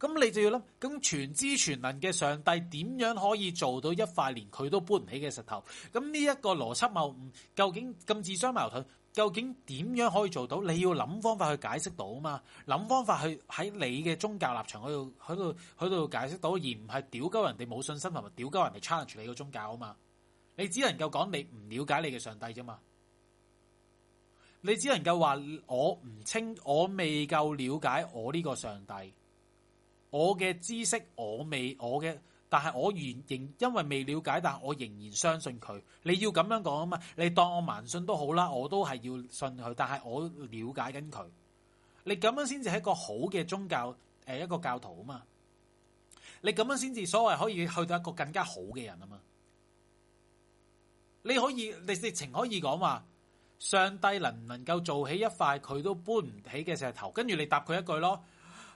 咁你就要諗，咁全知全能嘅上帝點樣可以做到一塊連佢都搬唔起嘅石頭？咁呢一個邏輯謬誤究竟咁自相矛盾？究竟點樣可以做到？你要諗方法去解釋到啊嘛，諗方法去喺你嘅宗教立場度，喺度度解釋到，而唔係屌鳩人哋冇信心同埋屌鳩人哋 challenge 你個宗教啊嘛。你只能夠講你唔了解你嘅上帝啫嘛，你只能夠話我唔清，我未夠了解我呢個上帝，我嘅知識我未，我嘅但係我仍因為未了解，但我仍然相信佢。你要咁樣講啊嘛，你當我盲信都好啦，我都係要信佢，但係我了解緊佢。你咁樣先至係一個好嘅宗教，誒、呃，一個教徒啊嘛。你咁樣先至所謂可以去到一個更加好嘅人啊嘛。你可以，你直情可以講話，上帝能唔能夠做起一塊佢都搬唔起嘅石頭，跟住你答佢一句咯。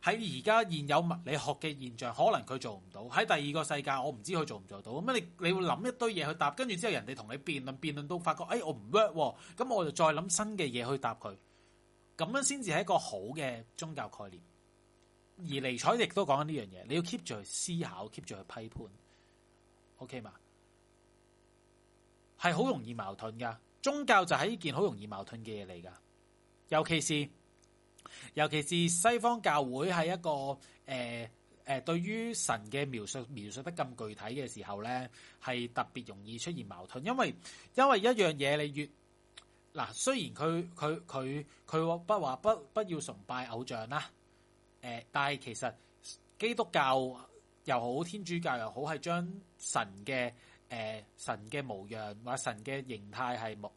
喺而家現有物理學嘅現象，可能佢做唔到。喺第二個世界，我唔知佢做唔做到。咁你你會諗一堆嘢，去答，跟住之後人哋同你辯論，辯論到發覺，哎，我唔 work，咁我就再諗新嘅嘢去答佢。咁樣先至係一個好嘅宗教概念。而尼采亦都講緊呢樣嘢，你要 keep 住去思考，keep 住去批判，OK 嘛？係好容易矛盾噶，宗教就喺呢件好容易矛盾嘅嘢嚟噶，尤其是尤其是西方教會係一個誒誒、呃呃，對於神嘅描述描述得咁具體嘅時候咧，係特別容易出現矛盾，因為因為一樣嘢你越嗱，雖然佢佢佢佢不話不不要崇拜偶像啦，誒、呃，但係其實基督教又好，天主教又好，係將神嘅。誒、呃，神嘅模樣，或神嘅形態係模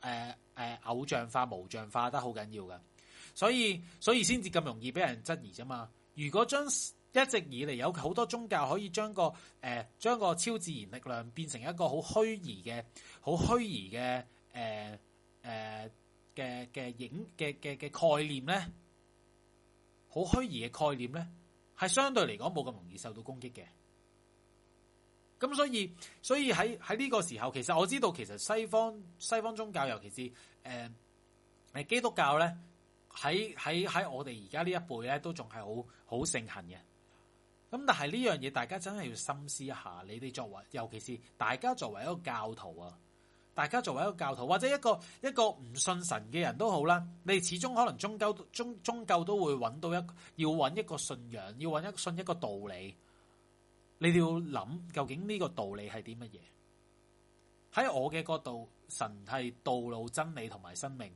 誒誒偶像化、模像化得好緊要嘅，所以所以先至咁容易俾人質疑啫嘛。如果將一直以嚟有好多宗教可以將個誒將、呃、個超自然力量變成一個好虛擬嘅、好虛擬嘅誒誒嘅嘅影嘅嘅嘅概念咧，好虛擬嘅概念咧，係相對嚟講冇咁容易受到攻擊嘅。咁所以，所以喺喺呢個時候，其實我知道，其實西方西方宗教，尤其是誒誒、呃、基督教咧，喺喺喺我哋而家呢一輩咧，都仲係好好盛行嘅。咁但係呢樣嘢，大家真係要深思一下。你哋作為，尤其是大家作為一個教徒啊，大家作為一個教徒，或者一個一個唔信神嘅人都好啦，你始終可能終究終終究都會揾到一個要揾一個信仰，要揾一個信一個道理。你哋要諗究竟呢個道理係啲乜嘢？喺我嘅角度，神係道路、真理同埋生命，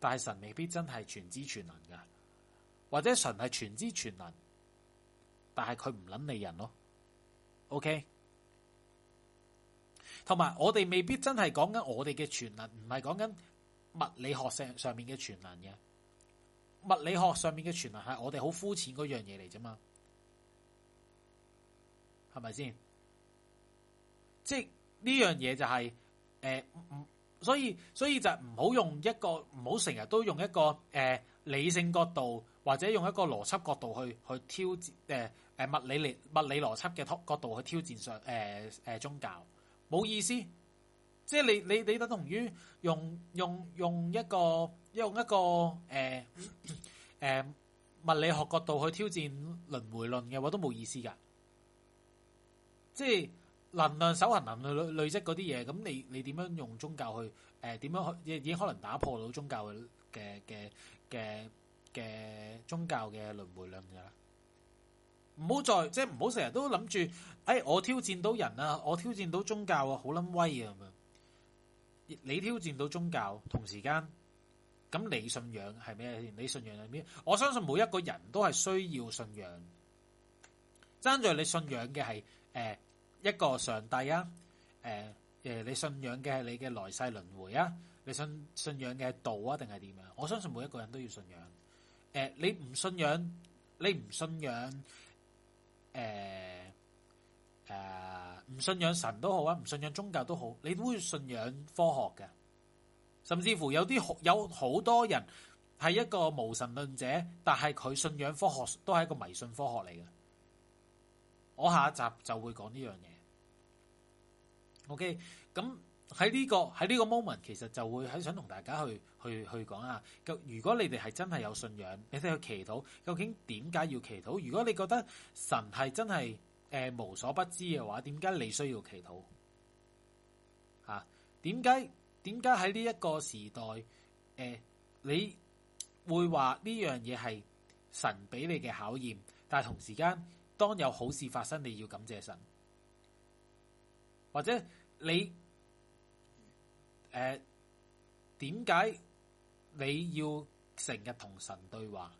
但係神未必真係全知全能噶，或者神係全知全能，但係佢唔諗你人咯。OK，同埋我哋未必真係講緊我哋嘅全能，唔係講緊物理學上上面嘅全能嘅，物理學上面嘅全能係我哋好膚淺嗰樣嘢嚟啫嘛。係咪先？即係呢樣嘢就係、是、誒、呃，所以所以就唔好用一個唔好成日都用一個誒、呃、理性角度或者用一個邏輯角度去去挑戰誒誒、呃、物理理物理邏輯嘅角度去挑戰上誒誒、呃呃、宗教，冇意思。即係你你你等同於用用用一個用一個誒誒、呃呃、物理學角度去挑戰輪回論嘅話，都冇意思噶。即係能量守恆、手痕、能量、累累積嗰啲嘢，咁你你點樣用宗教去？誒、呃，點樣去？已亦可能打破到宗教嘅嘅嘅嘅宗教嘅輪回量噶啦。唔好再即係唔好成日都諗住，誒、哎，我挑戰到人啊，我挑戰到宗教啊，好撚威啊咁樣。你挑戰到宗教，同時間咁你信仰係咩？你信仰係咩？我相信每一個人都係需要信仰。爭在你信仰嘅係誒、呃一個上帝啊，誒、呃、誒，你信仰嘅係你嘅來世輪回啊，你信信仰嘅係道啊，定係點樣？我相信每一個人都要信仰。誒、呃，你唔信仰，你唔信仰，誒、呃、誒，唔、呃、信仰神都好啊，唔信仰宗教都好，你都會信仰科學嘅。甚至乎有啲好有好多人係一個無神論者，但係佢信仰科學都係一個迷信科學嚟嘅。我下一集就會講呢樣嘢。OK，咁喺呢個喺呢個 moment，其實就會喺想同大家去去去講啊。如果你哋係真係有信仰，你哋去祈禱，究竟點解要祈禱？如果你覺得神係真係誒、呃、無所不知嘅話，點解你需要祈禱？吓、啊，點解點解喺呢一個時代誒、呃，你會話呢樣嘢係神俾你嘅考驗，但係同時間，當有好事發生，你要感謝神。或者你誒，點、呃、解你要成日同神對話？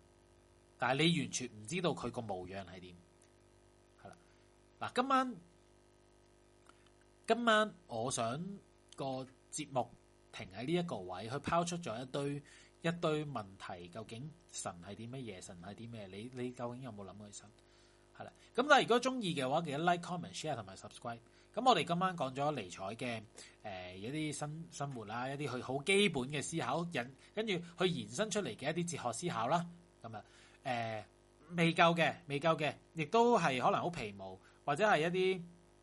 但係你完全唔知道佢個模樣係點，係啦。嗱，今晚今晚我想個節目停喺呢一個位，去拋出咗一堆一堆問題。究竟神係啲乜嘢？神係啲咩？你你究竟有冇諗過神？係啦。咁但係如果中意嘅話，記得 like、comment、share 同埋 subscribe。咁我哋今晚講咗尼采嘅誒一啲新生活啦，一啲佢好基本嘅思考，引跟住佢延伸出嚟嘅一啲哲學思考啦。咁啊誒未夠嘅，未夠嘅，亦都係可能好皮毛，或者係一啲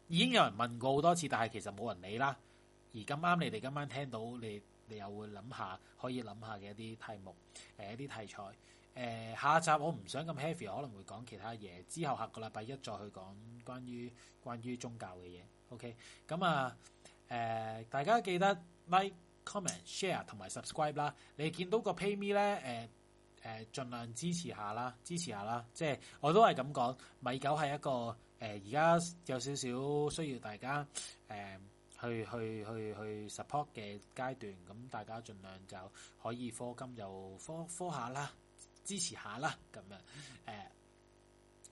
已經有人問過好多次，但係其實冇人理啦。而咁啱你哋今晚聽到，你你又會諗下可以諗下嘅一啲題目，呃、一啲題材。呃、下一集我唔想咁 heavy，可能會講其他嘢。之後下個禮拜一再去講關於關於宗教嘅嘢。OK，咁啊，誒、呃，大家記得 like、comment、share 同埋 subscribe 啦。你見到個 pay me 咧、呃，誒、呃、誒，儘量支持一下啦，支持下啦。即係我都係咁講，米九係一個誒，而、呃、家有少少需要大家誒、呃，去去去去 support 嘅階段。咁大家儘量就可以科金就科科下啦，支持一下啦，咁樣誒誒、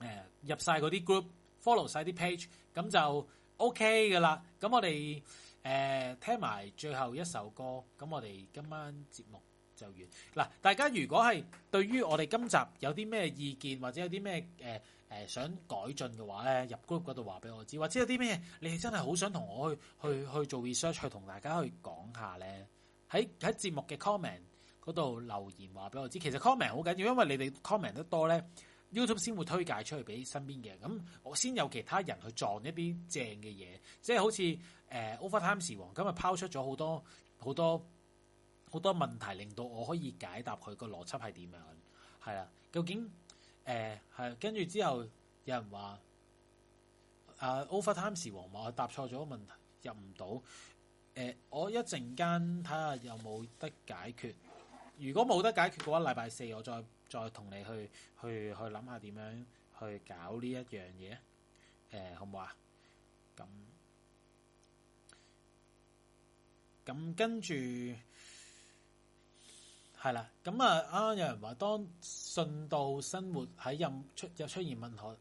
呃，入晒嗰啲 group，follow 晒啲 page，咁就。O.K. 㗎喇，咁我哋、呃、聽埋最後一首歌，咁我哋今晚節目就完。嗱，大家如果係對於我哋今集有啲咩意見，或者有啲咩、呃、想改進嘅話咧，入 group 嗰度話俾我知，或者有啲咩你係真係好想同我去去去做 research 去同大家去講下咧，喺喺節目嘅 comment 嗰度留言話俾我知。其實 comment 好緊要，因為你哋 comment 得多咧。YouTube 先會推介出去俾身邊嘅人，咁我先有其他人去撞一啲正嘅嘢，即係好似誒、呃、OverTime 時王咁啊，拋出咗好多好多好多問題，令到我可以解答佢個邏輯係點樣？係啦，究竟誒係跟住之後有人話啊、呃、OverTime 時王話我答錯咗個問題，入唔到。誒、呃，我一陣間睇下有冇得解決。如果冇得解決嘅話，禮拜四我再。再同你去去去諗下點樣去搞呢一樣嘢，誒、呃，好唔好啊？咁咁跟住係啦，咁啊啱啱，有人話當信道生活喺任出有出現任何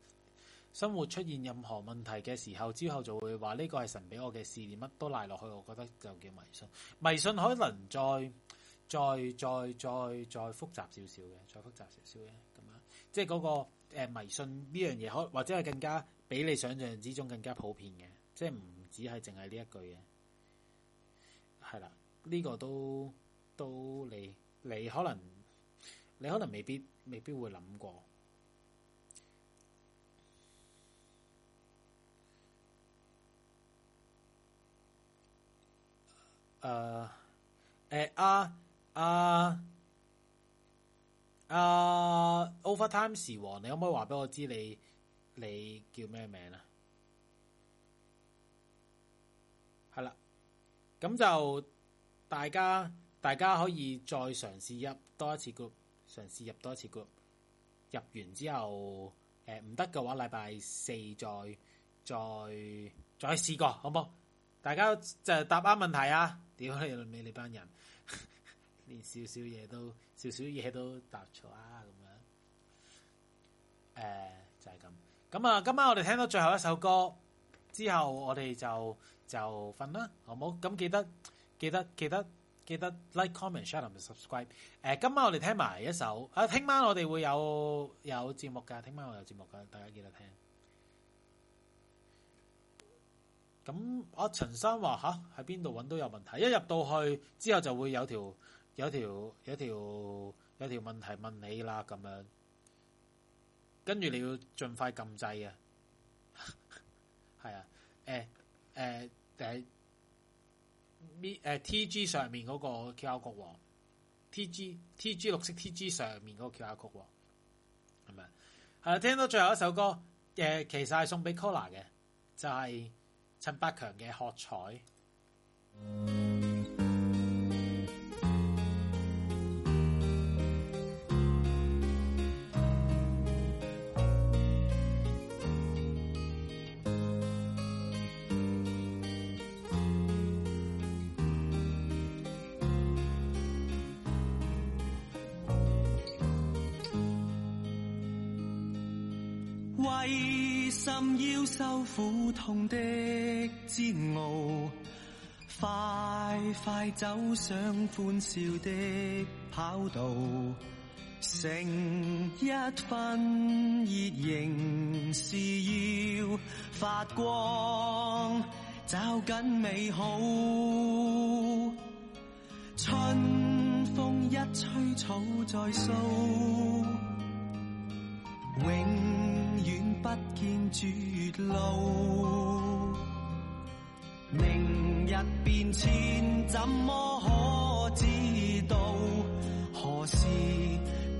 生活出現任何問題嘅時候之後，就會話呢個係神俾我嘅試煉，乜都賴落去，我覺得就叫迷信。迷信可能在。再再再再複雜少少嘅，再複雜少少嘅咁樣，即係嗰、嗰個、呃、迷信呢樣嘢，可或者係更加比你想象之中更加普遍嘅，即係唔止係淨係呢一句嘅，係啦，呢、呢個都都你你可能你可能未必未必會諗過誒誒、呃、啊！啊、uh, 阿、uh, Overtime 時，你可唔可以話俾我知你你叫咩名啊？係啦，咁就大家大家可以再嘗試入多一次 group，嘗試入多一次 group。入完之後，誒唔得嘅話，禮拜四再再再試過，好唔好？大家就答啱問題啊！屌你你，你班人。連少少嘢都少少嘢都答錯啊！咁樣，、uh, 樣，誒，就係咁。咁啊，今晚我哋聽到最後一首歌之後我，我哋就就瞓啦，好唔好？咁記得記得記得記得 like、comment、share 同埋 subscribe。誒、uh,，今晚我哋聽埋一首啊，聽晚我哋會有有節目㗎，聽晚我有節目㗎，大家記得聽。咁阿陳生話吓喺邊度揾都有問題，一入到去之後就會有條。有條有條有條問題問你啦，咁樣，跟住你要盡快撳掣啊，係、欸、啊，誒、欸、誒誒、欸、，M 誒 T G 上面嗰個 QR Code 喎，T G T G 綠色 T G 上面嗰個 QR Code 喎，係咪？誒，聽到最後一首歌，誒，其實係送俾 Cola 嘅，就係陳百強嘅《喝彩》。心要受苦痛的煎熬，快快走上歡笑的跑道，成一份熱仍是要發光，找緊美好，春風一吹草再生。永遠不見絕路，明日變遷怎麼可知道？何時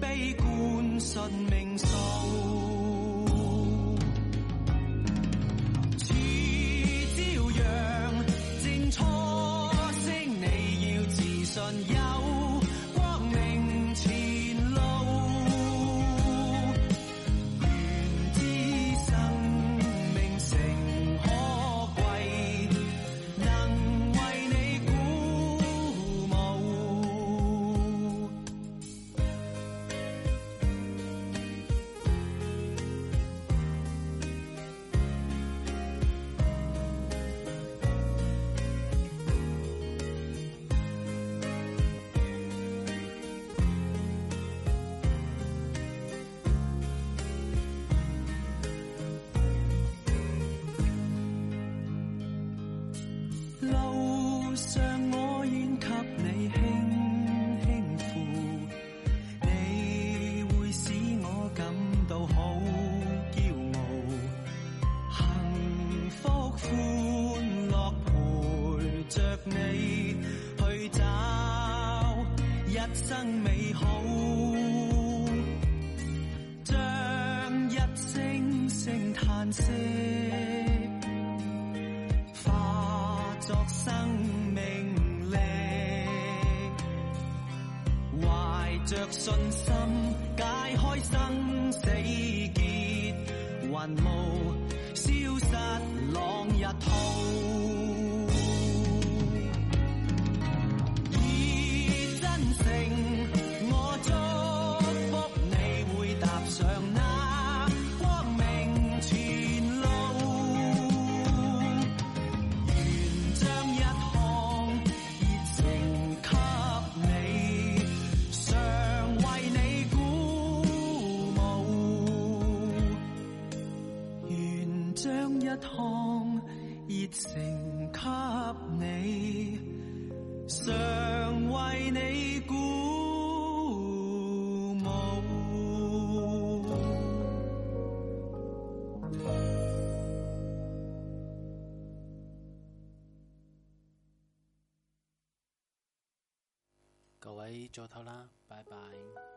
悲觀信命數？就頭啦，拜拜。